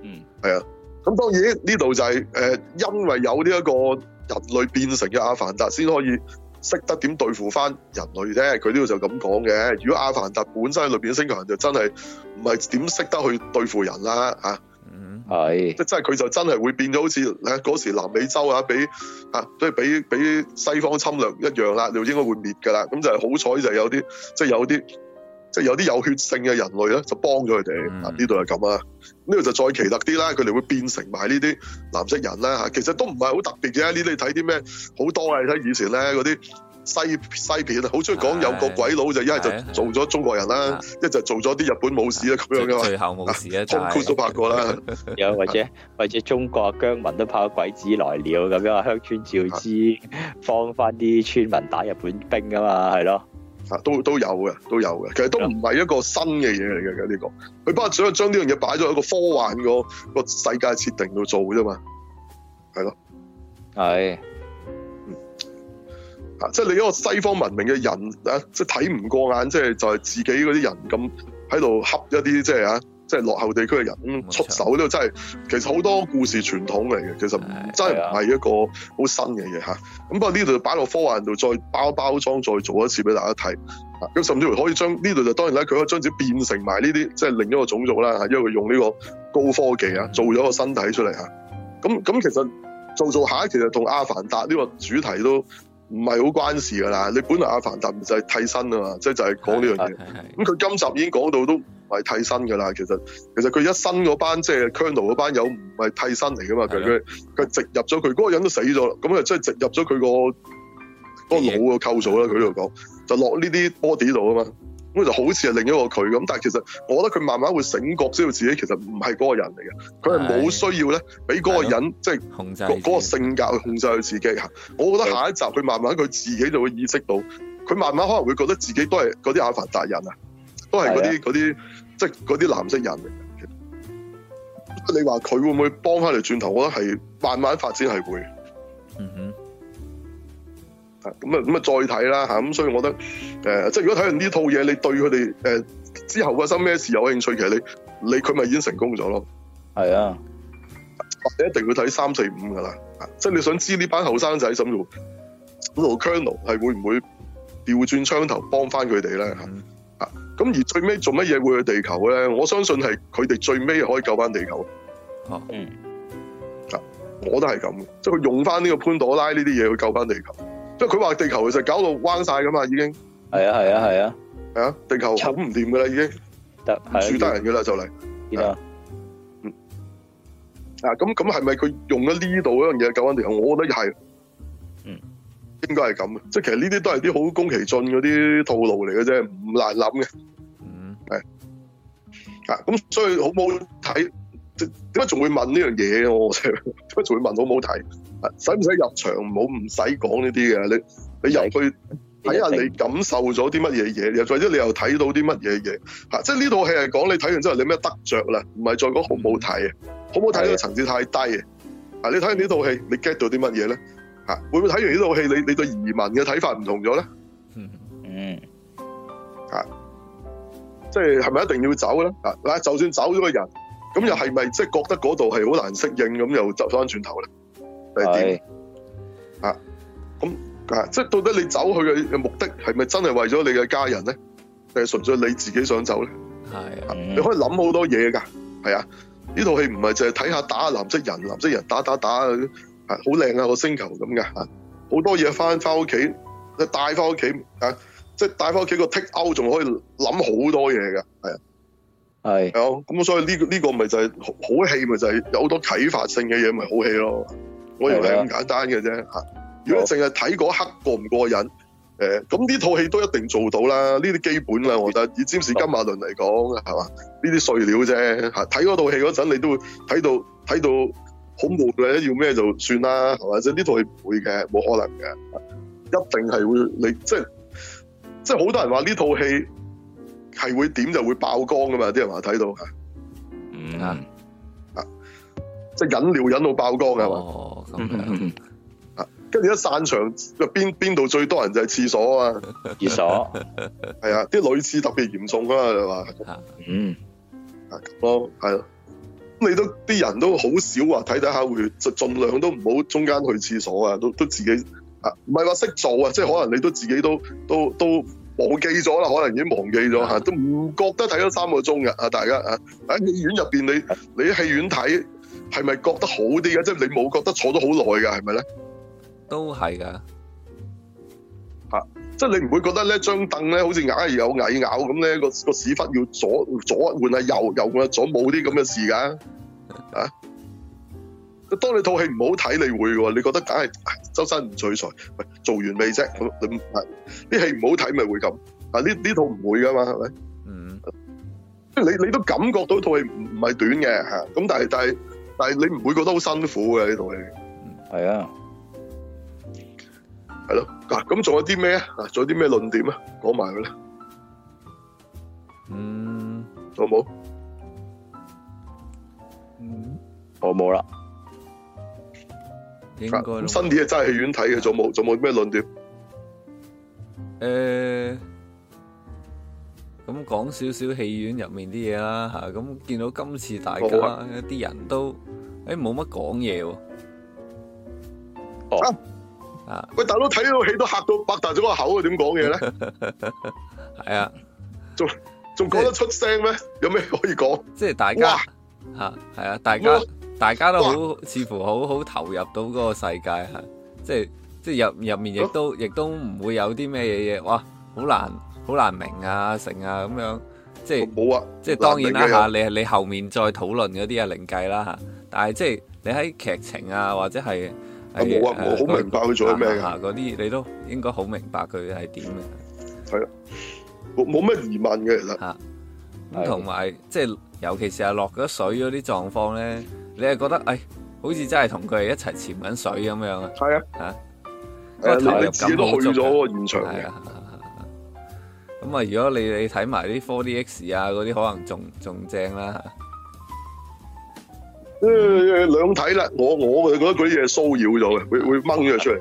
嗯、mm.，係啊。咁當然呢度就係、是、因為有呢一個人類變成嘅阿凡達先可以識得點對付翻人類啫。佢呢度就咁講嘅。如果阿凡達本身喺裏面星球人，就真係唔係點識得去對付人啦嚇。係、嗯，即係佢就真係會變咗，好似嗰時南美洲俾啊，俾啊，所以俾俾西方侵略一樣啦，就應該會滅㗎啦。咁就係好彩，就係、有啲即係有啲即係有啲有血性嘅人類咧，就幫咗佢哋。嗯、啊，呢度係咁啊，呢度就再奇特啲啦。佢哋會變成埋呢啲藍色人啦嚇、啊。其實都唔係好特別嘅，呢啲你睇啲咩好多呀，你睇以前咧嗰啲。西西片啊，好中意講有個鬼佬就一係就做咗中國人啦，一就做咗啲日本武士啊咁樣噶嘛。最後冇事啊 c o 都拍過啦。有或者或者中國姜文都拍《鬼子來了》咁樣啊，鄉村照之，幫翻啲村民打日本兵啊嘛，係咯，啊都都有嘅，都有嘅，其實都唔係一個新嘅嘢嚟嘅，呢、這個佢不過想將呢樣嘢擺咗喺個科幻個個世界設定度做啫嘛，係咯，係。即、係你一個西方文明嘅人啊，即係睇唔過眼，即係就係自己嗰啲人咁喺度恰一啲即係啊，即、係落後地區嘅人出手呢？真係其實好多故事傳統嚟嘅，其實真係唔係一個好新嘅嘢嚇。咁不過呢度擺落科幻度再包包裝，再做一次俾大家睇。咁甚至乎可以將呢度就當然咧，佢可以將自己變成埋呢啲即係另一個種族啦。嚇，因為佢用呢個高科技啊，做咗個身體出嚟嚇。咁咁其實做做下一期就同阿凡達呢個主題都～唔係好關事噶啦，你本來阿凡達就係替身啊嘛，即係就係講呢樣嘢。咁佢今集已經講到都唔係替身噶啦，其實其實佢一新嗰班即係 Kano 嗰班友唔係替身嚟噶嘛，佢佢佢直入咗佢嗰個人都死咗啦，咁啊即係直入咗佢個個腦個構造啦，佢呢度講就落呢啲 body 度啊嘛。咁就好似係另一個佢咁，但係其實我覺得佢慢慢會醒覺，知道自己其實唔係嗰個人嚟嘅。佢係冇需要咧，俾嗰個人即係嗰個性格去控制佢自己。我覺得下一集佢慢慢佢自己就會意識到，佢慢慢可能會覺得自己都係嗰啲阿凡達人啊，都係嗰啲嗰啲即係嗰啲藍色人嚟嘅。你話佢會唔會幫翻嚟轉頭？我覺得係慢慢發展係會。嗯哼。咁啊，咁啊，再睇啦，嚇咁，所以我覺得，誒、呃，即係如果睇完呢套嘢，你對佢哋誒之後發生咩事有興趣，其實你你佢咪已經成功咗咯？係啊，你一定會睇三四五㗎啦，即係你想知呢班後生仔怎度嗰個 Colonel 係會唔會調轉槍頭幫翻佢哋咧？嚇，嚇，咁而最尾做乜嘢會去地球咧？我相信係佢哋最尾可以救翻地球。哦，嗯，啊，我都係咁即係佢用翻呢個潘朵拉呢啲嘢去救翻地球。即係佢話地球其實搞到彎晒噶嘛，已經係啊係啊係啊，係啊地球慘唔掂噶啦，已經住唔住得人噶啦，就嚟點啊？嗯啊，咁咁係咪佢用咗呢度嗰樣嘢搞翻掂？我覺得係，嗯，應該係咁嘅。即係其實呢啲都係啲好宮崎駿嗰啲套路嚟嘅啫，唔難諗嘅。嗯，係啊，咁所以好唔好睇？點解仲會問呢樣嘢？我我點解仲會問好唔好睇？使唔使入場？唔好唔使講呢啲嘅，你你入去睇下，你感受咗啲乜嘢嘢？又或者你又睇到啲乜嘢嘢？吓，即係呢套戲係講你睇完之後你，你咩得着啦？唔係再講好唔好睇啊？好唔好睇呢個層次太低啊！你睇完呢套戲，你 get 到啲乜嘢咧？吓，會唔會睇完呢套戲，你你對移民嘅睇法唔同咗咧？嗯嗯，吓，即係係咪一定要走咧？嗱，就算走咗個人，咁又係咪即係覺得嗰度係好難適應咁，又走翻轉頭咧？啊，咁啊，即係到底你走去嘅目的係咪真係為咗你嘅家人咧？定係純粹你自己想走咧？係、嗯啊、你可以諗好多嘢噶，係啊，呢套戲唔係淨係睇下打下藍色人，藍色人打打打，打啊，好靚啊、個星球咁噶，好、啊、多嘢翻翻屋企，你帶翻屋企啊，即係帶翻屋企個 take out 仲可以諗好多嘢噶，係啊，係，有咁、啊、所以呢、這、呢個咪、這個、就係、是、好戲，咪就係有好多啟發性嘅嘢，咪好戲咯。我要睇咁簡單嘅啫嚇，如果淨係睇嗰刻過唔過癮，誒咁呢套戲都一定做到啦，呢啲基本啦，我覺得以詹士金馬倫嚟講，係嘛？呢啲碎料啫嚇，睇嗰套戲嗰陣你都會睇到睇到好無謂嘅，要咩就算啦，係咪先？呢套戲唔會嘅，冇可能嘅，一定係會你即係即係好多人話呢套戲係會點就會爆光噶嘛，啲人話睇到嚇，嗯啊，即係忍料忍到爆光嘅嘛？哦嗯，嗯，嗯，嗯，啊，跟住一散場，邊邊度最多人就係廁所啊，廁所，係啊，啲女廁特別嚴重啊，你話，嗯，咁、啊、咯，係咯、啊啊，你都啲人都好少話睇睇下，看看會盡量都唔好中間去廁所啊，都都自己，啊，唔係話識做啊，即係可能你都自己都都都忘記咗啦，可能已經忘記咗吓、嗯啊啊，都唔覺得睇咗三個鐘嘅啊，大家啊，喺戲院入邊你你戲院睇。係咪覺得好啲嘅？即係你冇覺得坐咗好耐嘅，係咪咧？都係噶，吓，即係你唔會覺得咧，張凳咧，好似硬係有蟻咬咁咧，個個屎忽要左左換下，右右換下左，冇啲咁嘅事噶，啊！ (laughs) 當你套戲唔好睇，你會嘅，你覺得梗係周身唔聚財，做完未啫？你啲戲唔好睇，咪會咁啊？呢呢套唔會噶嘛，係咪？嗯，即係你你都感覺到套戲唔唔係短嘅吓，咁但係但係。但係你唔會覺得好辛苦嘅呢套戲？係啊，係咯。嗱，咁仲有啲咩啊？仲有啲咩論點啊？講埋佢啦。嗯，我冇。嗯，我冇啦。應該新片真係戲院睇嘅，仲冇仲冇咩論點。誒。咁講少少戲院入面啲嘢啦吓，咁見到今次大家、哦、一啲人都，誒冇乜講嘢喎。啊喂，大佬睇到戲都吓到擘大咗個口啊 (laughs) 啊，點講嘢咧？係、即係即係、啊，仲仲講得出聲咩？有咩可以講？即係大家吓，係啊，大家大家都好，似乎好好投入到嗰個世界，即係即係入入面亦都亦、啊、都唔會有啲咩嘢嘢，哇，好難。好難明啊，成啊咁樣，即係即係當然啦，吓，你你後面再討論嗰啲啊靈計啦吓，但係即係你喺劇情啊或者係，我冇，啊，我好明白佢做咩嘅嗰啲，你都應該好明白佢係點嘅。係啊，冇冇咩疑問嘅其實吓，咁同埋即係尤其是啊落咗水嗰啲狀況咧，你係覺得誒，好似真係同佢係一齊潛緊水咁樣啊？係啊吓，誒你你自己都去咗現場嘅。咁啊！如果你你睇埋啲 4DX 啊嗰啲，可能仲仲正啦。誒，兩睇啦，我我佢覺得嗰啲嘢騷擾咗嘅，會會掹咗出嚟。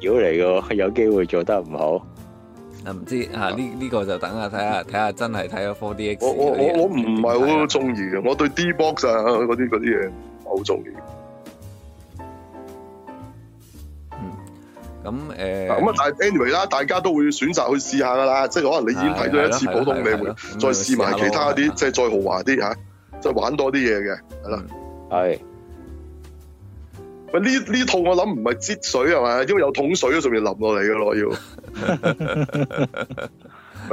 如果嚟個，有機會做得唔好。啊唔知啊呢呢個就等下睇下睇下真係睇個 4DX。我我我我唔係好中意嘅，我對 Dbox 啊嗰啲嗰啲嘢好中意。咁誒，咁、欸、啊，但係 anyway 啦，大家都會選擇去試下噶啦，即係可能你已經睇咗一次普通你會，再試埋其他啲，即係再豪華啲吓，即係玩多啲嘢嘅，係啦，係。喂，呢呢套我諗唔係唧水係咪？因為有桶水喺上面淋落嚟噶咯，我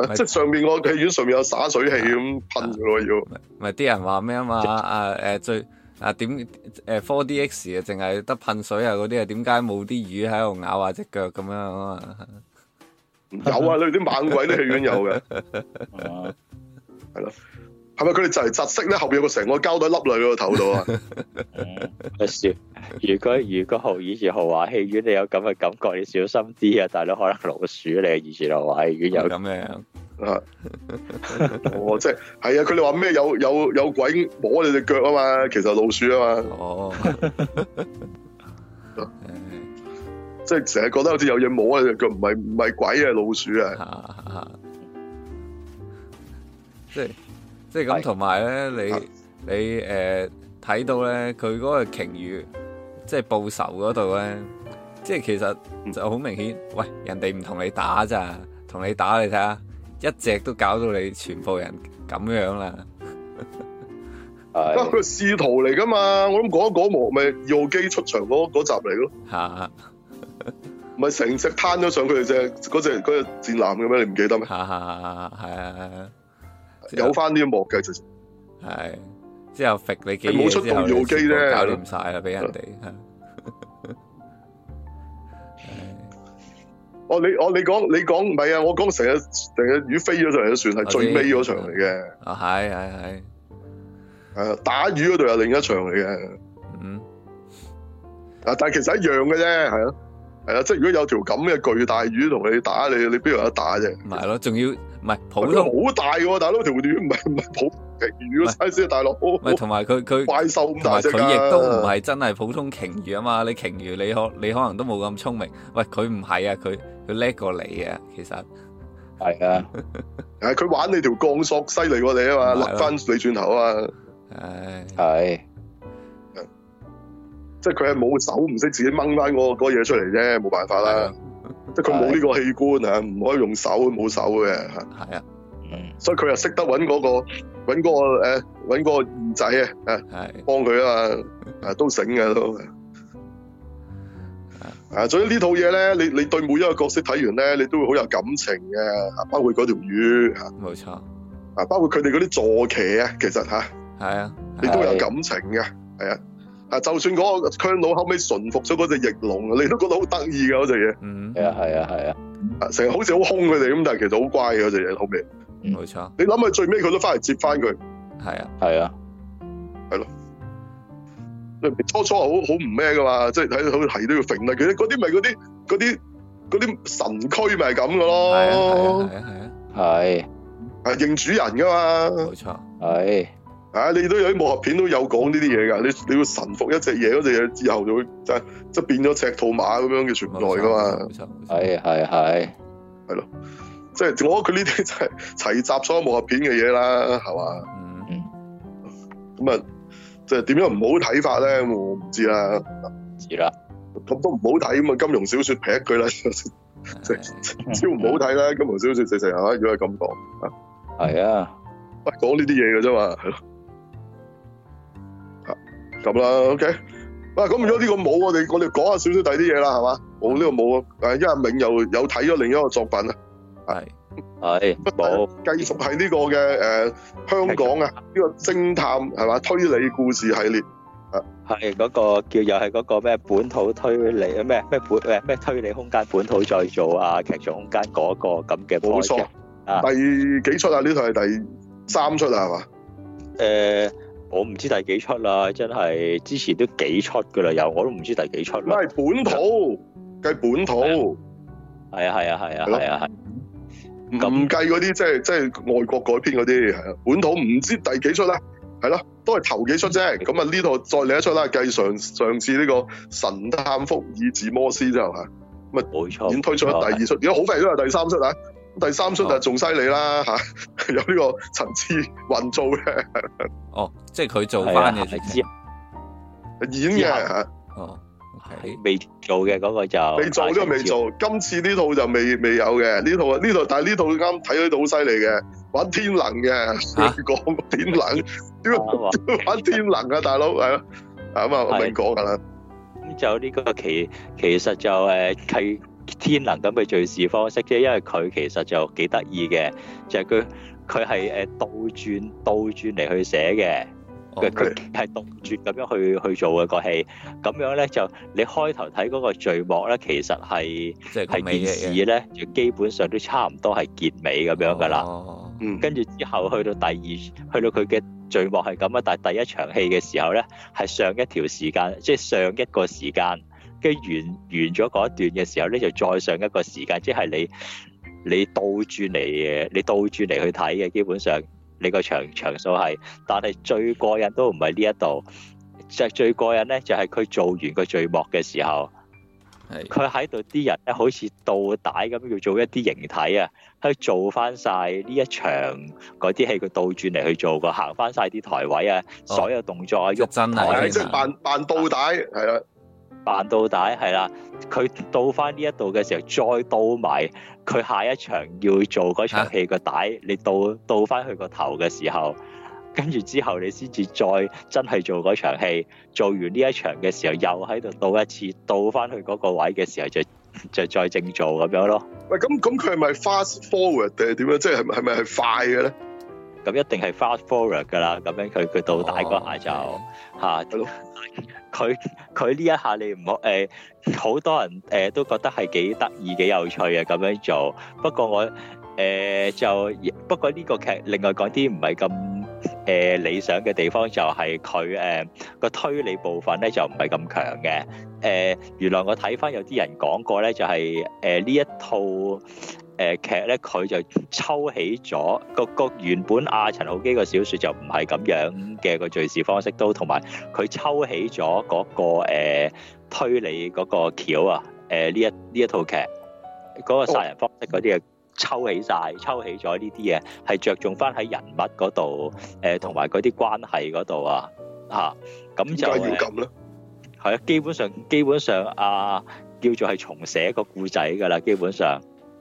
要， (laughs) (laughs) 即係上面個戲院上面有灑水器咁噴噶咯，啊、我要。唔係啲人話咩啊嘛？啊誒，即、啊啊啊啊點誒 4DX 啊，淨係得噴水啊嗰啲啊，點解冇啲魚喺度咬下隻腳咁樣啊？有啊， (laughs) 你啲猛鬼啲戲院有嘅，係咯，係咪佢哋就係窒息咧？後邊有個成個膠袋粒落個頭度啊！ (laughs) (laughs) 如果如果以前豪爾豪華戲院你有咁嘅感覺，你小心啲啊！大佬可能老鼠嚟，你以前豪華戲院有咁嘅。 (laughs) (laughs) (laughs) 哦就是、啊！我即係係啊！佢哋話咩有有有鬼摸你隻腳啊嘛？其實老鼠啊嘛！哦， (laughs) (laughs) (laughs) (laughs) 即係成日覺得好似有嘢摸你隻腳，唔係唔係鬼啊？老鼠啊！即係即係咁，同埋咧，你你誒睇到咧，佢嗰個鯨魚即係報仇嗰度咧，即係其實就好明顯，嗯。喂，人哋唔同你打咋，同你打你睇下。一隻都搞到你全部人咁樣啦、 (laughs) 哎，係、啊。都佢仕途嚟噶嘛，我諗嗰幕咪要姬出場嗰集嚟咯。吓、啊，咪成隻攤咗上佢隻嗰隻嗰隻戰艦嘅咩？你唔記得咩？係係啊，有翻呢一幕嘅，其實係。之後搣、啊、你幾冇出到要姬咧，搞掂晒啦，俾人哋。哦、oh, oh，你哦，你講你講，唔係啊，我講成日成日魚飛咗上嚟嘅船係、okay. 最尾嗰場嚟嘅。啊，係係係，係啊，打魚嗰度又另一場嚟嘅。嗯，啊，但係其實一樣嘅啫，係咯、啊，係啦、啊，即係如果有條咁嘅巨大魚同你打，你你邊度有得打啫？唔係咯，仲要唔係普通好大嘅，大佬呢條魚唔係唔係普。鯨魚都犀利，哦、佢佢佢大佬。同埋佢佢怪獸咁大，佢亦都唔係真係普通鯨魚啊嘛！你鯨魚你，你可你可能都冇咁聰明。喂，佢唔係啊，佢佢叻過你啊，其實係啊，係 (laughs) 佢玩你條鋼索犀利過你啊嘛，甩翻水轉頭啊！唉、啊，係、啊，即係佢係冇手，唔識自己掹翻嗰嗰嘢出嚟啫，冇辦法啦、啊。即係佢冇呢個器官啊，唔可以用手，冇手嘅。係啊。所以佢又識得揾嗰、嗰個揾、嗰個誒、嗰個仔啊，啊幫佢啊，的幫佢啊都醒嘅都，的啊所以呢套嘢咧，你你對每一個角色睇完咧，你都會好有感情嘅，包括嗰條魚，冇錯，啊包括佢哋嗰啲坐騎啊，其實吓係啊，你都有感情嘅，係啊，啊就算嗰個槍佬後尾馴服咗嗰隻翼龍，你都覺得好得意嘅嗰隻嘢，嗯，係啊係啊係啊，成日好似好凶佢哋咁，但係其實乖好乖嘅嗰隻嘢好靚。冇、嗯、錯，你諗下最尾佢都翻嚟接翻佢，係啊係啊，係咯，你初初好好唔咩噶嘛，即係睇到係都要揈啦，佢嗰啲咪嗰啲啲啲神區咪係咁噶咯，係啊係啊係啊，係啊認主人噶嘛，冇錯，係啊你都有啲武俠片都有講呢啲嘢噶，你你要臣服一隻嘢嗰隻嘢之後就會就就變咗赤兔馬咁樣嘅存在噶嘛，冇錯，係係係，係咯。是即、就、係、是、我覺得佢呢啲就係齊集所有武俠片嘅嘢啦，係嘛？嗯嗯。咁啊，就點、是、樣唔好睇法咧？我唔知啦。知啦，咁都唔好睇咁啊！金庸小説劈佢啦，即係 (laughs) 超唔好睇啦！金庸小説成成嚇，如果係咁講啊，係啊，喂，講呢啲嘢嘅啫嘛，係咯，咁啦。OK，喂，咁如果呢個冇我哋我哋講下少少第啲嘢啦，係嘛？冇呢個冇啊，誒，一日明又有睇咗另一個作品啊。係係，冇繼續係呢個嘅。誒，香港啊，呢個偵探係嘛，推理故事系列啊，係嗰個叫，又係嗰個咩本土推理啊，咩咩本，誒，咩推理空間本土再造啊，劇場空間，嗰個咁嘅 project，啊第幾出啊，呢套係第三出啊，係嘛？誒，我唔知第幾出啦，真係之前都幾出噶啦，又我都唔知第幾出啦，係本土，計本土，係啊，係啊，係啊，係啊，係。唔計嗰啲，即係即係外國改編嗰啲，本土唔知第幾出咧，係咯，都係頭幾出啫。咁啊，呢度再另一出啦，計上上次呢個《神探福爾治摩斯》之後嚇，咁啊，已經推出咗第二出，如果好快都係第三出嚇。第三出就仲犀利啦嚇，有呢個層次運做嘅。哦，即係佢做翻嘅，演嘅嚇。哦。未做嘅嗰個就未做都未做，今次呢套就未未有嘅呢套呢套，但係呢套啱睇到好犀利嘅，玩天能嘅，你講天能，點玩天能啊？大佬係咯，咁啊我明講噶啦。咁就呢個其其實就誒係天能咁嘅敘事方式啫，因為佢其實就幾得意嘅，就係佢佢係誒倒轉倒轉嚟去寫嘅。佢係倒轉咁樣去去做嘅個戲，咁樣咧就你開頭睇嗰個序幕咧，其實係係件事咧，就基本上都差唔多係結尾咁樣噶啦。嗯，跟住之後去到第二，去到佢嘅序幕係咁啊，但係第一場戲嘅時候咧，係上一條時間，即係上一個時間跟住完完咗嗰一段嘅時候咧，就再上一個時間，即係你你倒轉嚟嘅，你倒轉嚟去睇嘅，基本上。你個場場數係，但係最過癮都唔係呢一度，就最過癮咧就係、是、佢做完個序幕嘅時候，佢喺度啲人咧好似倒帶咁要做一啲形體啊。佢做這佢去做翻晒呢一場嗰啲戲，佢倒轉嚟去做個行翻晒啲台位啊，哦、所有動作啊，喐台、哦、真係，即係扮扮倒帶。係啦。扮到底係啦，佢倒翻呢一度嘅時候再倒埋，佢下一場要做嗰場戲個底，你倒倒翻佢個頭嘅時候，跟住之後你先至再真係做嗰場戲，做完呢一場嘅時候又喺度倒一次，倒翻去嗰個位嘅時候就就再正做咁樣咯。喂，咁咁佢係咪 fast forward 定係點樣？即係係咪係快嘅咧？咁一定係 fast forward 㗎啦，咁樣佢佢到大嗰下就嚇，佢佢呢一下你唔好誒，好多人誒都覺得係幾得意幾有趣嘅咁樣做。不過我誒就不過呢個劇，另外講啲唔係咁誒理想嘅地方，就係佢誒個推理部分咧就唔係咁強嘅。誒，原來我睇返有啲人講過咧，就係誒呢一套。誒，劇咧佢就抽起咗個，個原本阿陳浩基個小說就唔係咁樣嘅個敘事方式都，都同埋佢抽起咗嗰、嗰個誒、呃、推理嗰個橋啊，誒、呃、呢一呢一套劇嗰、嗰個殺人方式嗰啲嘢抽起晒，抽起咗呢啲嘢，係着重翻喺人物嗰度誒，同埋嗰啲關係嗰度啊，吓咁就係要咁咧，係啊，基本上基本上啊，叫做係重寫個故仔噶啦，基本上。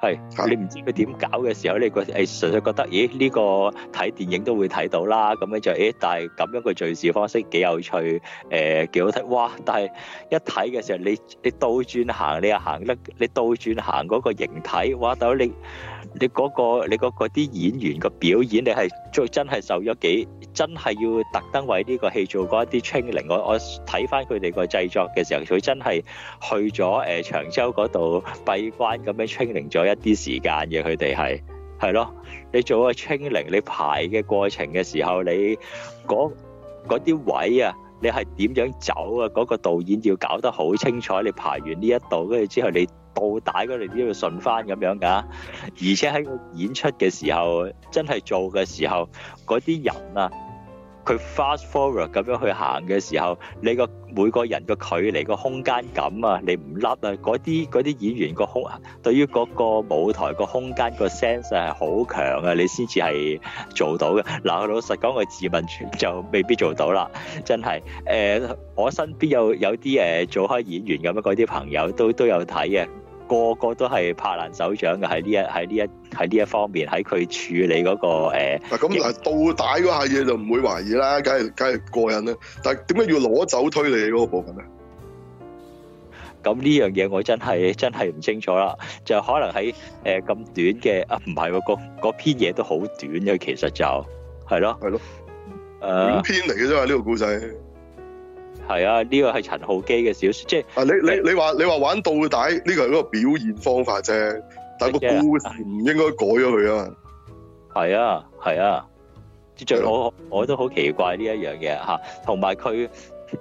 係，你唔知佢點搞嘅時候，你個係純粹覺得，咦呢、呢個睇電影都會睇到啦。咁樣就，咦但係咁樣嘅敘事方式幾有趣，誒、呃、幾好睇。哇！但係一睇嘅時候，你你倒轉行，你又行得你倒轉行嗰個形體，哇！大佬你。你嗰個你嗰個啲演員個表演，你係最真係受咗幾真係要特登為呢個戲做過一啲 training。我我睇翻佢哋個製作嘅時候，佢真係去咗誒長洲嗰度閉關咁樣 training 咗一啲時間嘅。佢哋係係咯，你做個 training，你排嘅過程嘅時候，你嗰嗰啲位啊，你係點樣走啊？嗰個導演要搞得好清楚。你排完呢一度，跟住之後你。倒帶佢哋都要順翻咁樣㗎，而且喺演出嘅時候，真係做嘅時候，嗰啲人啊，佢 fast forward 咁樣去行嘅時候，你個每個人個距離個空間感啊，你唔甩啊，嗰啲嗰啲演員個空，對於嗰個舞台個空間個 sense 係好強啊，你先至係做到嘅。嗱，老實講，我自問就未必做到啦，真係。誒、欸，我身邊有有啲誒做開演員咁樣嗰啲朋友都都有睇嘅。個個都係拍爛手掌嘅，喺呢一喺呢一喺呢一方面，喺佢處理嗰個誒。嗱，咁到底嗰下嘢就唔會懷疑啦，梗係梗係過癮啦。但係點解要攞走推理嗰個部分咧？咁呢樣嘢我真係真係唔清楚啦。就可能喺誒咁短嘅啊，唔係喎，個嗰篇嘢都好短嘅，因為其實就係咯，係咯，短篇嚟嘅啫嘛，呢個故仔。係啊，呢個係陳浩基嘅小說，即係啊！你你你話你話玩到底，呢個係一個表現方法啫，但個故事唔應該改咗佢啊！係啊，係啊，最好、啊、我，我都好奇怪呢一樣嘢嚇，同埋佢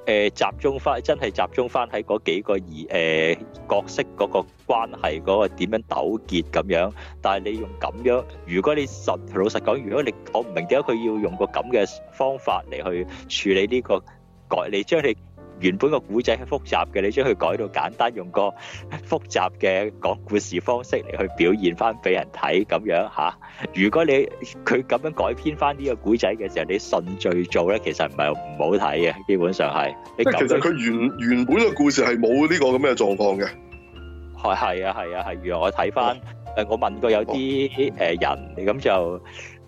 誒集中翻真係集中翻喺嗰幾個二、呃、角色嗰個關係嗰、嗰個點樣糾結咁樣，但係你用咁樣，如果你實老實講，如果你我唔明點解佢要用個咁嘅方法嚟去處理呢、呢個？改，你將你原本個古仔係複雜嘅，你將佢改到簡單，用個複雜嘅講故事方式嚟去表現翻俾人睇咁樣嚇。如果你佢咁樣改編翻呢個古仔嘅時候，你順序做咧，其實唔係唔好睇嘅，基本上係。即係其實佢原原本嘅故事係冇呢個咁嘅狀況嘅。係係啊係啊係。如果我睇翻誒，我問過有啲誒人，咁就。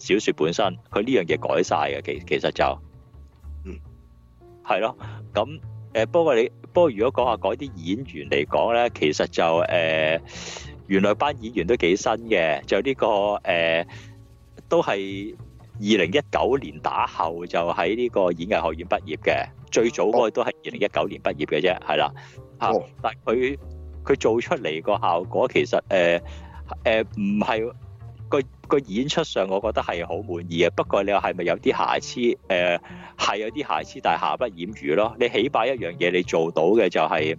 小説本身佢呢樣嘢改曬嘅，其其實就，嗯，係咯，咁誒不過你不過如果講下嗰啲演員嚟講咧，其實就誒原來班演員都幾新嘅，就呢個誒都係二零一九年打後就喺呢個演藝學院畢業嘅，最早嗰個都係二零一九年畢業嘅啫，係啦，啊，但係佢佢做出嚟個效果其實誒誒唔係。個演出上，我覺得係好滿意嘅。不過你話係咪有啲瑕疵？誒、呃、係有啲瑕疵，但瑕不掩瑜咯。你起碼一樣嘢你做到嘅就係、是、誒、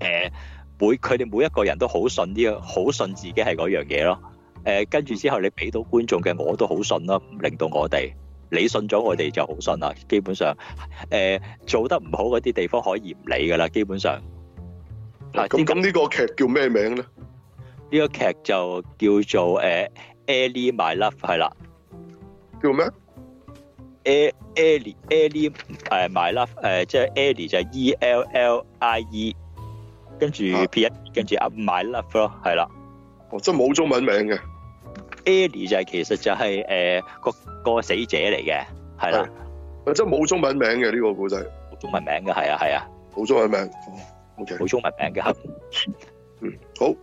呃、每佢哋每一個人都好信啲，好信自己係嗰樣嘢咯。誒跟住之後，你俾到觀眾嘅我都好信咯，唔令到我哋你信咗我哋就好信啦。基本上誒、呃、做得唔好嗰啲地方可以唔理噶啦。基本上嗱，咁咁呢個劇叫咩名咧？呢個劇就叫做誒，Ellie my love 係啦，叫咩？Ellie Ellie 誒，my love 誒，即係 Ellie 就係 E L L I E，跟住 P 一，跟住 up my love 咯，係啦。哦，即係冇中文名嘅。Ellie 就係其實就係誒個個死者嚟嘅，係啦。啊，即係冇中文名嘅呢個故仔。冇中文名嘅係啊係啊，冇中文名，冇中文名嘅。好。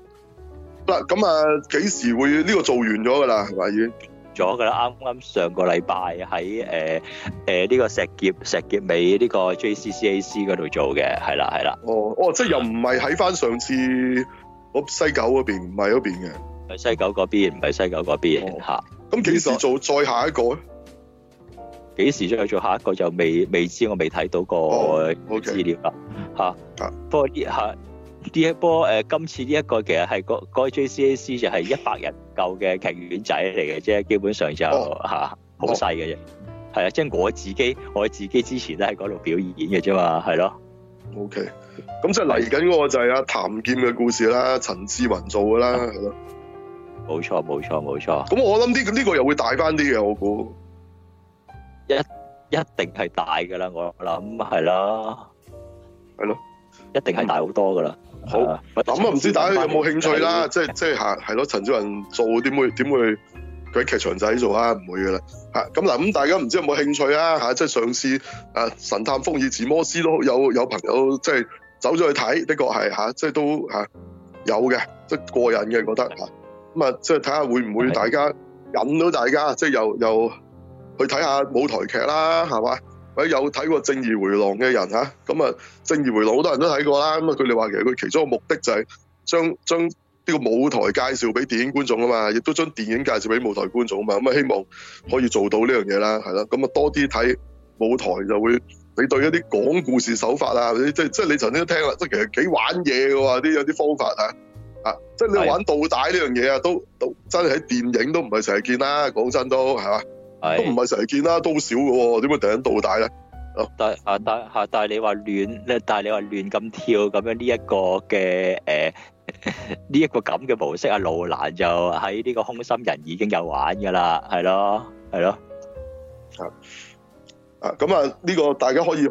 嗱咁啊，幾時會呢個做完咗噶啦？係咪已經做咗噶啦？啱啱上個禮拜喺誒誒呢個石硖石硖尾呢個 JCCAC 嗰度做嘅，係啦係啦。哦哦，即係又唔係喺翻上次我西九嗰邊，唔係嗰邊嘅。係西九嗰邊，唔係西九嗰邊吓。咁幾時做？再下一個咧？幾時再做下一個就未未知，我未睇到個資料啦。吓，不過呢吓。呢一波誒、呃，今次呢一個其實係、嗰個 J C A C 就係一百人夠嘅劇院仔嚟嘅啫，基本上就吓，好細嘅啫，係啊！即係、哦就是、我自己，我自己之前都喺嗰度表演演嘅啫嘛，係咯。O K，咁即係嚟緊嗰個就係阿譚劍嘅故事啦，陳志雲做嘅啦，冇錯冇錯冇錯。咁我諗呢呢個又會大翻啲嘅，我估一一定係大嘅啦，我諗係啦，係咯，一定係大好多嘅啦。嗯。好，咁啊唔知大家有冇興趣啦，即係即係係係咯，陳志雲做點會點會佢喺劇場仔做不、嗯、不有有啊？唔會噶啦嚇，咁嗱咁大家唔知有冇興趣啊嚇，即係上次誒、啊、神探福爾摩斯都有有朋友即係、就是、走咗去睇，這個啊就是啊、有的確係嚇，即係都嚇有嘅，即係過癮嘅覺得嚇，咁啊即係睇下會唔會大家引到大家，即、就、係、是、又又去睇下舞台劇啦，係嘛？喂，有睇過正義回的人《正義迴廊》嘅人吓，咁啊，《正義迴廊》好多人都睇過啦。咁啊，佢哋話其實佢其中嘅目的就係將將呢個舞台介紹俾電影觀眾啊嘛，亦都將電影介紹俾舞台觀眾啊嘛。咁啊，希望可以做到呢樣嘢啦，係啦。咁啊，多啲睇舞台就會你對一啲講故事手法啊，即即係你曾經都聽啦，即其實幾玩嘢嘅喎啲有啲方法啊啊，即你玩倒帶呢樣嘢啊，都都真係喺電影都唔係成日見啦，講真都係嘛。都唔係成日見啦，都，都少嘅喎，點解突然倒帶咧？但係但係但係你話亂，但係你話亂咁跳咁樣呢一個嘅誒，呢一個咁嘅模式啊，路蘭就喺呢個空心人已經有玩嘅啦，係咯係咯。係啊咁啊，呢、啊呢個大家可以去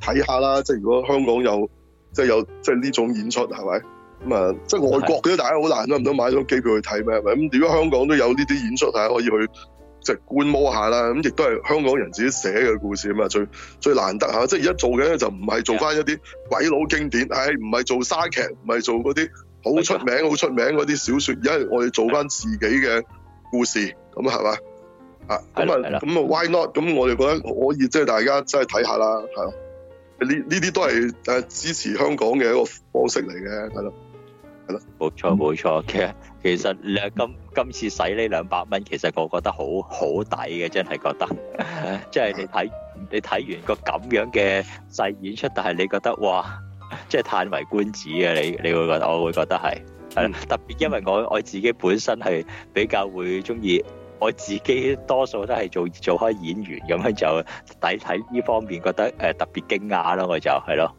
睇下啦，嗯、即係如果香港有即係有即係呢種演出係咪？咁啊即係外國嘅大家好難都唔都買咗機票去睇咩？咁如果香港都有呢啲演出，大家可以去？即係觀摩下啦，咁亦都係香港人自己寫嘅故事啊嘛，最最難得吓，即係而家做嘅就唔係做翻一啲鬼佬經典，唉，唔係做沙劇，唔係做嗰啲好出名好出名嗰啲小說，而係我哋做翻自己嘅故事，咁啊係嘛，啊，咁啊咁啊，Why not？咁我哋覺得可以，即係大家真係睇下啦，係咯，呢呢啲都係誒支持香港嘅一個方式嚟嘅。係咯，係咯，冇錯冇錯嘅。其實你今今次使呢兩百蚊，其實我覺得好好抵嘅，真係覺得。即係你睇你睇完個咁樣嘅細演出，但係你覺得哇，即係嘆為觀止嘅，你你會覺得我會覺得係係咯，特別因為我我自己本身係比較會中意，我自己多數都係做做開演員咁樣就抵睇呢方面，覺得誒、呃、特別驚訝咯，我就係咯。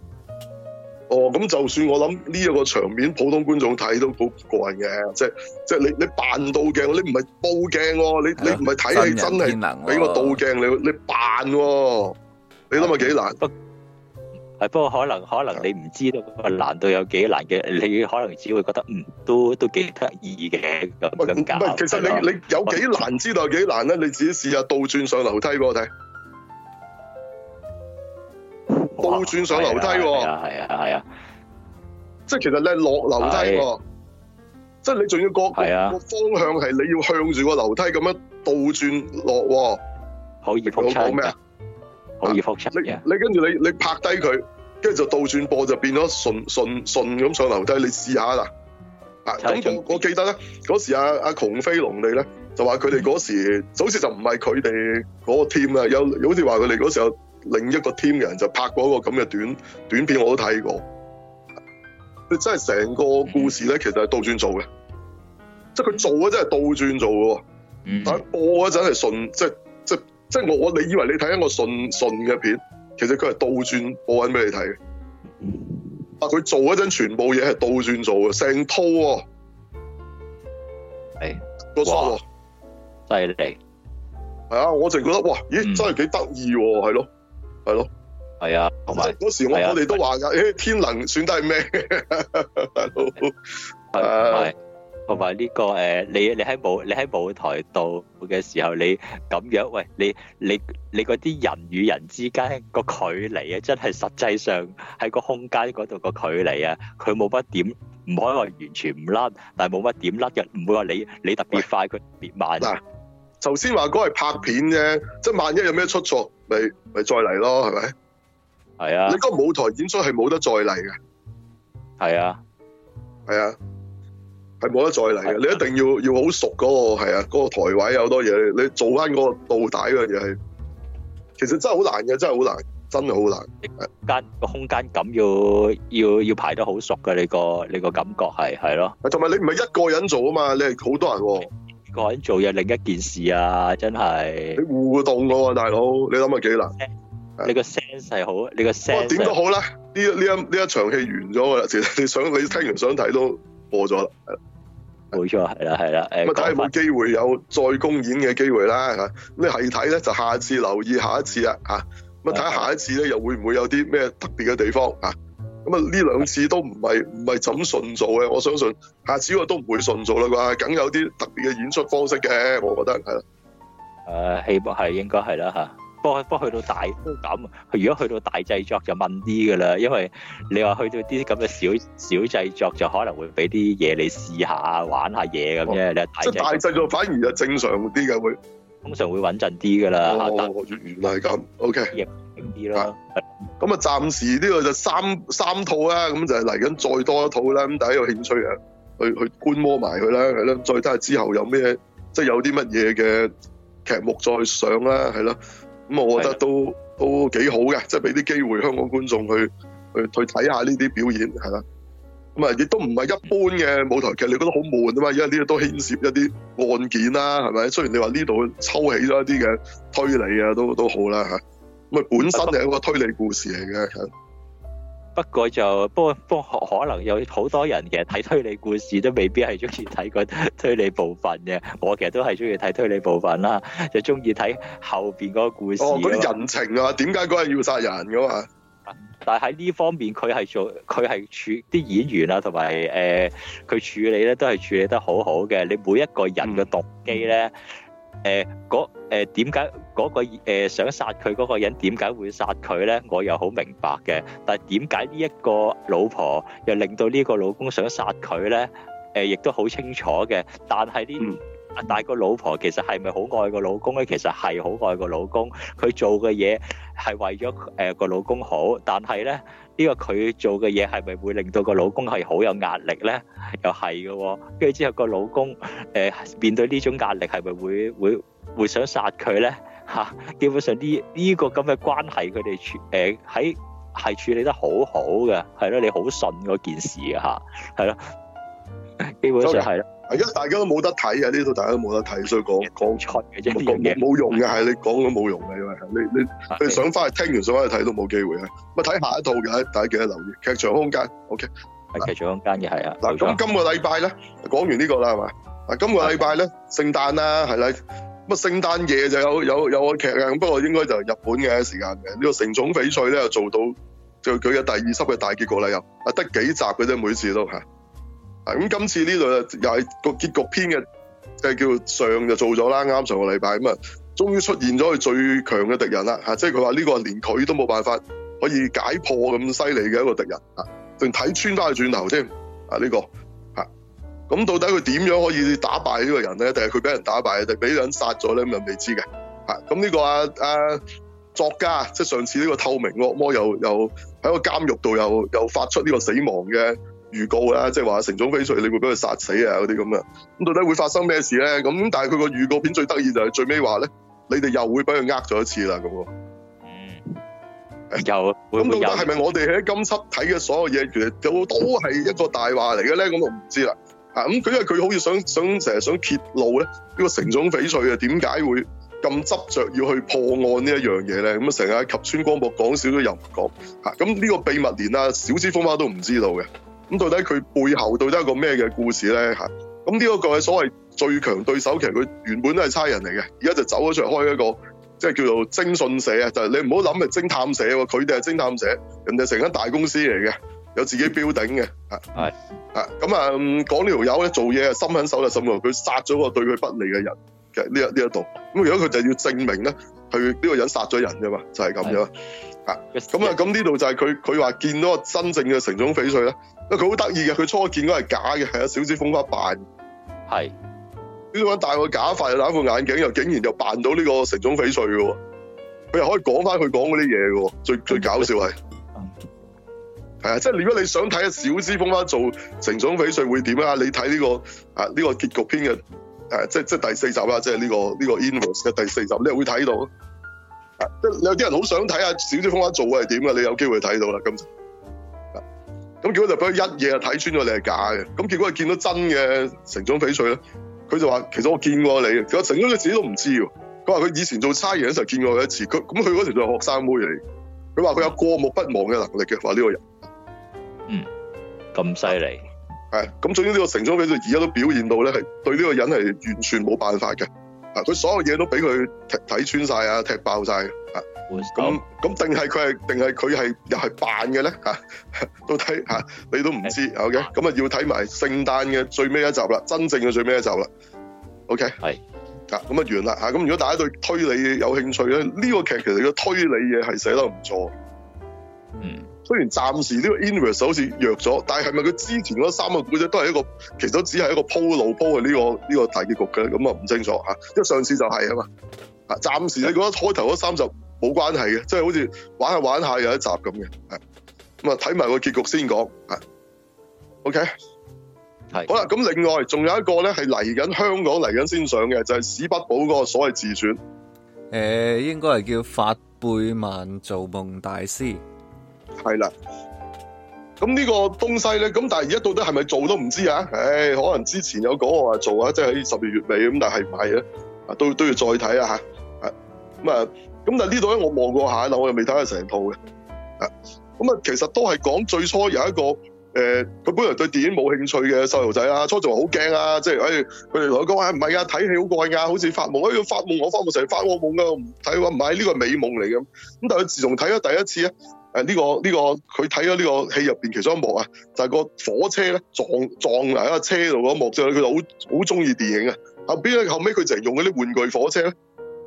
哦，咁就算我諗呢一個場面，普通觀眾睇都好過癮嘅，即係即係你你扮倒鏡，你唔係報鏡喎，你你唔係睇真係，俾個倒鏡你你扮，你諗下幾難？係、啊、不，不過可能可能你唔知道個難度有幾難嘅，你可能只會覺得嗯都都幾得意嘅咁咁解。其實你你有幾難知道有幾難咧？你自己試下倒轉上樓梯俾我睇。倒轉上樓梯喎，啊係啊係啊，啊，啊！即係其實你落樓梯喎，啊，即係你仲要各個方向係你要向住個樓梯咁樣倒轉落喎。好易撲出，講咩啊？好易撲出嘅。你跟住你你，你拍低佢，跟住就倒轉播就變咗順順順咁上樓梯。你試下啦。啊咁，我我記得咧，嗰時阿、啊、阿窮飛龍哋咧就話佢哋嗰時，嗯、就好似就唔係佢哋嗰個 team 啊，有好似話佢哋嗰時候。另一個 team 人就拍過一個咁嘅短短片，我都睇過。你真係成個故事咧，其實係倒轉做嘅。mm-hmm. mm-hmm. 即係佢做嗰陣係倒轉做嘅，但係播嗰陣係順，即係即係即係我我你以為你睇一個順順嘅片，其實佢係倒轉播緊俾你睇嘅。但佢做嗰陣全部嘢係倒轉做嘅，成套喎，係個心哇，犀利，係啊，我淨係覺得哇，咦，真係幾得意喎，係咯。mm-hmm. 係咯，係啊，同埋嗰時我我哋、啊、都話噶，誒、啊、天能算得咩？係 (laughs) 咪？同埋呢個誒，你你喺舞你喺舞台度嘅時候，你咁樣喂，你你你嗰啲人與人之間個距離啊，真係實際上喺個空間嗰度個距離啊，佢冇乜點，唔可以話完全唔甩，但係冇乜點甩嘅，唔會話你你特別快，佢特別慢。嗱，頭先話嗰係拍片啫，即係萬一有咩出錯？咪咪再嚟咯，係咪？係啊。你嗰個舞台演出係冇得再嚟嘅。係啊。係啊。係冇得再嚟嘅、啊，你一定要要好熟嗰、那個個係啊，嗰、個台位有好多嘢，你做翻嗰個導帶嘅嘢係，其實真係好難嘅，真係好難，真係好難。啊、間個空間感要要要排得好熟嘅，你個你個感覺係係咯。同埋、啊啊、你唔係一個人做啊嘛，你係好多人喎、啊。個人做嘢另一件事啊，真係你互動個、啊、大佬，你諗下幾難？你個 sense,、啊、你 sense 好，你個 sense 哇點都好啦！呢呢一呢一場戲完咗㗎啦，其實你想你聽完想睇都播咗啦。冇、啊、錯，係啦、啊，係啦、啊。咁睇下有機會有再公演嘅機會啦。咁、啊、你係睇咧，就下次留意下一次啊。嚇，咁睇下下一次咧，又會唔會有啲咩特別嘅地方啊？咁啊，呢兩次都唔係唔係怎順做嘅，我相信下次我都唔會順做啦啩，梗有啲特別嘅演出方式嘅，我覺得係啦。誒，希望係，應該係啦嚇，不過不過去到大都咁，如果去到大製作就問啲㗎啦，因為你話去到啲咁嘅小小製作就可能會俾啲嘢你試下啊，玩下嘢咁啫。即係大製作反而就正常啲嘅會。通常會穩陣啲㗎啦，哦，原來係咁，OK，啲啦。咁啊，暫時呢個就三三套啦，咁就係嚟緊再多一套啦。咁大家有興趣啊，去去觀摩埋佢啦，係咯。再睇下之後有咩，即係有啲乜嘢嘅劇目再上啦，係咯。咁我覺得都都幾好嘅，即係俾啲機會香港觀眾去去去睇下呢啲表演，係啦。咁啊，亦都唔係一般嘅舞台劇，你覺得好悶啊嘛？因為呢度都牽涉一啲案件啦，係咪？雖然你話呢度抽起咗一啲嘅推理啊，都都好啦嚇。咁啊，本身係一個推理故事嚟嘅。不過就不過不過可能有好多人其實睇推理故事都未必係中意睇個推理部分嘅。我其實都係中意睇推理部分啦，就中意睇後邊嗰個故事。嗰、哦、啲人情啊，點解嗰日要殺人嘅、啊、嘛？但喺呢方面他是，佢係做佢係處啲演員啊，同埋誒佢處理咧都係處理得好好嘅。你每一個人嘅動機咧，誒嗰誒點解嗰個、呃、想殺佢嗰個人點解會殺佢咧？我又好明白嘅。但係點解呢一個老婆又令到呢個老公想殺佢咧？誒、呃、亦都好清楚嘅。但係呢？嗯但係個老婆其實係咪好愛個老公咧？其實係好愛個老公，佢做嘅嘢係為咗誒個老公好。但係咧呢個佢做嘅嘢係咪會令到個老公係好有壓力咧？又係嘅。跟住之後個老公誒面對呢種壓力係咪會會會想殺佢咧？吓、啊，基本上呢呢個咁嘅關係佢哋處誒喺係處理得好好嘅，係咯，你好信嗰件事嘅吓，係咯，基本上係咯。而家大家都冇得睇啊！呢套大家都冇得睇，所以講講出嘅啫，冇冇用嘅，係你講都冇用嘅，因為你你你想翻去聽完想翻去睇都冇機會呀。咁啊睇下一套嘅，大家記得留意《劇場空間》。OK，係《劇場空間》嘅係啊。嗱咁今個禮拜咧，講完呢個啦係嘛？今個禮拜咧，聖誕啦係啦，咁啊聖誕夜就有有有個劇啊，不過應該就日本嘅時間嘅。呢個《成種翡翠呢》咧就做到就佢嘅第二輯嘅大結局啦，又啊得幾集嘅啫，每次都係。咁今次呢度又係個結局篇嘅，就係叫上就做咗啦，啱上個禮拜咁啊，終於出現咗佢最強嘅敵人啦嚇，即係佢話呢個連佢都冇辦法可以解破咁犀利嘅一個敵人嚇，仲睇穿翻佢轉頭先啊呢個嚇，咁到底佢點樣可以打敗呢個人咧？定係佢俾人打敗，定俾人殺咗咧？咁又未知嘅嚇。咁呢個、啊啊、作家即係上次呢個透明惡魔又又喺個監獄度又又發出呢個死亡嘅。預告啦，即係話《城塚翡翠》，你會俾佢殺死啊嗰啲咁啊。咁到底會發生咩事咧？咁但係佢個預告片最得意就係最尾話咧，你哋又會俾佢呃咗一次啦咁。嗯，有會唔會又係咪我哋喺今輯睇嘅所有嘢，其實都都係一個大話嚟嘅咧？我唔知啦。啊，咁佢因為佢好似想想成日想,想揭露咧呢個《城塚翡翠》啊，點解會咁執着要去破案這一件事呢一樣嘢咧？咁成日喺及川光博講少咗又唔講。嚇，咁呢個秘密連啊小芝風花都唔知道嘅。咁到底佢背後到底係一個咩嘅故事咧？嚇、嗯，咁呢一個嘅所謂最強對手，其實佢原本都係差人嚟嘅，而家就走咗出嚟開一個，即係叫做偵訊社啊，就係、是、你唔好諗係偵探社喎，佢哋係偵探社，人哋成間大公司嚟嘅，有自己標頂嘅，嚇、嗯，係，嚇、嗯，咁啊講呢條友咧做嘢係心狠手辣，心喎，佢殺咗個對佢不利嘅人嘅呢一呢一度，咁如果佢就要證明咧佢呢個人殺咗人㗎嘛，就係、是、咁樣。咁、yes, yes. 啊，咁呢度就係佢佢話見到個真正嘅城塚翡翠咧，因為佢好得意嘅，佢初見到係假嘅，係小芝風花扮，係呢位戴個假髮又戴副眼鏡又竟然又扮到呢個城塚翡翠嘅，佢又可以講翻佢講嗰啲嘢嘅，最最搞笑係，係、yes. 啊、mm -hmm.，即、就、係、是、如果你想睇小芝風花做城塚翡翠會點、這個、啊？你睇呢個啊呢個結局篇嘅，誒、啊、即係即係第四集啦，即係、這、呢個呢、這個 Inverse 嘅第四集，你又會睇到。即、就、係、是、有啲人好想睇下小珠方花做係點嘅，你有機會睇到啦。咁，咁、嗯、結果就俾佢一夜睇穿咗，你係假嘅。咁結果又見到真嘅城中翡翠咧，佢就話：其實我見過你，佢城中佢自己都唔知道。佢話佢以前做差人嗰時候見過佢一次，佢咁佢嗰時就係學生妹嚟。佢話佢有過目不忘嘅能力嘅，話呢個人。嗯，咁犀利。係、嗯，咁總之呢個城中翡翠而家都表現到咧，係對呢個人係完全冇辦法嘅。佢、啊、所有嘢都俾佢踢睇穿晒啊，踢爆晒。啊！咁咁定係佢係定係佢係又係扮嘅咧嚇？到底嚇、啊、你都唔知、嗯、，OK？咁啊要睇埋聖誕嘅最尾一集啦，真正嘅最尾一集啦。OK，係啊，咁啊完啦嚇！咁如果大家對推理有興趣咧，呢、呢個劇其實嘅推理嘢係寫得唔錯，嗯。雖然暫時呢個 inverse 好似弱咗，但係係咪佢之前嗰三個故仔都係一個，其實只係一個鋪路鋪嘅呢個呢、這個大結局嘅，咁啊唔清楚吓。因為、啊、上次就係、是、啊嘛。暫時你覺得開頭嗰三集冇關係嘅，即、啊、係、嗯就是、好似玩下玩下有一集咁嘅，咁啊睇埋個結局先講、啊。OK，係好啦。咁另外仲有一個咧係嚟緊香港嚟緊先上嘅，就係、是、史匹堡嗰個所謂自傳。誒、呃，應該係叫法貝曼造夢大師。係啦，咁呢個東西咧，咁但係而家到底係咪做都唔知啊？誒、哎，可能之前有講我話做、就是、是是啊，即係喺十二月尾咁，但係唔係啊，啊，都都要再睇啊吓，咁啊，咁但係呢度咧，我望過下啦，我又未睇得成套嘅，啊，咁啊，其實都係講最初有一個誒，佢、呃、本來對電影冇興趣嘅細路仔啊，初仲好驚啊，即係誒，佢哋同佢講啊，唔係啊，睇戲好怪啊，好似發夢，誒、哎，發夢我發夢成日發惡夢噶，唔睇話唔係呢個美夢嚟嘅，咁但係佢自從睇咗第一次咧。誒、這、呢個呢、這個佢睇咗呢個戲入面其中一幕啊，就係、是、個火車咧撞撞嚟，喺個車度嗰幕就係佢就好好中意電影啊，後邊咧後尾佢就係用嗰啲玩具火車咧，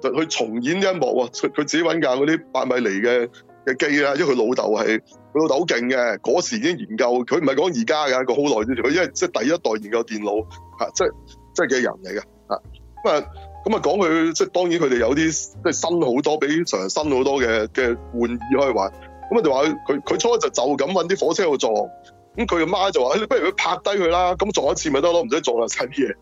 就去重演呢一幕。佢自己揾架嗰啲八米釐嘅嘅機啊，因為佢老豆係佢老豆好勁嘅，嗰時已經研究。佢唔係講而家嘅，佢好耐之前。佢因為即係第一代研究電腦即係即係嘅人嚟嘅咁啊咁啊，講佢即，即，、啊、即當然佢哋有啲即係新好多，比常新好多嘅嘅玩意可以玩。咁啊就話佢佢初就就咁揾啲火車度撞，咁佢阿媽就話，你不如佢拍低佢啦，咁撞一次咪得咯，唔使撞啦，使啲嘢？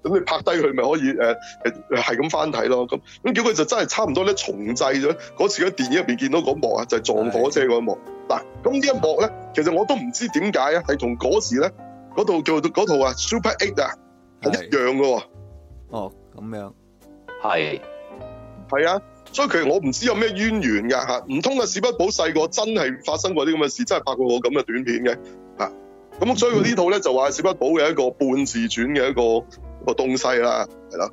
咁你拍低佢咪可以誒誒係咁翻睇咯。咁、呃、咁、呃呃呃嗯、結果就真係差唔多咧重製咗嗰時嘅電影入邊見到嗰幕啊，就係、是、撞火車嗰一幕。嗱，咁呢一幕咧，其實我都唔知點解啊，係同嗰時咧嗰套叫做嗰套啊 Super Eight 啊係一樣嘅。哦，咁樣係係啊。所以其實我唔知有咩淵源嘅嚇，唔通啊史匹堡細個真係發生過啲咁嘅事，真係拍過我咁嘅短片嘅嚇。咁、嗯、所以呢套咧就話史匹堡嘅一個半自傳嘅一個個東西啦，係啦。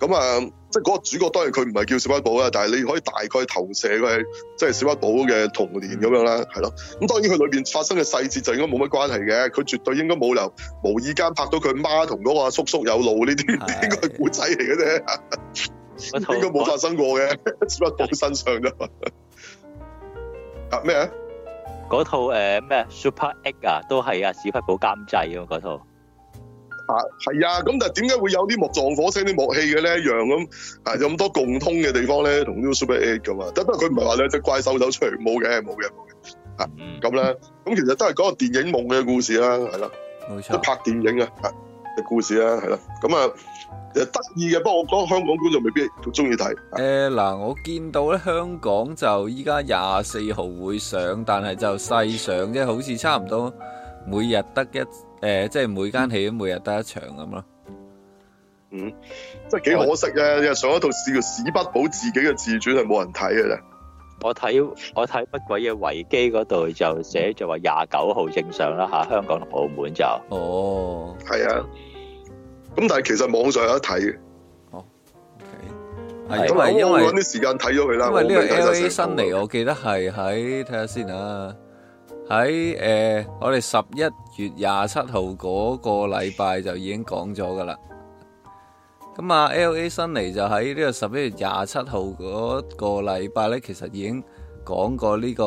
咁、嗯、啊，即係嗰個主角當然佢唔係叫史匹堡啦，但係你可以大概投射佢係即係史匹堡嘅童年咁樣啦，係咯。咁當然佢裏邊發生嘅細節就應該冇乜關係嘅，佢絕對應該冇留，無意間拍到佢媽同嗰個叔叔有路呢啲，應該係故仔嚟嘅啫。應該冇發生過嘅，只不過身上啫。啊咩？嗰套誒咩 Super Egg 啊，都係啊，屎忽寶監製啊，嗰套。啊，係啊，咁但係點解會有啲木撞火星啲木器嘅咧？一樣咁啊，有咁多共通嘅地方咧，同呢個 Super Egg 噶嘛。但都係佢唔係話咧隻怪獸走出嚟，冇嘅，冇嘅，冇嘅。啊，咁啦，咁其實都係講個電影夢嘅故事啦，係啦，都拍電影啊。嘅故事啦，係啦，咁、嗯、啊，誒得意嘅，不過我講香港觀眾未必中意睇。誒嗱，我見到咧香港就依家廿四號會上，但係就細上啫，好似差唔多每日得一誒、呃，即係每間戲每日得一場咁咯。嗯，真係幾可惜啊！又上一套叫《屎不保自己》嘅自傳，係冇人睇嘅啦。我睇我睇乜鬼嘢，維基嗰度就寫咗話廿九號正常啦吓，香港同澳門就哦，係啊。咁但係其實網上有得睇嘅。哦，咁咪因為搵啲時間睇咗佢啦，因為呢個 E V 新嚟，我記得係喺睇下先啊。喺誒、呃，我哋十一月廿七號嗰個禮拜就已經講咗噶啦。咁啊，L A 辛尼就喺呢個十一月廿七號嗰個禮拜咧，其實已經講過呢、這個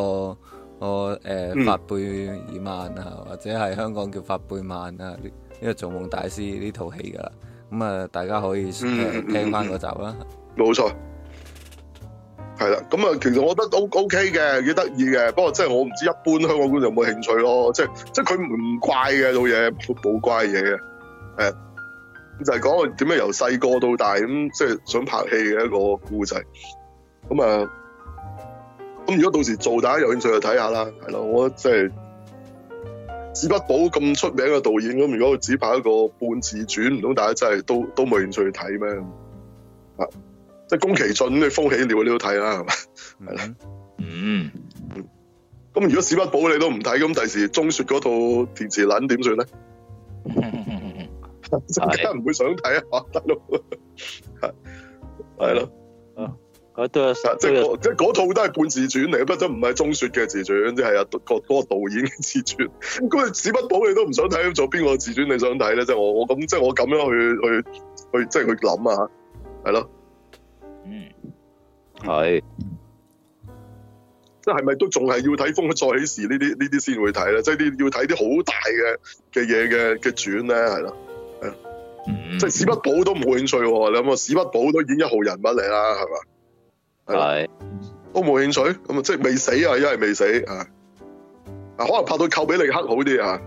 個誒、哦呃、法貝爾曼啊，或者係香港叫法貝曼啊，呢、這個造夢大師呢套戲噶啦。咁啊，大家可以、呃、聽翻嗰集啦。冇、嗯、錯，係、嗯、啦。咁、嗯、啊、嗯，其實我覺得都 O K 嘅，幾得意嘅。不過即係我唔知道一般香港觀眾有冇興趣咯。即係即係佢唔怪嘅老嘢，冇怪嘢嘅。誒。就係講點樣由細個到大咁，即係想拍戲嘅一個故仔。咁啊，咁如果到時做，大家有興趣去睇下啦，係咯。我即係史匹堡咁出名嘅導演，咁如果佢只拍一個半自傳，唔通大家真係都都冇興趣去睇咩？啊，即係宮崎駿嘅風起了，你都睇啦，係嘛？係啦。嗯。咁如果史匹堡你都唔睇，咁第時鍾雪嗰套《填詞 L》點算咧？更加唔會想睇 (laughs) 啊！大佬，係係咯，啊，都即係嗰即係套都係半自傳嚟，不都唔係中雪嘅自傳，即係阿各嗰個導演嘅自傳。咁啊，史匹堡你都唔想睇，咁做邊個自傳你想睇咧？即係我我咁即係我咁樣去去去，即係去諗啊，係咯，嗯，係，即係咪都仲係要睇《風再起時》呢啲呢啲先會睇咧？即係要要睇啲好大嘅嘅嘢嘅嘅傳咧，係咯。嗯、即係史匹堡都冇興趣，你諗下史匹堡都演一號人物嚟啦，係咪？係都冇興趣，咁啊，即係未死啊，因為未死啊，啊，可能拍到寇比力克好啲啊，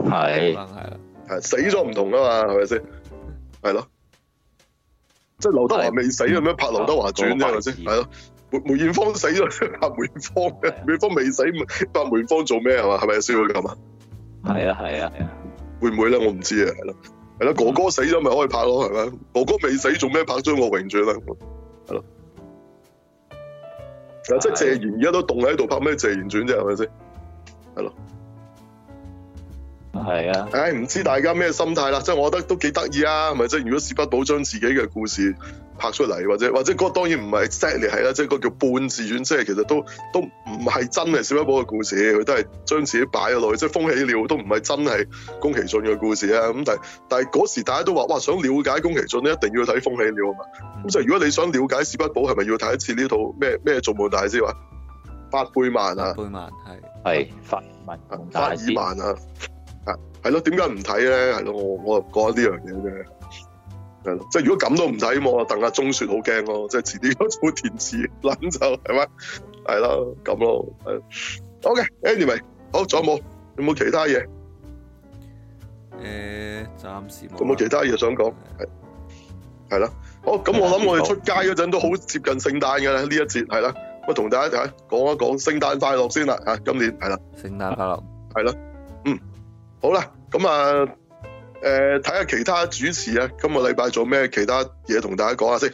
係係啊，死咗唔同啊嘛，係咪先？係咯，即係劉德華未死咁、啊、樣拍劉德華傳啫，係咪先？係咯，梅梅艷芳死咗拍梅艷芳，梅艷芳未死，拍梅艷芳做咩啊？嘛係咪先要咁啊？係啊係啊。會唔會咧？我唔知啊，係咯，係咯，哥哥死咗咪可以拍咯，係咪，嗯？哥哥未死，做咩拍張國榮傳咧？係咯，嗱，即係謝賢而家都凍喺度拍咩謝賢傳啫，係咪先？係咯。係啊，唉、哎，唔知大家咩心態啦，即、就、係、是、我覺得都幾得意啊，咪即係如果史畢寶將自己嘅故事拍出嚟，或者或者嗰當然唔係 exactly 係啦，即係都叫半自傳，即、就、係、是、其實都都唔係真係史畢寶嘅故事，佢都係將自己擺落去，即、就、係、是、風起了都唔係真係宮崎駿嘅故事啊，咁但係但嗰時大家都話哇想了解宮崎駿一定要睇風起了啊嘛，咁、嗯、就如果你想了解史畢寶係咪要睇一次呢套咩咩造夢大師話、啊啊嗯？法貝曼啊？法貝曼係係法文法爾曼啊？係咯，點解唔睇咧？係咯，我我又覺得呢樣嘢啫。係咯，即係如果咁都唔睇，我鄧阿中雪好驚咯，即係遲啲做填詞捻就係咪？係啦，咁咯。係，OK，Anyway，好仲有冇？有冇其他嘢？誒、欸，暫時冇。有冇其他嘢想講？係係啦，好，咁我諗我哋出街嗰陣都好接近聖誕噶啦，呢一節係啦，我同大家講一講聖誕快樂先啦。吓、啊，今年係啦，聖誕快樂，係啦。好啦，咁啊，誒睇下其他主持啊，今個禮拜做咩其他嘢同大家講下先。